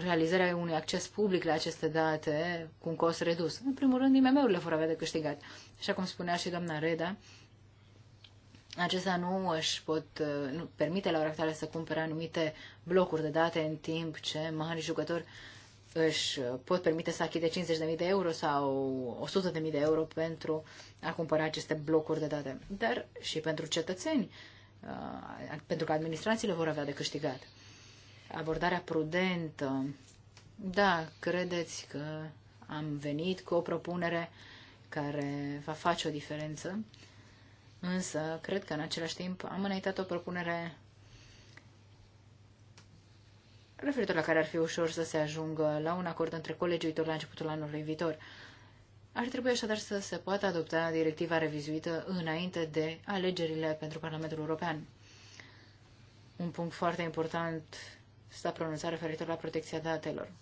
realizarea unui acces public la aceste date cu un cost redus? În primul rând, IMM-urile vor avea de câștigat. Așa cum spunea și doamna Reda, acestea nu își pot uh, nu, permite la ora actuală să cumpere anumite blocuri de date în timp ce mari jucători își pot permite să achite 50.000 de euro sau 100.000 de euro pentru a cumpăra aceste blocuri de date, dar și pentru cetățeni, uh, pentru că administrațiile vor avea de câștigat. Abordarea prudentă. Da, credeți că am venit cu o propunere care va face o diferență, însă cred că în același timp am înaintat o propunere referitor la care ar fi ușor să se ajungă la un acord între colegii uitor la începutul anului viitor. Ar trebui așadar să se poată adopta directiva revizuită înainte de alegerile pentru Parlamentul European. Un punct foarte important s-a pronunțat referitor la protecția datelor.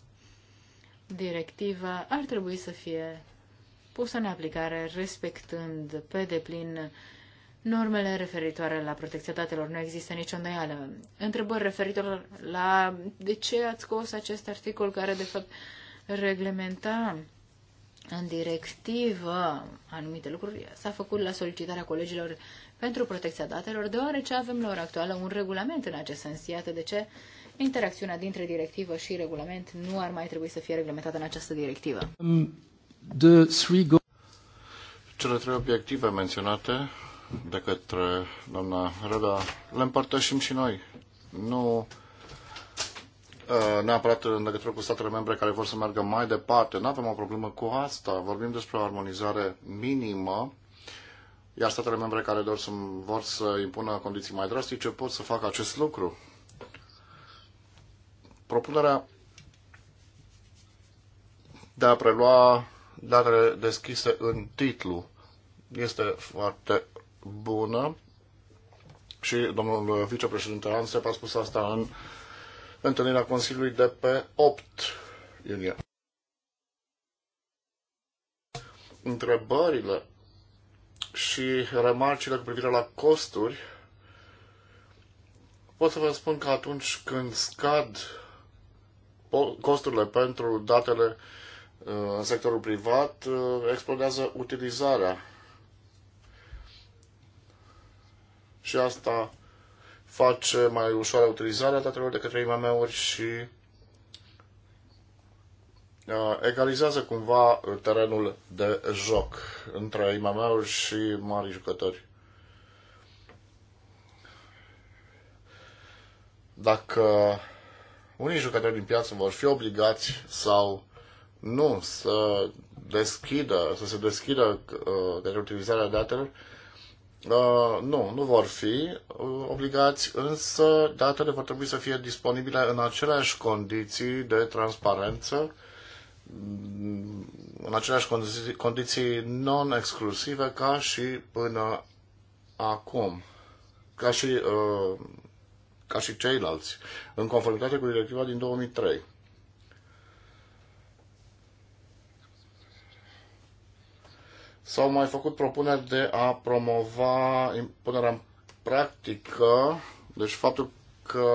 Directiva ar trebui să fie pusă în aplicare respectând pe deplin Normele referitoare la protecția datelor nu există nicio îndoială. Întrebări referitor la de ce ați scos acest articol care de fapt reglementa în directivă anumite lucruri s-a făcut la solicitarea colegilor pentru protecția datelor, deoarece avem la ora actuală un regulament în acest sens. Iată de ce interacțiunea dintre directivă și regulament nu ar mai trebui să fie reglementată în această directivă. Um, Cele trei obiective menționate de către doamna Reda, le împărtășim și noi. Nu uh, neapărat în legătură cu statele membre care vor să meargă mai departe. Nu avem o problemă cu asta. Vorbim despre o armonizare minimă, iar statele membre care doar să, vor să impună condiții mai drastice pot să facă acest lucru. Propunerea de a prelua datele deschise în titlu este foarte bună și domnul vicepreședinte Ansep a spus asta în întâlnirea Consiliului de pe 8 iunie. Întrebările și remarcile cu privire la costuri, pot să vă spun că atunci când scad costurile pentru datele uh, în sectorul privat, uh, explodează utilizarea și asta face mai ușoară utilizarea datelor de către IMM-uri și egalizează cumva uh, terenul de joc între IMM-uri și mari jucători. Dacă unii jucători din piață vor fi obligați sau nu să deschidă, să se deschidă către uh, utilizarea datelor, Uh, nu, nu vor fi uh, obligați, însă datele vor trebui să fie disponibile în aceleași condiții de transparență, mm, în aceleași condiții, condiții non-exclusive ca și până acum, ca și, uh, ca și ceilalți, în conformitate cu directiva din 2003. S-au mai făcut propuneri de a promova punerea în practică, deci faptul că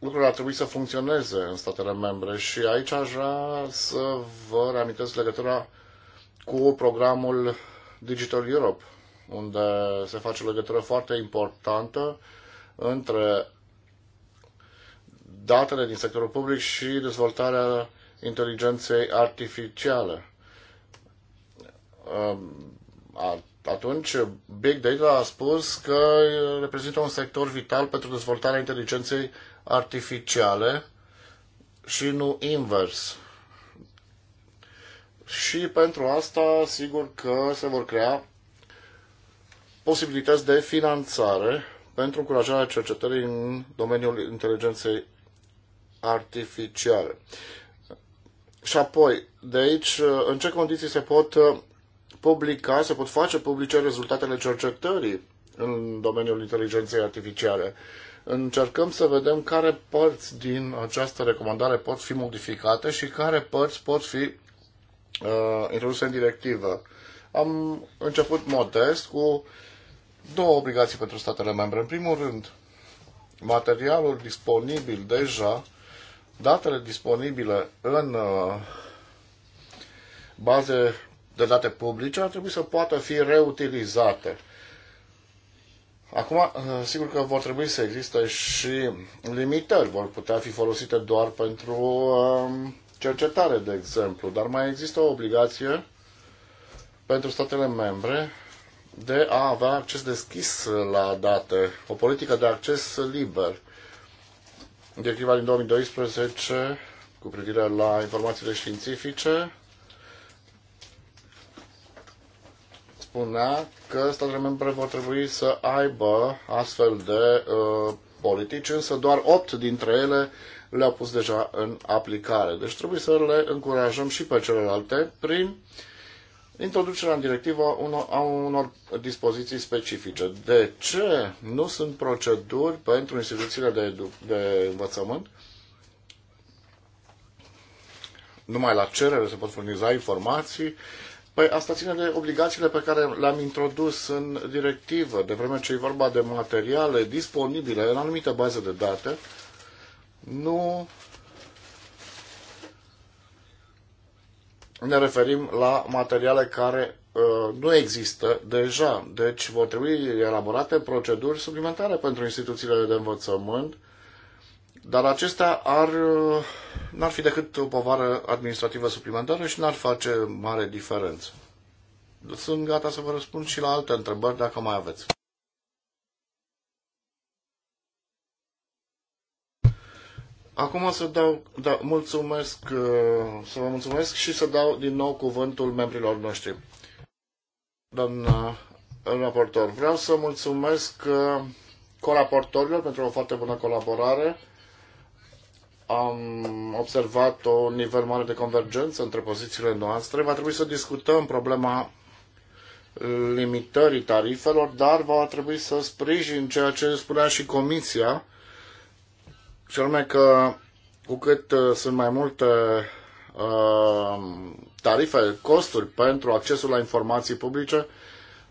lucrurile ar trebui să funcționeze în statele membre și aici aș vrea să vă reamintesc legătura cu programul Digital Europe, unde se face o legătură foarte importantă între datele din sectorul public și dezvoltarea inteligenței artificiale atunci Big Data a spus că reprezintă un sector vital pentru dezvoltarea inteligenței artificiale și nu invers. Și pentru asta, sigur că se vor crea posibilități de finanțare pentru încurajarea cercetării în domeniul inteligenței artificiale. Și apoi, de aici, în ce condiții se pot publica, se pot face publice rezultatele cercetării în domeniul inteligenței artificiale. Încercăm să vedem care părți din această recomandare pot fi modificate și care părți pot fi uh, introduse în directivă. Am început modest cu două obligații pentru statele membre. În primul rând, materialul disponibil deja, datele disponibile în uh, baze de date publice ar trebui să poată fi reutilizate. Acum, uh, sigur că vor trebui să existe și limitări, vor putea fi folosite doar pentru um, cercetare, de exemplu, dar mai există o obligație pentru statele membre de a avea acces deschis la date, o politică de acces liber. Directiva din 2012 cu privire la informațiile științifice spunea că statele membre vor trebui să aibă astfel de uh, politici, însă doar 8 dintre ele le-au pus deja în aplicare. Deci trebuie să le încurajăm și pe celelalte prin introducerea în directivă a unor dispoziții specifice. De ce nu sunt proceduri pentru instituțiile de, de învățământ? Numai la cerere se pot furniza informații Păi asta ține de obligațiile pe care le-am introdus în directivă, de vreme ce e vorba de materiale disponibile în anumite baze de date, nu ne referim la materiale care uh, nu există deja. Deci vor trebui elaborate proceduri suplimentare pentru instituțiile de învățământ dar acestea ar, uh, n-ar fi decât o povară administrativă suplimentară și n-ar face mare diferență. Sunt gata să vă răspund și la alte întrebări dacă mai aveți. Acum să dau, da, mulțumesc, uh, să vă mulțumesc și să dau din nou cuvântul membrilor noștri. Doamna raportor, vreau să mulțumesc uh, colaboratorilor pentru o foarte bună colaborare am observat un nivel mare de convergență între pozițiile noastre. Va trebui să discutăm problema uh, limitării tarifelor, dar va trebui să sprijin ceea ce spunea și Comisia, și anume că cu cât uh, sunt mai multe uh, tarife, costuri pentru accesul la informații publice,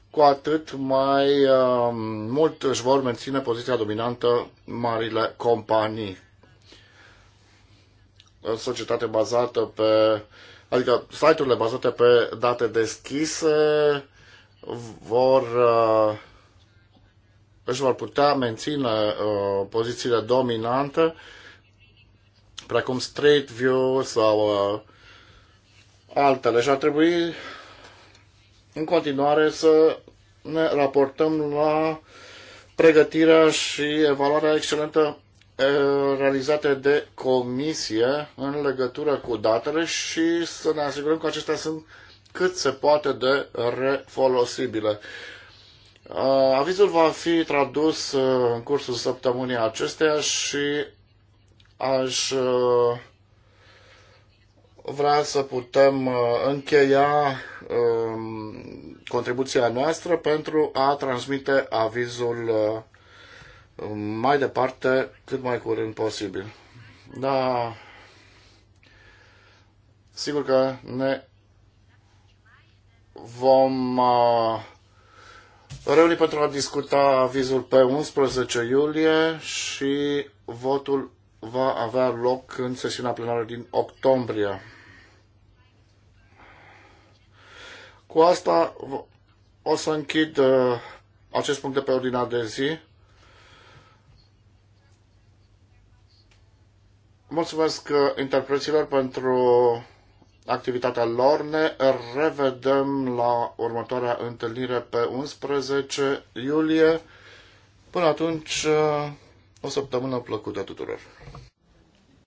cu atât mai mult își vor menține poziția dominantă marile companii societate bazată pe, adică site-urile bazate pe date deschise vor uh, își vor putea menține uh, pozițiile dominante precum Street View sau uh, altele și ar trebui în continuare să ne raportăm la pregătirea și evaluarea excelentă realizate de comisie în legătură cu datele și să ne asigurăm că acestea sunt cât se poate de refolosibile. Avizul va fi tradus în cursul săptămânii acesteia și aș vrea să putem încheia contribuția noastră pentru a transmite avizul mai departe cât mai curând posibil. Da, sigur că ne vom uh, reuni pentru a discuta avizul pe 11 iulie și votul va avea loc în sesiunea plenară din octombrie. Cu asta o să închid uh, acest punct de pe ordinea de zi. Mulțumesc uh, interpreților pentru activitatea lor. Ne revedem la următoarea întâlnire pe 11 iulie. Până atunci, uh, o săptămână plăcută tuturor!